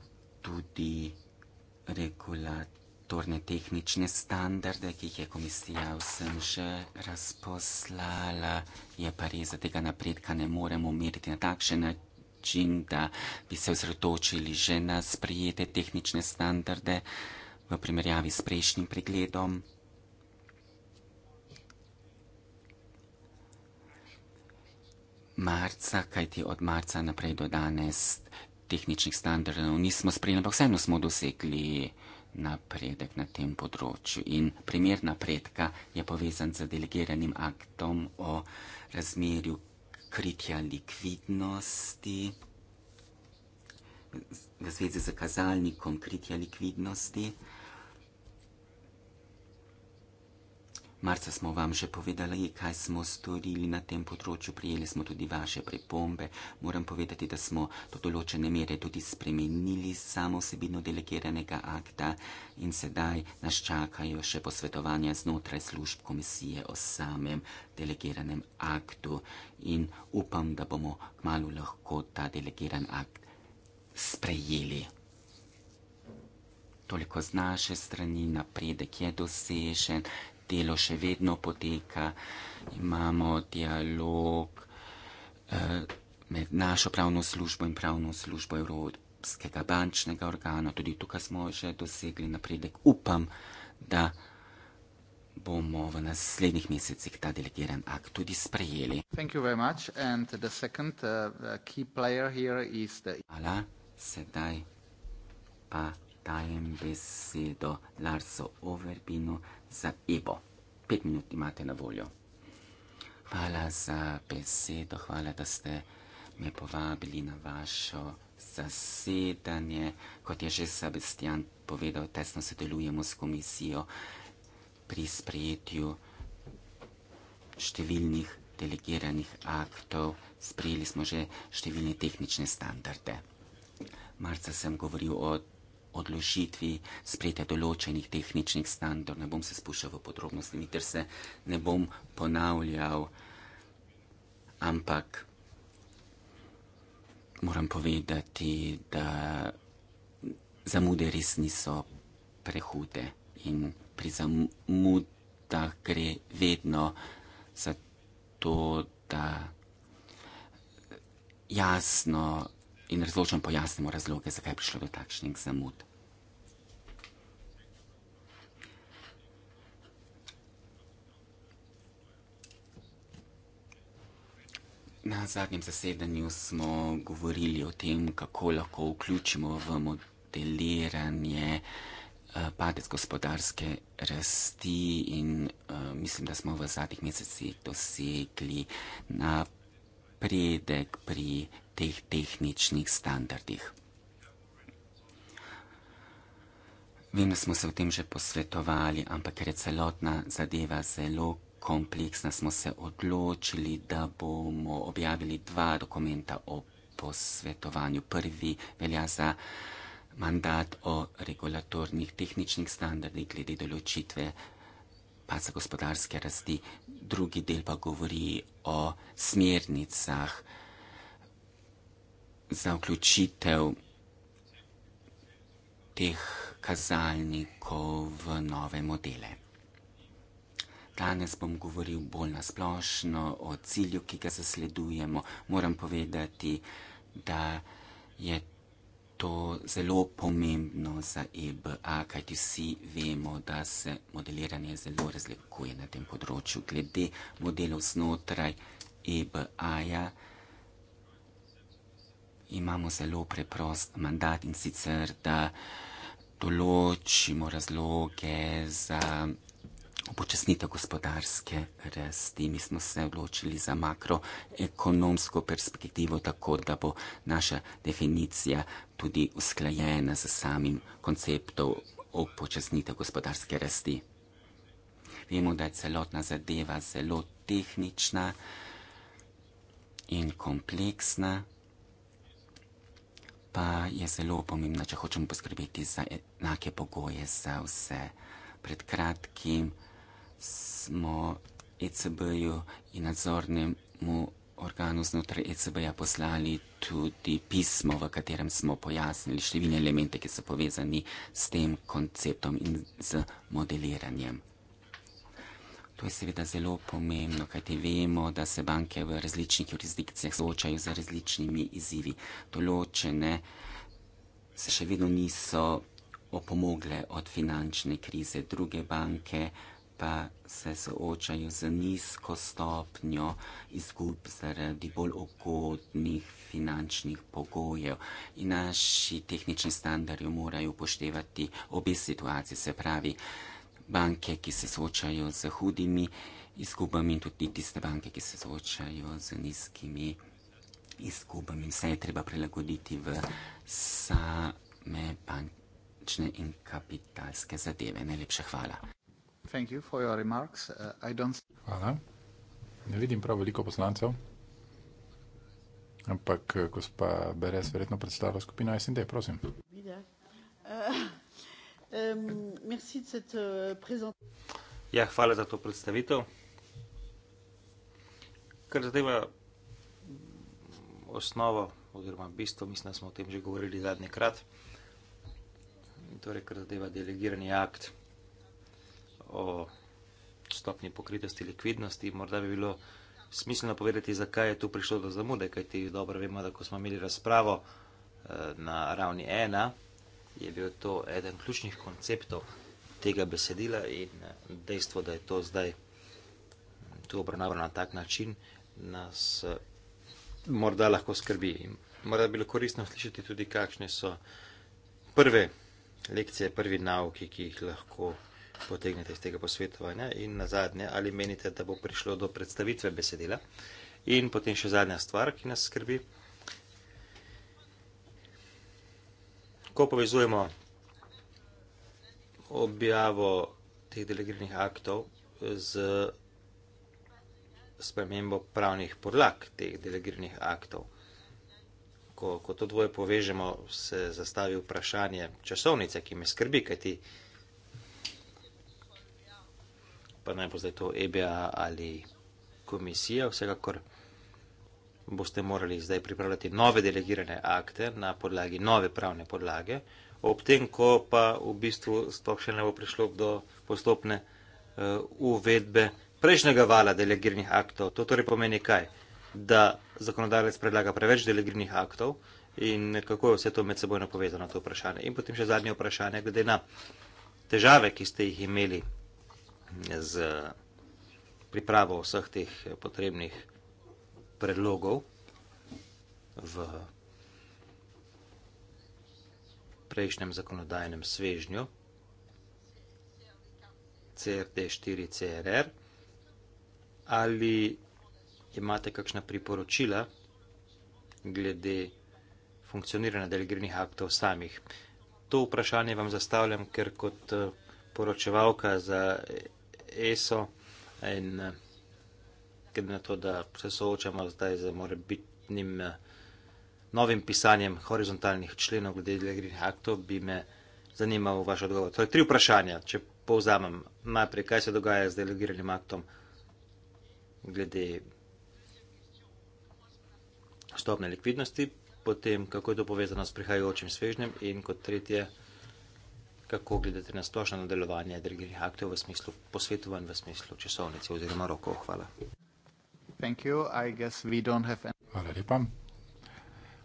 S3: tudi regulatorne tehnične standarde, ki jih je komisija vsem že razposlala. Je pa res, da tega napredka ne moremo meriti na takšen način, da bi se osredotočili že na sprejete tehnične standarde v primerjavi s prejšnjim pregledom. Marca, kajti od marca naprej do danes tehničnih standardov nismo sprejeli, ampak vseeno smo dosegli napredek na tem področju. In primer napredka je povezan z delegiranim aktom o razmerju kritja likvidnosti v zvezi z kazalnikom kritja likvidnosti. Marca smo vam že povedali, kaj smo storili na tem področju, prijeli smo tudi vaše pripombe. Moram povedati, da smo do določene mere tudi spremenili samo vsebino delegiranega akta in sedaj nas čakajo še posvetovanja znotraj služb komisije o samem delegiranem aktu in upam, da bomo malo lahko ta delegiran akt sprejeli. Toliko z naše strani, napredek je dosežen, delo še vedno poteka, imamo dialog eh, med našo pravno službo in pravno službo Evropskega bančnega organa. Tudi tukaj smo že dosegli napredek. Upam, da bomo v naslednjih mesecih ta delegiran akt tudi sprejeli. Second, uh, the... Hvala, sedaj pa dajem besedo Larso Overbinu za Ibo. Pet minut imate na voljo. Hvala za besedo, hvala, da ste me povabili na vašo zasedanje. Kot je že Sebastian povedal, tesno sodelujemo s komisijo pri sprejetju številnih delegiranih aktov, sprejeli smo že številne tehnične standarde. Marca sem govoril o odložitvi sprejete določenih tehničnih standardov. Ne bom se spuščal v podrobnosti, ker se ne bom ponavljal, ampak moram povedati, da zamude res niso prehude in pri zamudah gre vedno za to, da jasno in razločno pojasnimo razloge, zakaj je prišlo do takšnih zamud. Na zadnjem zasedanju smo govorili o tem, kako lahko vključimo v modeliranje eh, padec gospodarske rasti in uh, mislim, da smo v zadnjih mesecih dosegli napredek pri teh tehničnih standardih. Vem, da smo se o tem že posvetovali, ampak ker je celotna zadeva zelo kompleksna, smo se odločili, da bomo objavili dva dokumenta o posvetovanju. Prvi velja za mandat o regulatornih tehničnih standardih glede določitve pasa gospodarske rasti, drugi del pa govori o smernicah za vključitev teh kazalnikov v nove modele. Danes bom govoril bolj nasplošno o cilju, ki ga zasledujemo. Moram povedati, da je to zelo pomembno za EBA, kajti vsi vemo, da se modeliranje zelo razlikuje na tem področju. Glede modelov znotraj EBA-ja, imamo zelo preprost mandat in sicer, da določimo razloge za upočasnitev gospodarske rasti. Mi smo se odločili za makroekonomsko perspektivo, tako da bo naša definicija tudi usklajena z samim konceptom upočasnitev gospodarske rasti. Vemo, da je celotna zadeva zelo tehnična in kompleksna pa je zelo pomembna, če hočemo poskrbeti za enake pogoje za vse. Pred kratkim smo ECB-ju in nadzornemu organu znotraj ECB-ja poslali tudi pismo, v katerem smo pojasnili številne elemente, ki so povezani s tem konceptom in z modeliranjem. To je seveda zelo pomembno, kajti vemo, da se banke v različnih jurisdikcijah soočajo z različnimi izzivi. Določene se še vedno niso opomogle od finančne krize, druge banke pa se soočajo z nizko stopnjo izgub zaradi bolj ugodnih finančnih pogojev. In naši tehnični standardi morajo upoštevati obe situacije, se pravi, banke, ki se soočajo z hudimi izgubami in tudi tiste banke, ki se soočajo z nizkimi izgubami. Vse je treba prilagoditi v same bančne in kapitalske zadeve. Najlepša hvala.
S1: Uh,
S3: hvala. Ne vidim prav veliko
S1: poslancev, ampak eh, gospa Beres verjetno predstavlja skupino SND, prosim. Uh. Euh,
S2: ja, hvala za to predstavitev. Kar zadeva osnovo oziroma bistvo, mislim, da smo o tem že govorili zadnji krat, torej kar zadeva delegirani akt o stopni pokritosti likvidnosti, morda bi bilo smiselno povedati, zakaj je tu prišlo do zamude, kajti dobro vemo, da ko smo imeli razpravo eh, na ravni ena, je bil to eden ključnih konceptov tega besedila in eh, dejstvo, da je to zdaj tu obravnavano na tak način, nas eh, morda lahko skrbi. In morda bi bilo koristno slišati tudi, kakšne so prve lekcije, prvi nauki, ki jih lahko potegnete iz tega posvetovanja in na zadnje, ali menite, da bo prišlo do predstavitve besedila. In potem še zadnja stvar, ki nas skrbi. lahko povezujemo objavo teh delegiranih aktov z spremembo pravnih podlag teh delegiranih aktov. Ko, ko to dvoje povežemo, se zastavi vprašanje časovnice, ki me skrbi, kajti pa naj bo zdaj to EBA ali komisija, vsekakor boste morali zdaj pripravljati nove delegirane akte na podlagi nove pravne podlage, ob tem, ko pa v bistvu sploh še ne bo prišlo do postopne uh, uvedbe prejšnjega vala delegiranih aktov. To torej pomeni kaj? Da zakonodajalec predlaga preveč delegiranih aktov in kako je vse to med seboj napovedano, to vprašanje. In potem še zadnje vprašanje, glede na težave, ki ste jih imeli z pripravo vseh teh potrebnih predlogov v prejšnjem zakonodajnem svežnju CRD4CRR ali imate kakšna priporočila glede funkcioniranja delegiranih aktov samih. To vprašanje vam zastavljam, ker kot eh, poročevalka za ESO in eh, glede na to, da se soočamo zdaj z morebitnim eh, novim pisanjem horizontalnih členov glede legitimnih aktov, bi me zanimal vaš odgovor. Torej, tri vprašanja, če povzamem. Najprej, kaj se dogaja z delegiranim aktom glede stopne likvidnosti, potem kako je to povezano s prihajajočim svežnjem in kot tretje, kako gledate na splošno nadaljevanje delegiranih aktov v smislu posvetovanj, v smislu časovnice oziroma rokov. Hvala. Thank you.
S1: I guess we don't have any. Hvala lepa.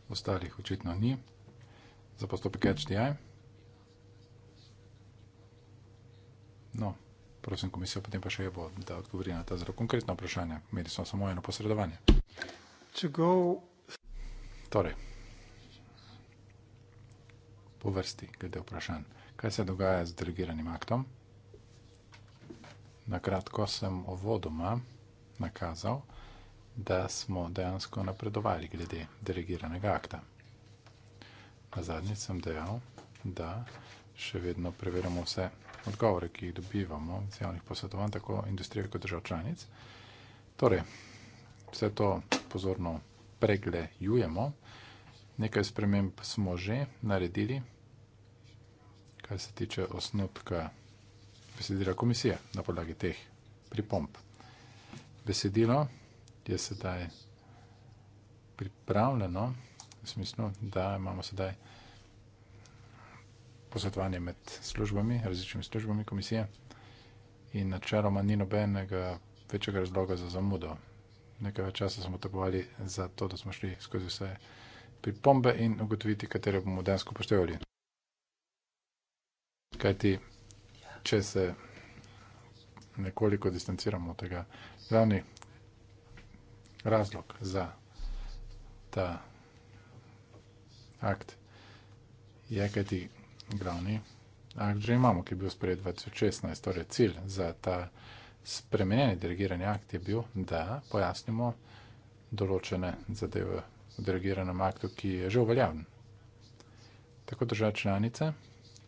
S1: Ostalih očitno ni. Za postopek HDI. No, prosim komisijo, potem pa še je bo, da odgovori na ta zelo konkretna vprašanja. Imeli smo samo eno posredovanje. To go... Torej, po vrsti glede vprašanj. Kaj se dogaja z delegiranim aktom? Nakratko sem ovodoma nakazal, da smo dejansko napredovali glede delegiranega akta. Na zadnji sem dejal, da še vedno preverjamo vse odgovore, ki jih dobivamo iz javnih posvetovanj, tako industrije kot držav članic. Torej, vse to pozorno preglejujemo. Nekaj sprememb smo že naredili, kar se tiče osnutka besedila komisije na podlagi teh pripomb. Besedilo je sedaj pripravljeno, v smislu, da imamo sedaj posvetovanje med službami, različnimi službami komisije in načeloma ni nobenega večjega razloga za zamudo. Nekaj več časa smo potrebovali za to, da smo šli skozi vse pripombe in ugotoviti, katere bomo danes upoštevali. Kajti, če se nekoliko distanciramo od tega glavni razlog za ta akt je, kaj ti glavni akt že imamo, ki je bil sprejet 2016, torej cilj za ta spremenjeni dirigirani akt je bil, da pojasnimo določene zadeve v dirigiranem aktu, ki je že uveljavljen. Tako država članice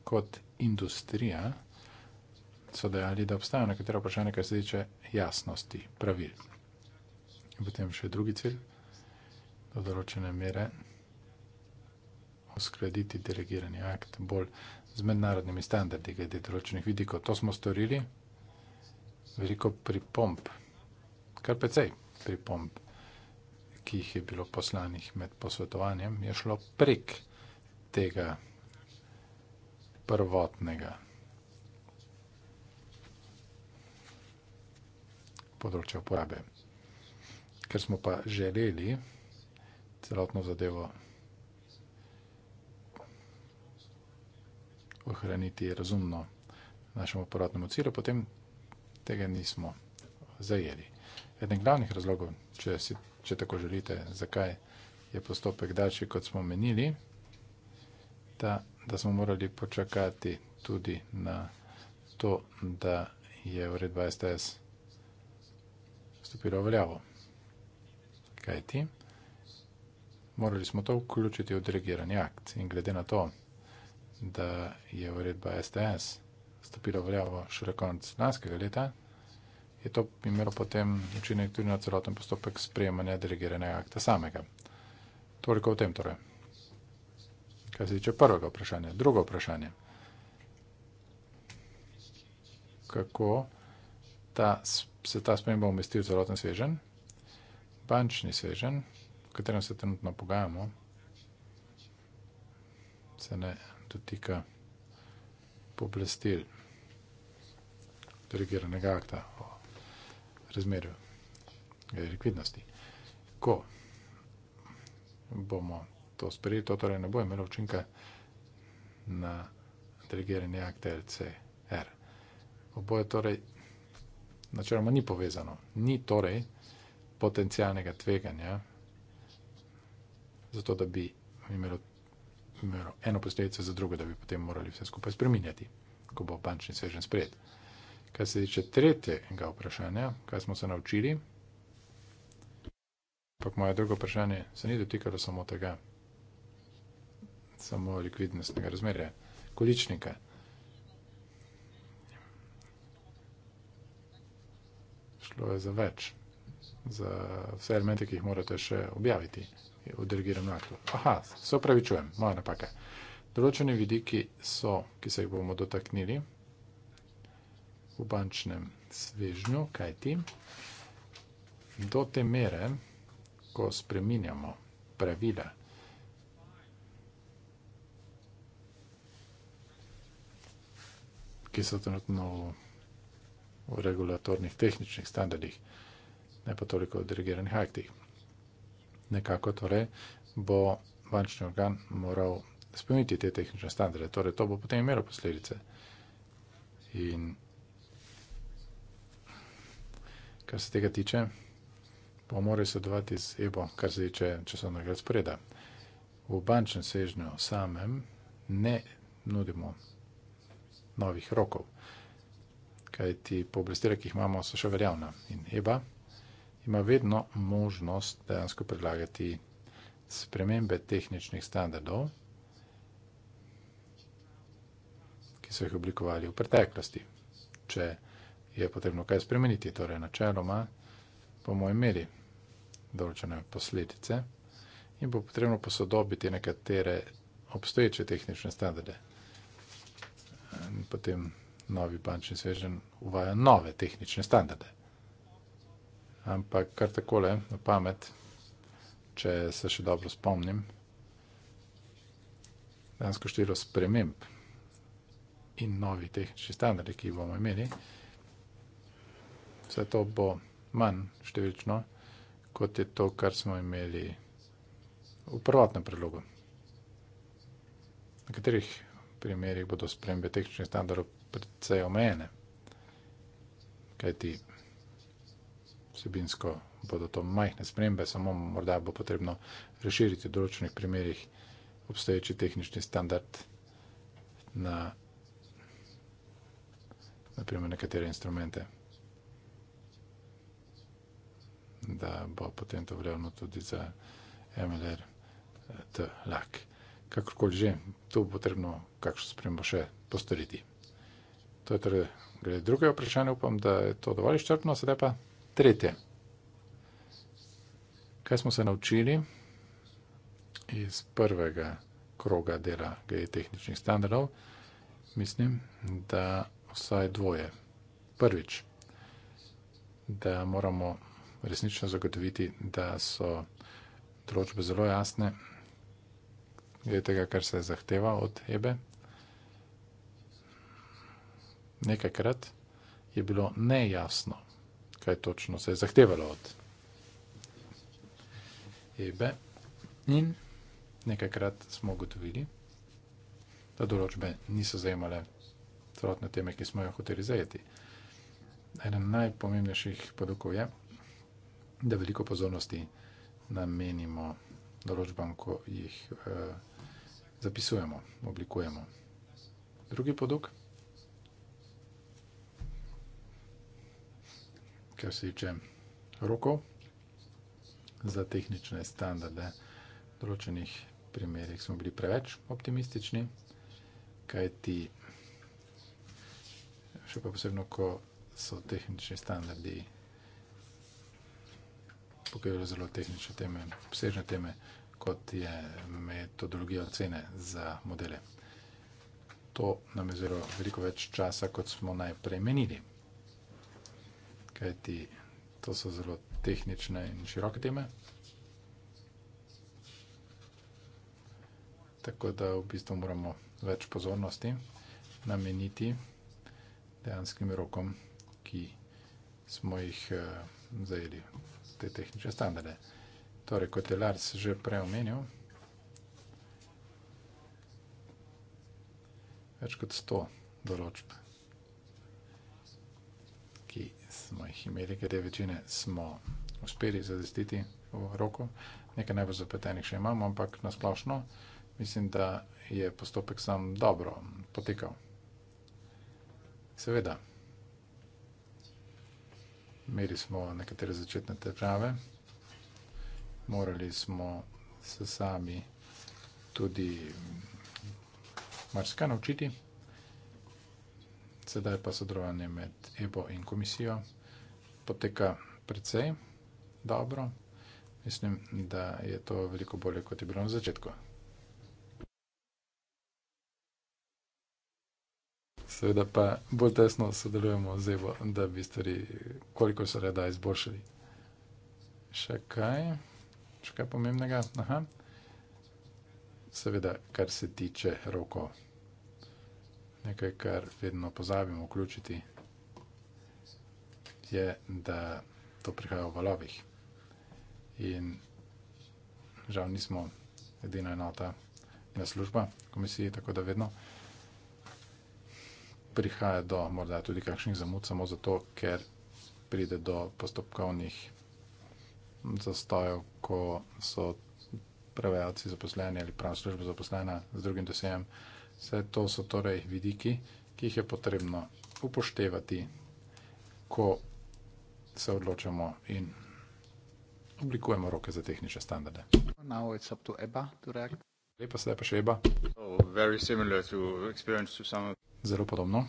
S1: kot industrija so dejali, da obstajajo nekatera vprašanja, kar se tiče jasnosti pravil. In potem še drugi cilj, do določene mere uskladiti delegirani akt bolj z mednarodnimi standardi glede določenih vidikov. To smo storili, veliko pripomp, kar precej pripomp, ki jih je bilo poslanih med posvetovanjem, je šlo prek tega prvotnega področja uporabe ker smo pa želeli celotno zadevo ohraniti razumno našemu uporabnemu cilju, potem tega nismo zajeli. Eden glavnih razlogov, če, si, če tako želite, zakaj je postopek daljši, kot smo menili, ta, da smo morali počakati tudi na to, da je uredba STS vstopila v veljavo kajti morali smo to vključiti v delegirani akt in glede na to, da je uredba STS stopila v veljavo šele konec lanskega leta, je to imelo potem učinek tudi na celoten postopek sprejemanja delegiranega akta samega. Toliko o tem torej. Kaj se tiče prvega vprašanja, drugo vprašanje. Kako ta, se ta sprememba umesti v celoten svežen? bančni svežen, v katerem se trenutno pogajamo, se ne dotika poblestil dirigiranega akta o razmerju eh, likvidnosti. Ko bomo to sprejeli, to torej ne bo imelo učinka na dirigirani akt LCR. Oboje torej načeloma ni povezano. Ni torej potencijalnega tveganja, zato da bi imelo, imelo eno posledico za drugo, da bi potem morali vse skupaj spreminjati, ko bo bančni svežen spred. Kar se tiče tretjega vprašanja, kaj smo se naučili, ampak moje drugo vprašanje se ni dotikalo samo tega, samo likvidnostnega razmerja, količnika. Šlo je za več za vse elemente, ki jih morate še objaviti v delegiranem aktu. Aha, se opravičujem, moja napaka. Določeni vidiki so, ki se jih bomo dotaknili v bančnem svežnju, kajti do te mere, ko spreminjamo pravila, ki so trenutno v regulatornih tehničnih standardih, ne pa toliko v dirigiranih aktih. Nekako torej bo bančni organ moral spremeniti te tehnične standarde, torej to bo potem imelo posledice. In kar se tega tiče, bo moral sodelovati z EBO, kar se tiče časovnega razpreda. V bančnem sežnju samem ne nudimo novih rokov, kajti pooblastila, ki jih imamo, so še veljavna. In EBA ima vedno možnost dejansko predlagati spremembe tehničnih standardov, ki so jih oblikovali v preteklosti. Če je potrebno kaj spremeniti, torej načeloma, bomo imeli določene posledice in bo potrebno posodobiti nekatere obstoječe tehnične standarde. Potem novi bančni svežen uvaja nove tehnične standarde. Ampak kar tako je, na pamet, če se še dobro spomnim, da je število sprememb in novi tehnični standardi, ki jih bomo imeli, vse to bo manj številčno, kot je to, kar smo imeli v prvotnem predlogu. Na katerih primerih bodo spremembe tehničnih standardov precej omejene, kaj ti je vsebinsko bodo to majhne spremembe, samo morda bo potrebno razširiti v določenih primerjih obstoječi tehnični standard na naprimer, nekatere instrumente, da bo potem to vrevno tudi za MLR T lak. Kakorkoli že, tu bo potrebno kakšno spremembo še postoriti. To je torej glede drugega vprašanja, upam, da je to dovolj izčrpno, sedaj pa. Tretje. Kaj smo se naučili iz prvega kroga dela glede tehničnih standardov? Mislim, da vsaj dvoje. Prvič, da moramo resnično zagotoviti, da so določbe zelo jasne glede tega, kar se zahteva od Ebe. Nekajkrat je bilo nejasno, kaj točno se je zahtevalo od Ebe. In nekajkrat smo ugotovili, da določbe niso zajemale celotne teme, ki smo jo hoteli zajeti. Eden najpomembnejših podukov je, da veliko pozornosti namenimo določbam, ko jih eh, zapisujemo, oblikujemo. Drugi podok je, kar se tiče rokov za tehnične standarde. V določenih primerjih smo bili preveč optimistični, kajti še pa posebno, ko so tehnični standardi pokrivali zelo tehnične teme, obsežne teme, kot je metodologija ocene za modele. To nam je zelo veliko več časa, kot smo najprej menili kajti to so zelo tehnične in široke teme. Tako da v bistvu moramo več pozornosti nameniti dejanskim rokom, ki smo jih eh, zajeli v te tehnične standarde. Torej, kot je Lars že prej omenil, več kot sto določb smo jih imeli, glede večine smo uspeli zadostiti v roku. Nekaj najbolj zapletenih še imamo, ampak nasplošno mislim, da je postopek sam dobro potekal. Seveda, imeli smo nekatere začetne težave, morali smo se sami tudi marsikaj naučiti sedaj pa sodelovanje med EBO in komisijo poteka precej dobro. Mislim, da je to veliko bolje, kot je bilo na začetku. Seveda pa bolj tesno sodelujemo z EBO, da bi stvari koliko se reda izboljšali. Še kaj? Še kaj pomembnega? Aha. Seveda, kar se tiče rokov nekaj, kar vedno pozabimo vključiti, je, da to prihaja v valovih. In žal nismo edina enota na služba komisiji, tako da vedno prihaja do morda tudi kakšnih zamud, samo zato, ker pride do postopkovnih zastojev, ko so prevajalci zaposleni ali pravna služba zaposlena z drugim dosejem, Vse to so torej vidiki, ki jih je potrebno upoštevati, ko se odločamo in oblikujemo roke za tehnične standarde. Lepa se je pa še Eba. Oh, Zelo podobno.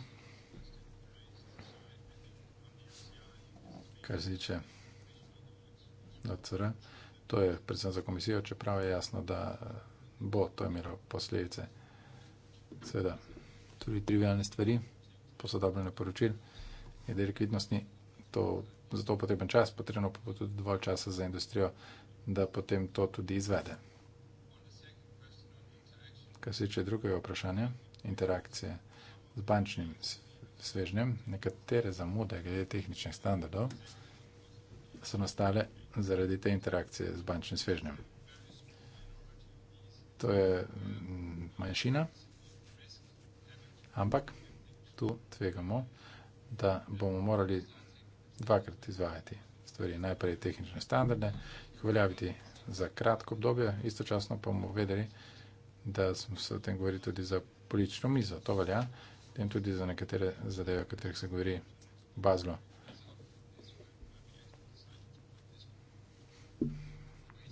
S1: Kar se tiče DCR, to je predvsem za komisijo, čeprav je jasno, da bo to imelo posledice. Seveda, tudi trivialne stvari, posodobljene poročil, je del likvidnosti, za to potreben čas, potrebno pa bo tudi dovolj časa za industrijo, da potem to tudi izvede. Kar se tiče drugega vprašanja, interakcije z bančnim svežnjem, nekatere zamude glede tehničnih standardov so nastale zaradi te interakcije z bančnim svežnjem. To je mm, manjšina ampak tu tvegamo, da bomo morali dvakrat izvajati stvari. Najprej tehnične standarde, jih uveljaviti za kratko obdobje, istočasno pa bomo vedeli, da smo se o tem govorili tudi za politično mizo. To velja in tudi za nekatere zadeve, o katerih se govori bazlo.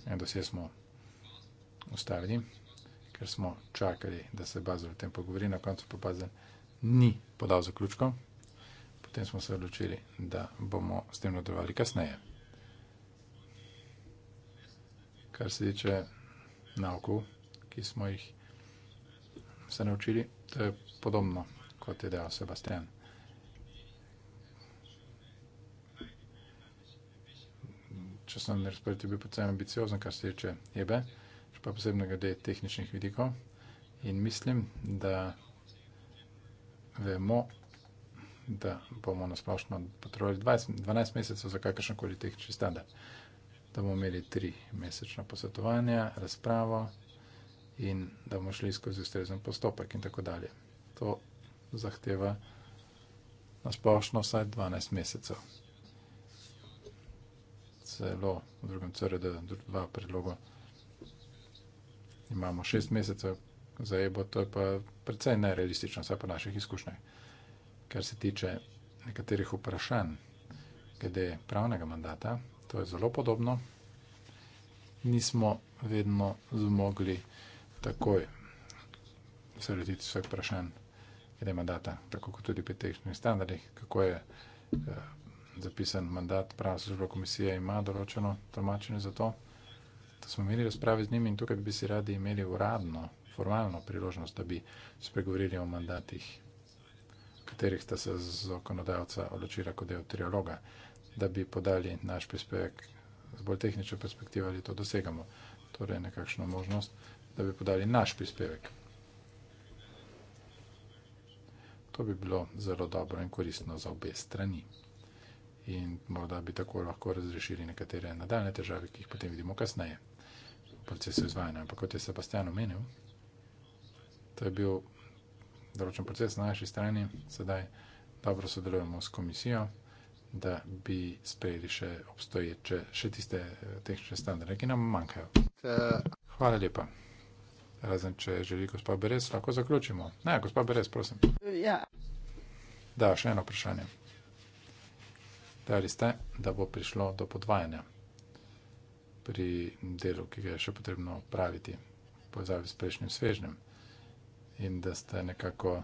S1: En dosje smo ustavili ker smo čakali, da se bazen o tem pogovori, na koncu pa bazen ni podal zaključkov. Potem smo se odločili, da bomo s tem nadaljevali kasneje. Kar se tiče nauku, ki smo jih se naučili, to je podobno, kot je dejal Sebastian. Časovni razpored je bil predvsem ambiciozen, kar se tiče jebe pa posebno glede tehničnih vidikov. In mislim, da vemo, da bomo nasplošno potrebovali 12 mesecev za kakršenkoli tehnični standard. Da bomo imeli tri mesečna posvetovanja, razpravo in da bomo šli skozi ustrezen postopek in tako dalje. To zahteva nasplošno vsaj 12 mesecev. Celo v drugem CRD, dva predloga imamo šest mesecev za ebo, to je pa precej nerealistično, vsaj po naših izkušnjah. Kar se tiče nekaterih vprašanj glede pravnega mandata, to je zelo podobno. Nismo vedno zmogli takoj se rediti vseh vprašanj glede mandata, tako kot tudi pri tehničnih standardih, kako je eh, zapisan mandat, pravna služba komisije ima določeno tolmačenje za to da smo imeli razprave z njimi in tukaj bi si radi imeli uradno, formalno priložnost, da bi spregovorili o mandatih, katerih sta se zakonodajalca odločila kot del triologa, da bi podali naš prispevek z bolj tehnično perspektivo ali to dosegamo. Torej nekakšno možnost, da bi podali naš prispevek. To bi bilo zelo dobro in koristno za obe strani. In morda bi tako lahko razrešili nekatere nadaljne težave, ki jih potem vidimo kasneje procesu izvajanja. Ampak kot je Sebastian omenil, to je bil določen proces na naši strani, sedaj dobro sodelujemo s komisijo, da bi sprejeli še obstoječe, še tiste eh, tehnične standarde, ki nam manjkajo. Hvala lepa. Razen, če želi gospa Beres, lahko zaključimo. Ne, gospa Beres, prosim. Ja. Da, še eno vprašanje. Dali ste, da bo prišlo do podvajanja pri delu, ki ga je še potrebno praviti, povezavi s prejšnjim svežnjem, in da ste nekako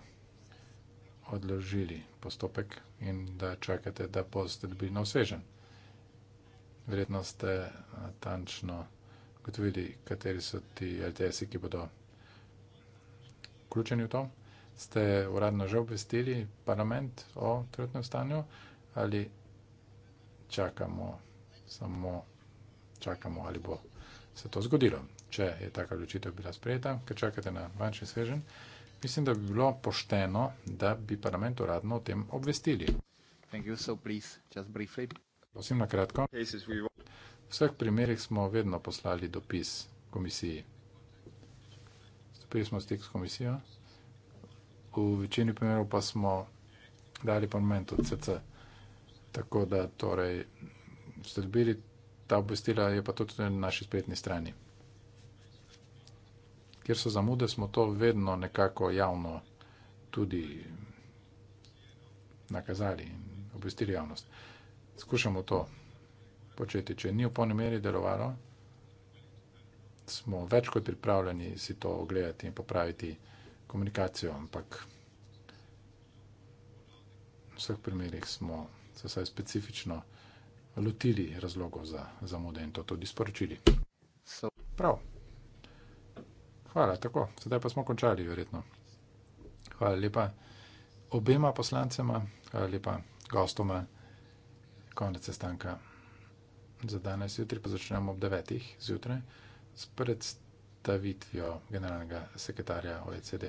S1: odložili postopek in da čakate, da boste dobili nov svežen. Verjetno ste natančno gotovili, kateri so ti LTS-i, ki bodo vključeni v to. Ste uradno že obvestili parlament o trenutnem stanju ali čakamo samo čakamo, ali bo se to zgodilo. Če je taka odločitev bila sprejeta, ker čakate na bančni svežen, mislim, da bi bilo pošteno, da bi parlament uradno o tem obvestili. Prosim, na kratko. V vseh primerih smo vedno poslali dopis komisiji. Stopili smo stik s komisijo, v večini primerov pa smo dali parlament od CC. Tako da torej ste dobili ta obvestila je pa tudi na naši spletni strani. Ker so zamude, smo to vedno nekako javno tudi nakazali in obvestili javnost. Skušamo to početi. Če ni v polni meri delovalo, smo več kot pripravljeni si to ogledati in popraviti komunikacijo, ampak v vseh primerjih smo se vsaj specifično lotili razlogov za zamude in to tudi sporočili. So. Prav. Hvala, tako. Sedaj pa smo končali, verjetno. Hvala lepa obema poslancema, hvala lepa gostoma. Konec sestanka za danes, jutri pa začnemo ob 9. zjutraj s predstavitvijo generalnega sekretarja OECD.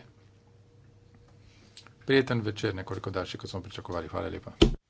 S1: Prijeten večer, nekoliko daljši, kot smo pričakovali. Hvala lepa.